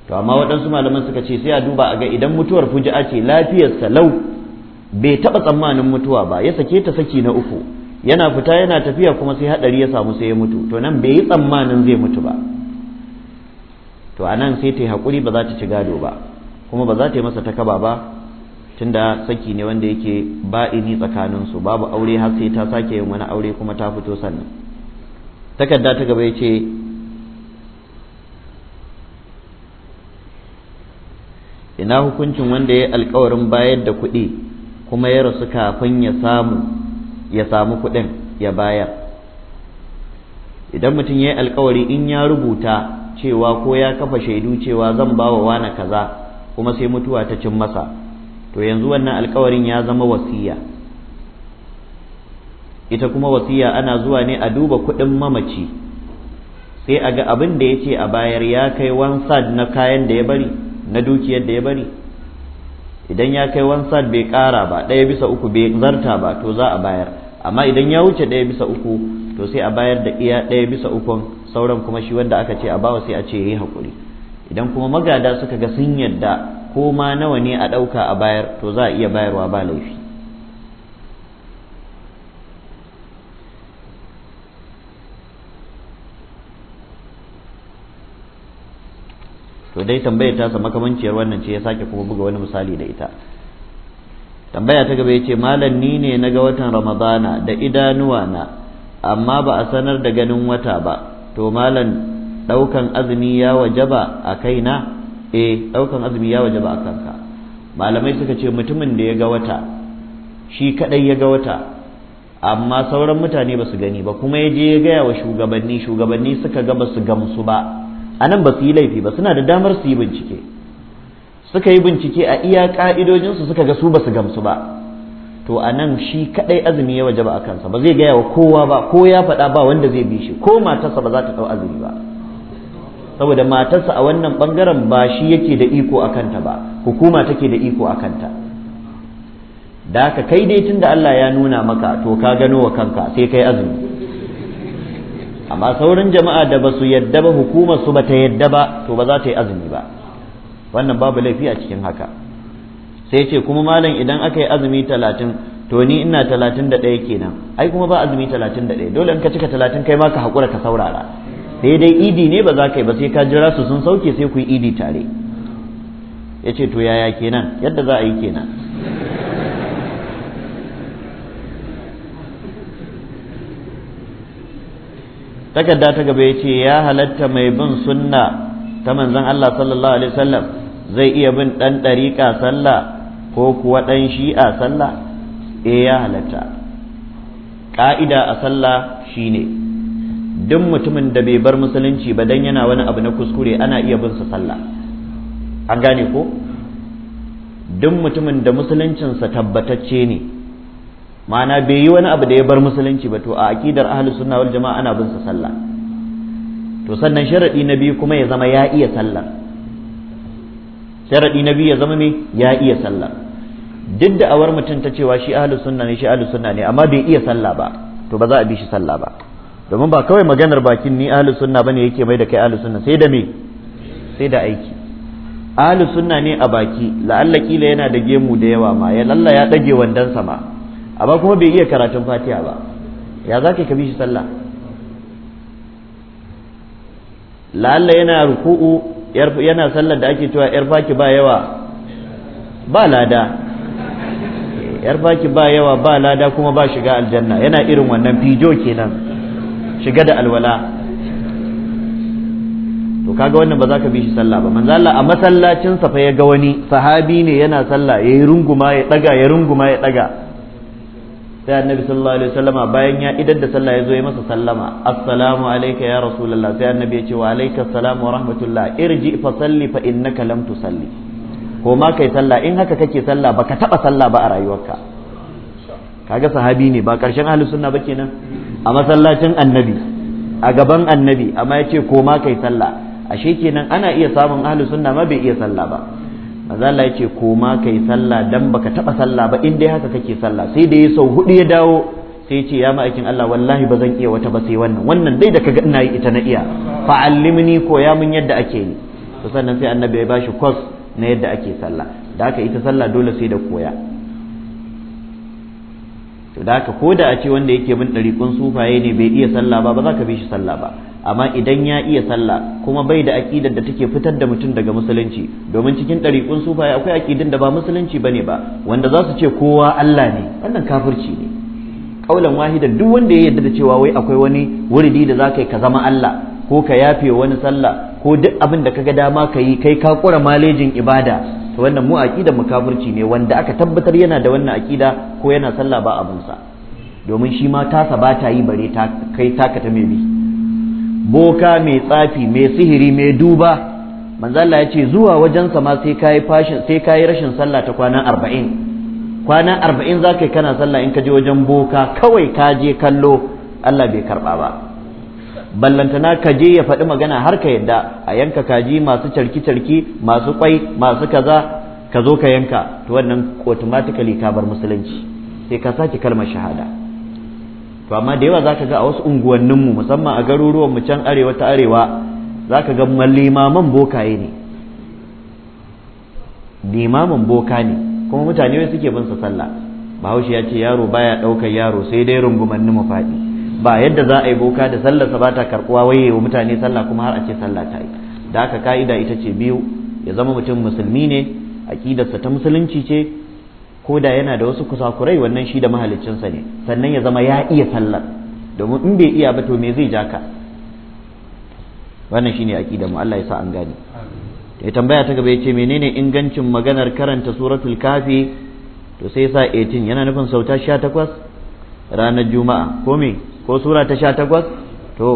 to amma waɗansu malaman suka ce sai a duba a ga idan mutuwar fuji'a ce lafiyarsa lau bai taɓa tsammanin mutuwa ba ya sake ta saki na uku yana fita yana tafiya kuma sai haɗari ya samu sai ya mutu to nan bai yi tsammanin zai mutu ba to a nan sai ta yi haƙuri ba za ta ci gado ba kuma ba za ta yi masa takaba ba tunda saki ne wanda yake ba'ini su babu aure har sai ta sake yin wani aure kuma ta fito sannan takarda ta gaba ya ce ina hukuncin wanda ya yi alkawarin bayar da kuɗi kuma ya rasu kafin ya samu ya samu kuɗin ya bayar idan mutum ya yi alkawari in ya rubuta cewa ko ya kafa shaidu cewa zan ba wa wane kaza kuma sai mutuwa ta cin masa to yanzu wannan alkawarin ya zama wasiya ita kuma wasiya ana zuwa ne a duba kuɗin mamaci sai a ga abin da ya ce a bayar ya kai wan na kayan da ya bari na dukiyar da ya bari idan ya kai one third bai kara ba ɗaya bisa uku bai zarta ba to za a bayar amma idan ya wuce ɗaya bisa uku to sai a bayar da iya ɗaya bisa ukun sauran kuma shi wanda aka ce a bawa sai a ce yi hakuri idan kuma magada suka ga sun yadda ko ma nawa ne a ɗauka a bayar to za a iya bayarwa ba laifi to dai tambayar ta sama makamanciyar wannan ce ya sake kuma buga wani misali da ita tambaya ta gaba ya ce malam ni ne na ga watan ramadana da idanuwa na amma ba a sanar da ganin wata ba to malam daukan azumi ya wajaba a kaina eh daukan azumi ya wajaba a kanka malamai suka ce mutumin da ya ga wata shi kadai ya ga wata amma sauran mutane ba su gani ba kuma ya je ya gaya wa shugabanni shugabanni suka ga ba su gamsu ba a nan ba su yi laifi ba suna da damar su yi bincike suka yi bincike a iya ka'idojinsu suka ga su ba su gamsu ba to a nan shi kadai azumi ya waje ba a kansa ba zai gaya wa kowa ba ko ya faɗa ba wanda zai bi shi ko matarsa ba za ta ɗau azumi ba saboda matarsa a wannan bangaren ba shi yake da iko a kanta ba hukuma take da iko a kanta da haka kai dai tun da Allah ya nuna maka to ka gano wa kanka sai kai azumi amma saurin jama'a da basu su yadda ba hukumar su ba ta yadda ba to ba za ta yi azumi ba wannan babu laifi a cikin haka sai ce kuma malam idan aka yi azumi talatin to ni ina talatin da ɗaya kenan ai kuma ba azumi talatin da ɗaya dole in ka cika talatin kai ma ka haƙura ka saurara sai dai idi ne ba za ka yi ba sai ka jira su sun sauke sai ku yi idi tare ya ce to yaya kenan yadda za a yi kenan takarda ta gaba ya ce ya halatta mai bin sunna ta manzan Allah sallallahu alaihi wasallam zai iya bin ɗan ɗariƙa sallah ko kuwa ɗan shi'a sallah e ya halatta ƙa'ida a sallah shine duk mutumin da bai bar musulunci ba dan yana wani abu na kuskure ana iya bin sa sallah an gane ko duk mutumin da musuluncinsa tabbatacce ne ma'ana bai yi wani abu da ya bar musulunci ba to a aqidar ahlus sunna wal jama'a ana bin sa sallah to sannan sharadi na biyu kuma ya zama ya iya sallah. sharadi na biyu ya zama me ya iya sallah. duk da awar mutum ta cewa shi ahlus sunna ne shi ahlus sunna ne amma bai iya sallah ba to ba za a bi shi sallah ba domin ba kawai maganar bakin ni ahlus sunna bane yake mai da kai ahlus sunna sai da me sai da aiki ahlus sunna ne a baki la'alla kila yana da gemu da yawa ma ya lalla ya dage wandan sama amma kuma bai iya karatun fatiha ba ya za ka kabi shi sallah la'alla yana ruku'u yana sallar da ake cewa yar faki ba yawa ba lada yar faki ba yawa ba lada kuma ba shiga aljanna yana irin wannan fijo kenan shiga da alwala to kaga wannan ba za ka bi shi sallah ba manzo Allah a masallacin sa fa ya ga wani sahabi ne yana sallah yayi runguma ya daga ya runguma ya daga sai annabi sallallahu alaihi wasallam bayan ya idar da sallah ya zo ya masa sallama assalamu alayka ya rasulullah sai annabi ya ce wa alayka assalamu wa rahmatullah irji fa salli fa innaka lam tusalli ko ma kai sallah in haka kake sallah baka taba sallah ba a rayuwarka kaga sahabi ne ba karshen ahlus sunna ba kenan a masallacin annabi a gaban annabi amma ya ce ko ma kai sallah ashe kenan ana iya samun ahlus sunna ma bai iya sallah ba manzo Allah yace koma kai sallah dan baka taba sallah ba in dai haka kake sallah sai da ya sau hudu ya dawo sai ya ce ya ma'aikin Allah wallahi ba zan iya wata ba sai wannan wannan dai da kaga ina yi ita na iya fa allimni ko ya mun yadda ake yi to sannan sai annabi ya bashi kwas na yadda ake sallah da haka ita sallah dole sai da koya to da haka ko da a ce wanda yake bin ɗariƙun sufaye ne bai iya sallah ba ba za ka bi shi sallah ba amma idan ya iya sallah kuma bai da aƙidar da take fitar da mutum daga musulunci domin cikin ɗariƙun sufaye akwai aƙidun da ba musulunci bane ba wanda za su ce kowa Allah ne wannan kafirci ne kaulan wahida duk wanda ya yarda da cewa wai akwai wani wuridi da zaka yi ka zama Allah ko ka yafe wani sallah ko duk abin da kaga dama ka yi kai ka kura malejin ibada to wannan mu aqida mukafirci ne wanda aka tabbatar yana da wannan aqida ko yana sallah ba abunsa domin shi ma tasa ba ta yi bare ta kai taka ta mai bi boka mai tsafi mai sihiri mai duba manzala ya ce zuwa wajensa ma sai kayi fashin rashin sallah ta kwanan arba'in Kwanan arba'in za ka yi kana sallah in ka je wajen boka kawai ka je kallo Allah bai karɓa ba ballantana ka je ya faɗi magana har ka yadda a yanka kaji masu carki-carki masu kwai masu kaza ka zo ka yanka to wannan automatically ka bar musulunci sai ka sake kalmar shahada to amma da yawa zaka ga a wasu unguwanninmu musamman a garuruwan mu can arewa ta arewa zaka ga limaman bokaye ne limamin boka ne kuma mutane wai suke bin sa sallah bahaushe ya ce yaro baya ɗaukar yaro sai dai rungumanni mu faɗi ba yadda za a yi boka da sallarsa ba ta karɓuwa waye wa mutane sallah kuma har a ce sallah ta yi da haka ka'ida ita ce biyu ya zama mutum musulmi ne aƙidarsa ta musulunci ce ko da yana da wasu kusakurai wannan shi da mahaliccinsa ne sannan ya zama ya iya sallar domin in bai iya ba to me zai ja ka wannan shine aqidar mu Allah ya sa an gane ya tambaya ta gaba yace menene ingancin maganar karanta suratul kafi to sai sa 18 yana nufin sauta 18 ranar juma'a ko me ko sura ta 18 to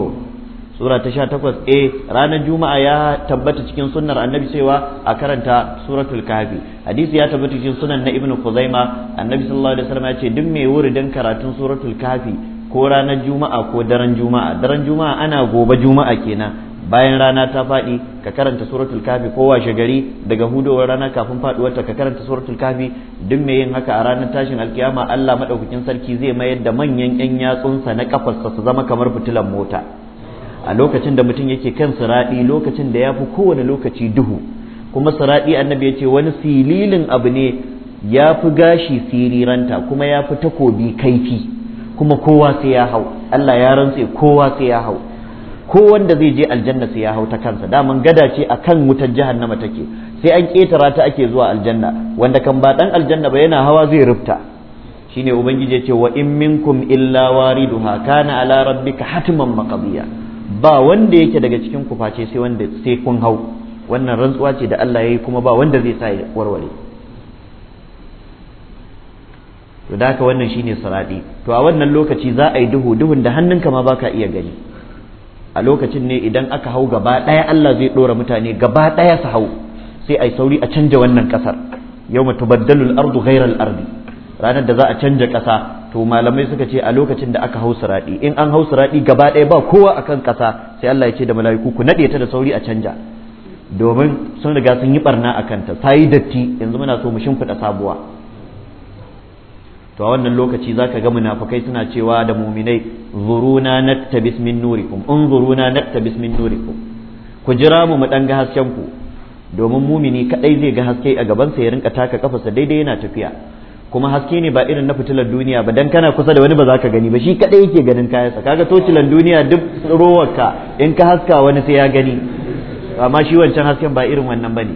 sura ta takwas a eh, ranar juma'a ya tabbata cikin sunnar annabi cewa a karanta suratul kahfi hadisi ya tabbata cikin sunan na ibnu kuzaima annabi sallallahu alaihi wasallam ya ce duk mai wuri wuridin karatun suratul kahfi ko ranar juma'a ko daren juma'a daren juma'a ana gobe juma'a kenan bayan rana ta faɗi ka karanta suratul kafi ko washe gari daga hudowar rana kafin faɗuwarta ka karanta suratul kafi duk mai yin haka a ranar tashin alkiyama Allah madaukakin sarki zai mayar da manyan yan yatsunsa na kafarsa su zama kamar fitilan mota a lokacin da mutum yake kan siradi lokacin da ya fi kowane lokaci duhu kuma siradi annabi ya ce wani sililin abu ne ya fi gashi siriranta kuma ya fi takobi kaifi kuma kowa sai ya hau Allah ya rantse kowa sai ya hau ko wanda zai je aljanna sai ya hau ta kansa daman gada ce akan wutar jahannama take sai an ketara ta ake zuwa aljanna wanda kan ba dan aljanna ba yana hawa zai rufta shine ubangiji ya ce wa in minkum illa wariduha kana ala rabbika hatiman maqdiya ba wanda yake daga cikin ku face sai wanda sai kun hau wannan rantsuwa ce da Allah ya yi kuma ba wanda zai sa ya warware to da wannan shine saradi to a wannan lokaci za a yi duhu duhun da hannunka ma baka iya gani a lokacin ne idan aka hau gaba daya Allah zai dora mutane gaba daya su hau sai ai sauri a canja wannan kasar yawma tubaddalu al-ardu ghayra al-ardi ranar da za a canja kasa to malamai suka ce a lokacin da aka hau siraɗi in an hau siraɗi gaba ɗaya ba kowa a kan ƙasa sai Allah ya ce da mala'iku ku naɗe ta da sauri a canja domin sun riga sun yi barna a kanta ta yi datti yanzu muna so mu shimfiɗa sabuwa to a wannan lokaci za ka ga munafukai suna cewa da muminai zuruna nattabis min nurikum in zuruna nattabis min nurikum ku jira mu mu ɗan ga hasken ku domin mumini kaɗai zai ga haske a gabansa ya rinka taka kafarsa daidai yana tafiya kuma haske ne ba irin na fitilar duniya ba dan kana kusa da wani ba za ka gani ba shi kadai yake ganin kayansa kaga tocilan duniya duk rowarka in ka haska wani sai ya gani amma shi wancan hasken ba irin wannan ba ne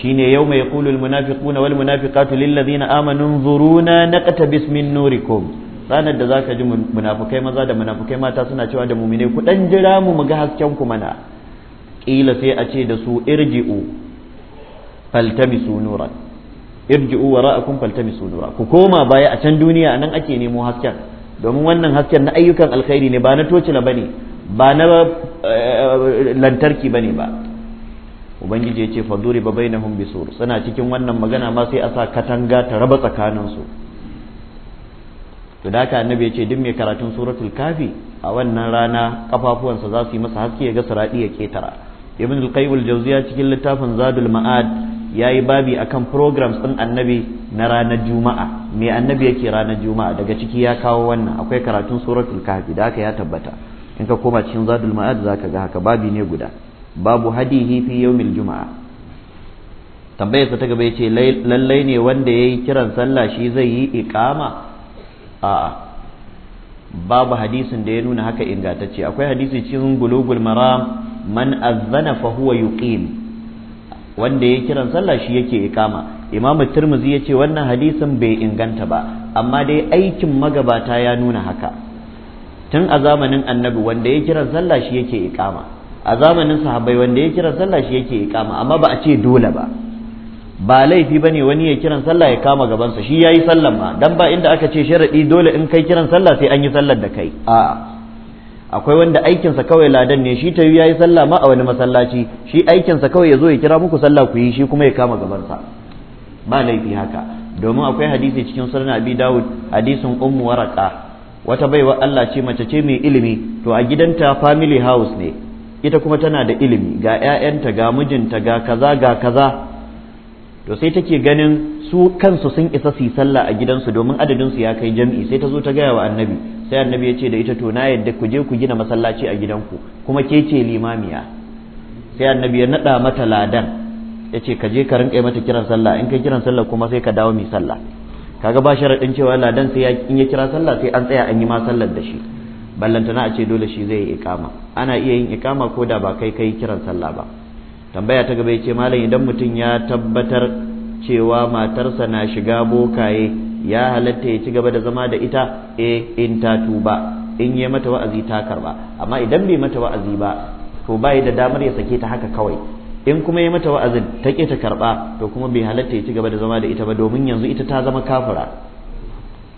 shine yawma yaqulu almunafiquna walmunafiqatu lilladhina amanu nzuruna naqtabis min nurikum ranar da zaka ji munafukai maza da munafukai mata suna cewa da muminai ku dan jira mu mu ga hasken ku mana kila sai a ce da su irji'u faltamisu nuran irji'u wara'akum faltamisu nura ku koma baya a can duniya nan ake nemo hasken domin wannan hasken na ayyukan alkhairi ne ba na tocila bane ba na eh, lantarki bane ba ubangiji ya ce faduri ba bainahum bisur suna cikin wannan magana ma sai a sa katanga ta raba tsakanin su to da haka annabi ya ce duk mai karatun suratul kafi a wannan rana kafafuwansa za su yi masa haske ya ga siradi ya ketara ibn al-qayyim jawziya cikin littafin zadul ma'ad ya yi babi akan programs ɗin annabi na ranar juma'a me annabi yake ranar juma'a daga ciki ya kawo wannan akwai karatun suratul kahfi da haka ya tabbata in ka koma cikin zadul ma'ad zaka ga haka babi ne guda babu hadihi fi yawmil juma'a tambayar ta gaba yace lallai ne wanda ya yi kiran sallah shi zai yi iqama a'a babu hadisin da ya nuna haka ingantacce akwai hadisi cikin bulugul maram man azzana fa huwa yuqim wanda ya kiran sallah shi yake ikama imam turmuzi ya ce wannan hadisin bai inganta ba amma dai aikin magabata ya nuna haka tun a zamanin annabi wanda ya kiran sallah shi yake ikama a zamanin sahabbai wanda ya kiran sallah shi yake ikama amma ba a ce dole ba ba laifi bane wani ya kiran sallah ya kama gabansa shi yayi sallan ma dan ba inda aka ce sharadi dole in kai kiran sallah sai an yi sallar da kai a'a akwai wanda aikinsa kawai ladan ne shi ta tayi yayi sallah ma a wani masallaci shi aikinsa kawai ya zo ya kira muku sallah ku yi shi kuma ya kama gabansa ba laifi haka domin akwai hadisi cikin sunan abi dawud hadisin ummu waraka wata baiwa Allah ce mace ce mai ilimi to a gidanta family house ne ita kuma tana da ilimi ga 'ya'yanta ga mijinta ga kaza ga kaza to sai take ganin su kansu sun isa su yi sallah a gidansu domin adadinsu ya kai jam'i sai ta zo ta gaya wa annabi sai annabi ya ce da ita to na yadda ku je ku gina masallaci a gidanku kuma ke ce limamiya sai annabi ya naɗa mata ladan ya ce ka je ka rinka mata kiran sallah in kai kiran sallah kuma sai ka dawo mai sallah kaga ba sharadin cewa ladan sai in ya kira sallah sai an tsaya an yi ma sallar da shi ballantana a ce dole shi zai yi ikama ana iya yin ikama ko da ba kai kai kiran sallah ba tambaya ta gaba ya ce malam idan mutum ya tabbatar cewa matarsa na shiga bokaye ya halatta ya ci gaba da zama da ita e in ta tuba in yi mata wa'azi ta karba amma idan bai mata wa'azi ba to bai da damar ya sake ta haka kawai in kuma ya mata wa'azin ta ke ta karba to kuma bai halatta ya ci gaba da zama da ita ba domin yanzu ita ta zama kafira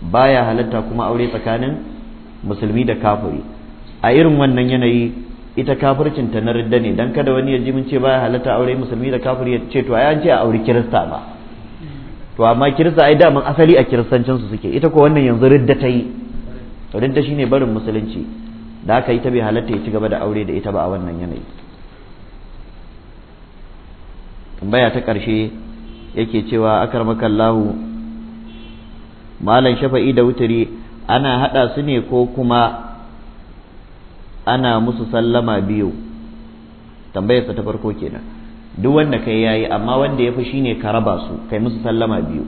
baya halatta kuma aure tsakanin musulmi da kafiri a irin wannan yanayi ita kafircin na ridda ne dan kada wani ya ji mun ce baya halatta aure musulmi da kafiri ya ce to ai an ce a aure kirista ba to amma kirista ai daman asali a kiristancin su suke ita ko wannan yanzu ridda ta yi to ridda shine barin musulunci da aka yi ta bai halatta ya ci gaba da aure da ita ba a wannan yanayi tambaya ta ƙarshe yake cewa akarmakallahu malam shafa'i da wuturi ana haɗa su ne ko kuma ana musu sallama biyu tambayarsa ta farko kenan duk wanda kai yayi amma wanda ya fi shi ne ka raba su kai musu sallama biyu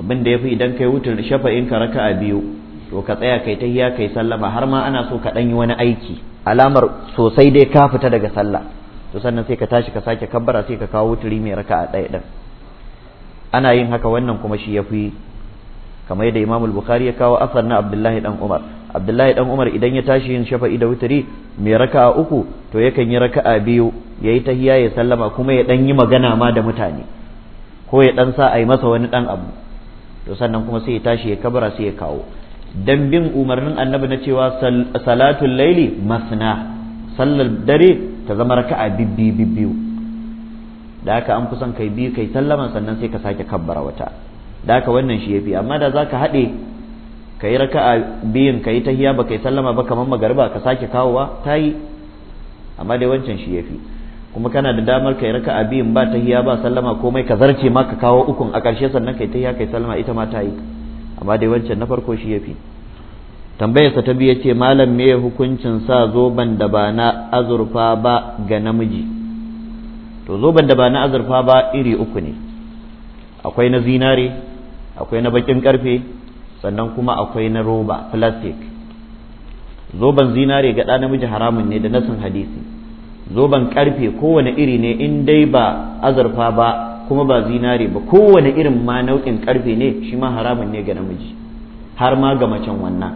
abin da yafi idan kai wutar shafa'in ka raka a biyu to ka tsaya kai tahiya kai sallama har ma ana so ka dan yi wani aiki alamar sosai dai ka fita daga sallah to sannan sai ka tashi ka sake kabbara sai ka kawo wuturi mai raka a ɗaya din ana yin haka wannan kuma shi yafi kamar yadda imamul Bukhari ya kawo asar na Abdullahi dan Umar abdullahi dan umar idan ya tashi yin shafa'i da wuturi mai raka'a uku to yakan yi raka'a biyu yayi tahiya ya sallama kuma ya dan yi magana ma da mutane ko ya dan sa ai masa wani dan abu to sannan kuma sai ya tashi ya kabara sai ya kawo dan bin umarnin annabi na cewa salatul laili masna sallar dare ta zama raka'a bibbi bibbiyu da haka an kusan kai biyu kai sallama sannan sai ka sake kabbara wata da haka wannan shi yafi amma da zaka haɗe kai raka'a biyun kai tahiya ba kai sallama ba kamar magariba ka sake kawowa ta yi amma dai wancan shi yafi kuma kana da damar kai raka'a biyun ba tahiya ba sallama komai ka zarce ma ka kawo ukun a ƙarshe sannan kai tahiya kai sallama ita ma ta yi amma dai wancan na farko shi yafi sa ta biyu ce malam me hukuncin sa zoban da ba na azurfa ba ga namiji to zoban da ba na azurfa ba iri uku ne akwai na zinare akwai na bakin karfe sannan kuma akwai na roba plastic zoban zinare ga namiji haramun ne da nasin hadisi zoban ƙarfe kowane iri ne in dai ba azurfa ba kuma ba zinare ba kowane irin ma nau'in ƙarfe ne shi ma haramun ne ga namiji har ma ga macen wannan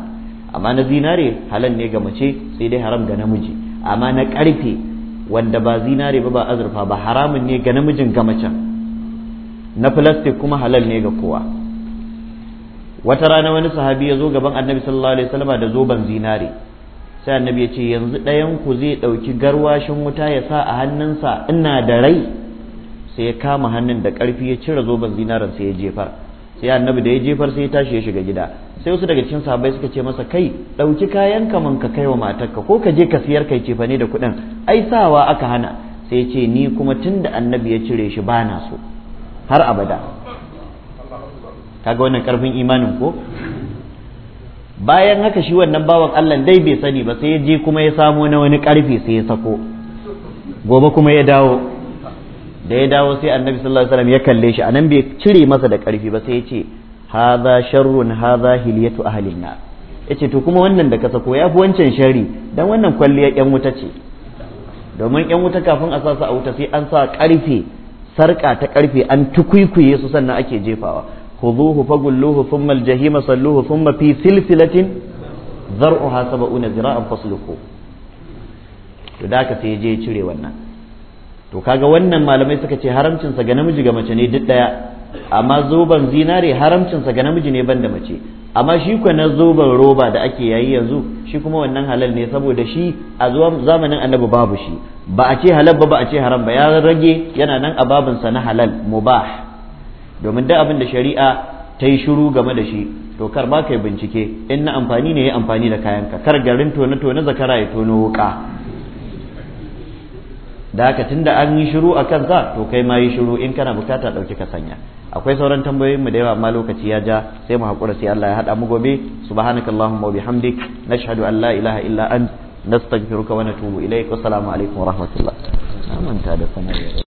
amma na zinare halal ne ga mace sai dai haram ga namiji amma na ƙarfe wanda ba zinare ba ba azurfa ba haramun ne ga namijin ga macen na plastic kuma halal ne ga kowa wata rana wani sahabi ya zo gaban annabi sallallahu alaihi wasallam da zoban zinare sai annabi ya ce yanzu ɗayan ku zai ɗauki garwashin wuta ya sa a hannunsa ina da rai sai ya kama hannun da ƙarfi ya cire zoban zinaren sai ya jefar sai annabi da ya jefar sai ya tashi ya shiga gida sai wasu daga cikin sahabbai suka ce masa kai ɗauki kayan ka mun ka kai wa ka, ko ka je ka siyar kai ce ne da kuɗin ai sawa aka hana sai ya ce ni kuma tunda annabi ya cire shi bana so har abada kaga wannan karfin imanin ko bayan haka shi wannan bawan Allah dai bai sani ba sai ya je kuma ya samo na wani karfi sai ya sako gobe kuma ya dawo da ya dawo sai annabi sallallahu alaihi wasallam ya kalle shi anan bai cire masa da karfi ba sai ya ce hadha sharrun hadha hilyatu ahlin nar yace to kuma wannan da ka sako ya fi wancan sharri dan wannan kwalliya yan wuta ce domin yan wuta kafin a sasa a wuta sai an sa karfe sarka ta karfe an tukuikuye su sannan ake jefawa خذوه فقلوه ثم الجحيم صلوه ثم في سلسلة ذرعها سبعون ذراعا فاسلكوه to da aka sai ya cire wannan to kaga wannan malamai suka ce haramcinsa ga namiji ga mace ne duk daya amma zoban zinare haramcinsa ga namiji ne ban da mace amma shi kuwa na zoban roba da ake yayi yanzu shi kuma wannan halal ne saboda shi a zamanin annabi babu shi ba a ce halal ba ba a ce haram ba ya rage yana nan a babinsa na halal mubah domin da abin da shari'a ta yi shiru game da shi to kar ka kai bincike in na amfani ne ya amfani da kayanka kar garin tone tone zakara ya tono wuka da haka tunda an yi shiru a kansa to kai ma yi shiru in kana bukata dauki ka sanya akwai sauran tambayoyin mu da yawa amma lokaci ya ja sai mu hakura sai Allah ya hada mu gobe subhanakallahumma wa bihamdik nashhadu an la ilaha illa ant nastaghfiruka wa natubu ilaik wa assalamu alaikum wa rahmatullah amanta da sanar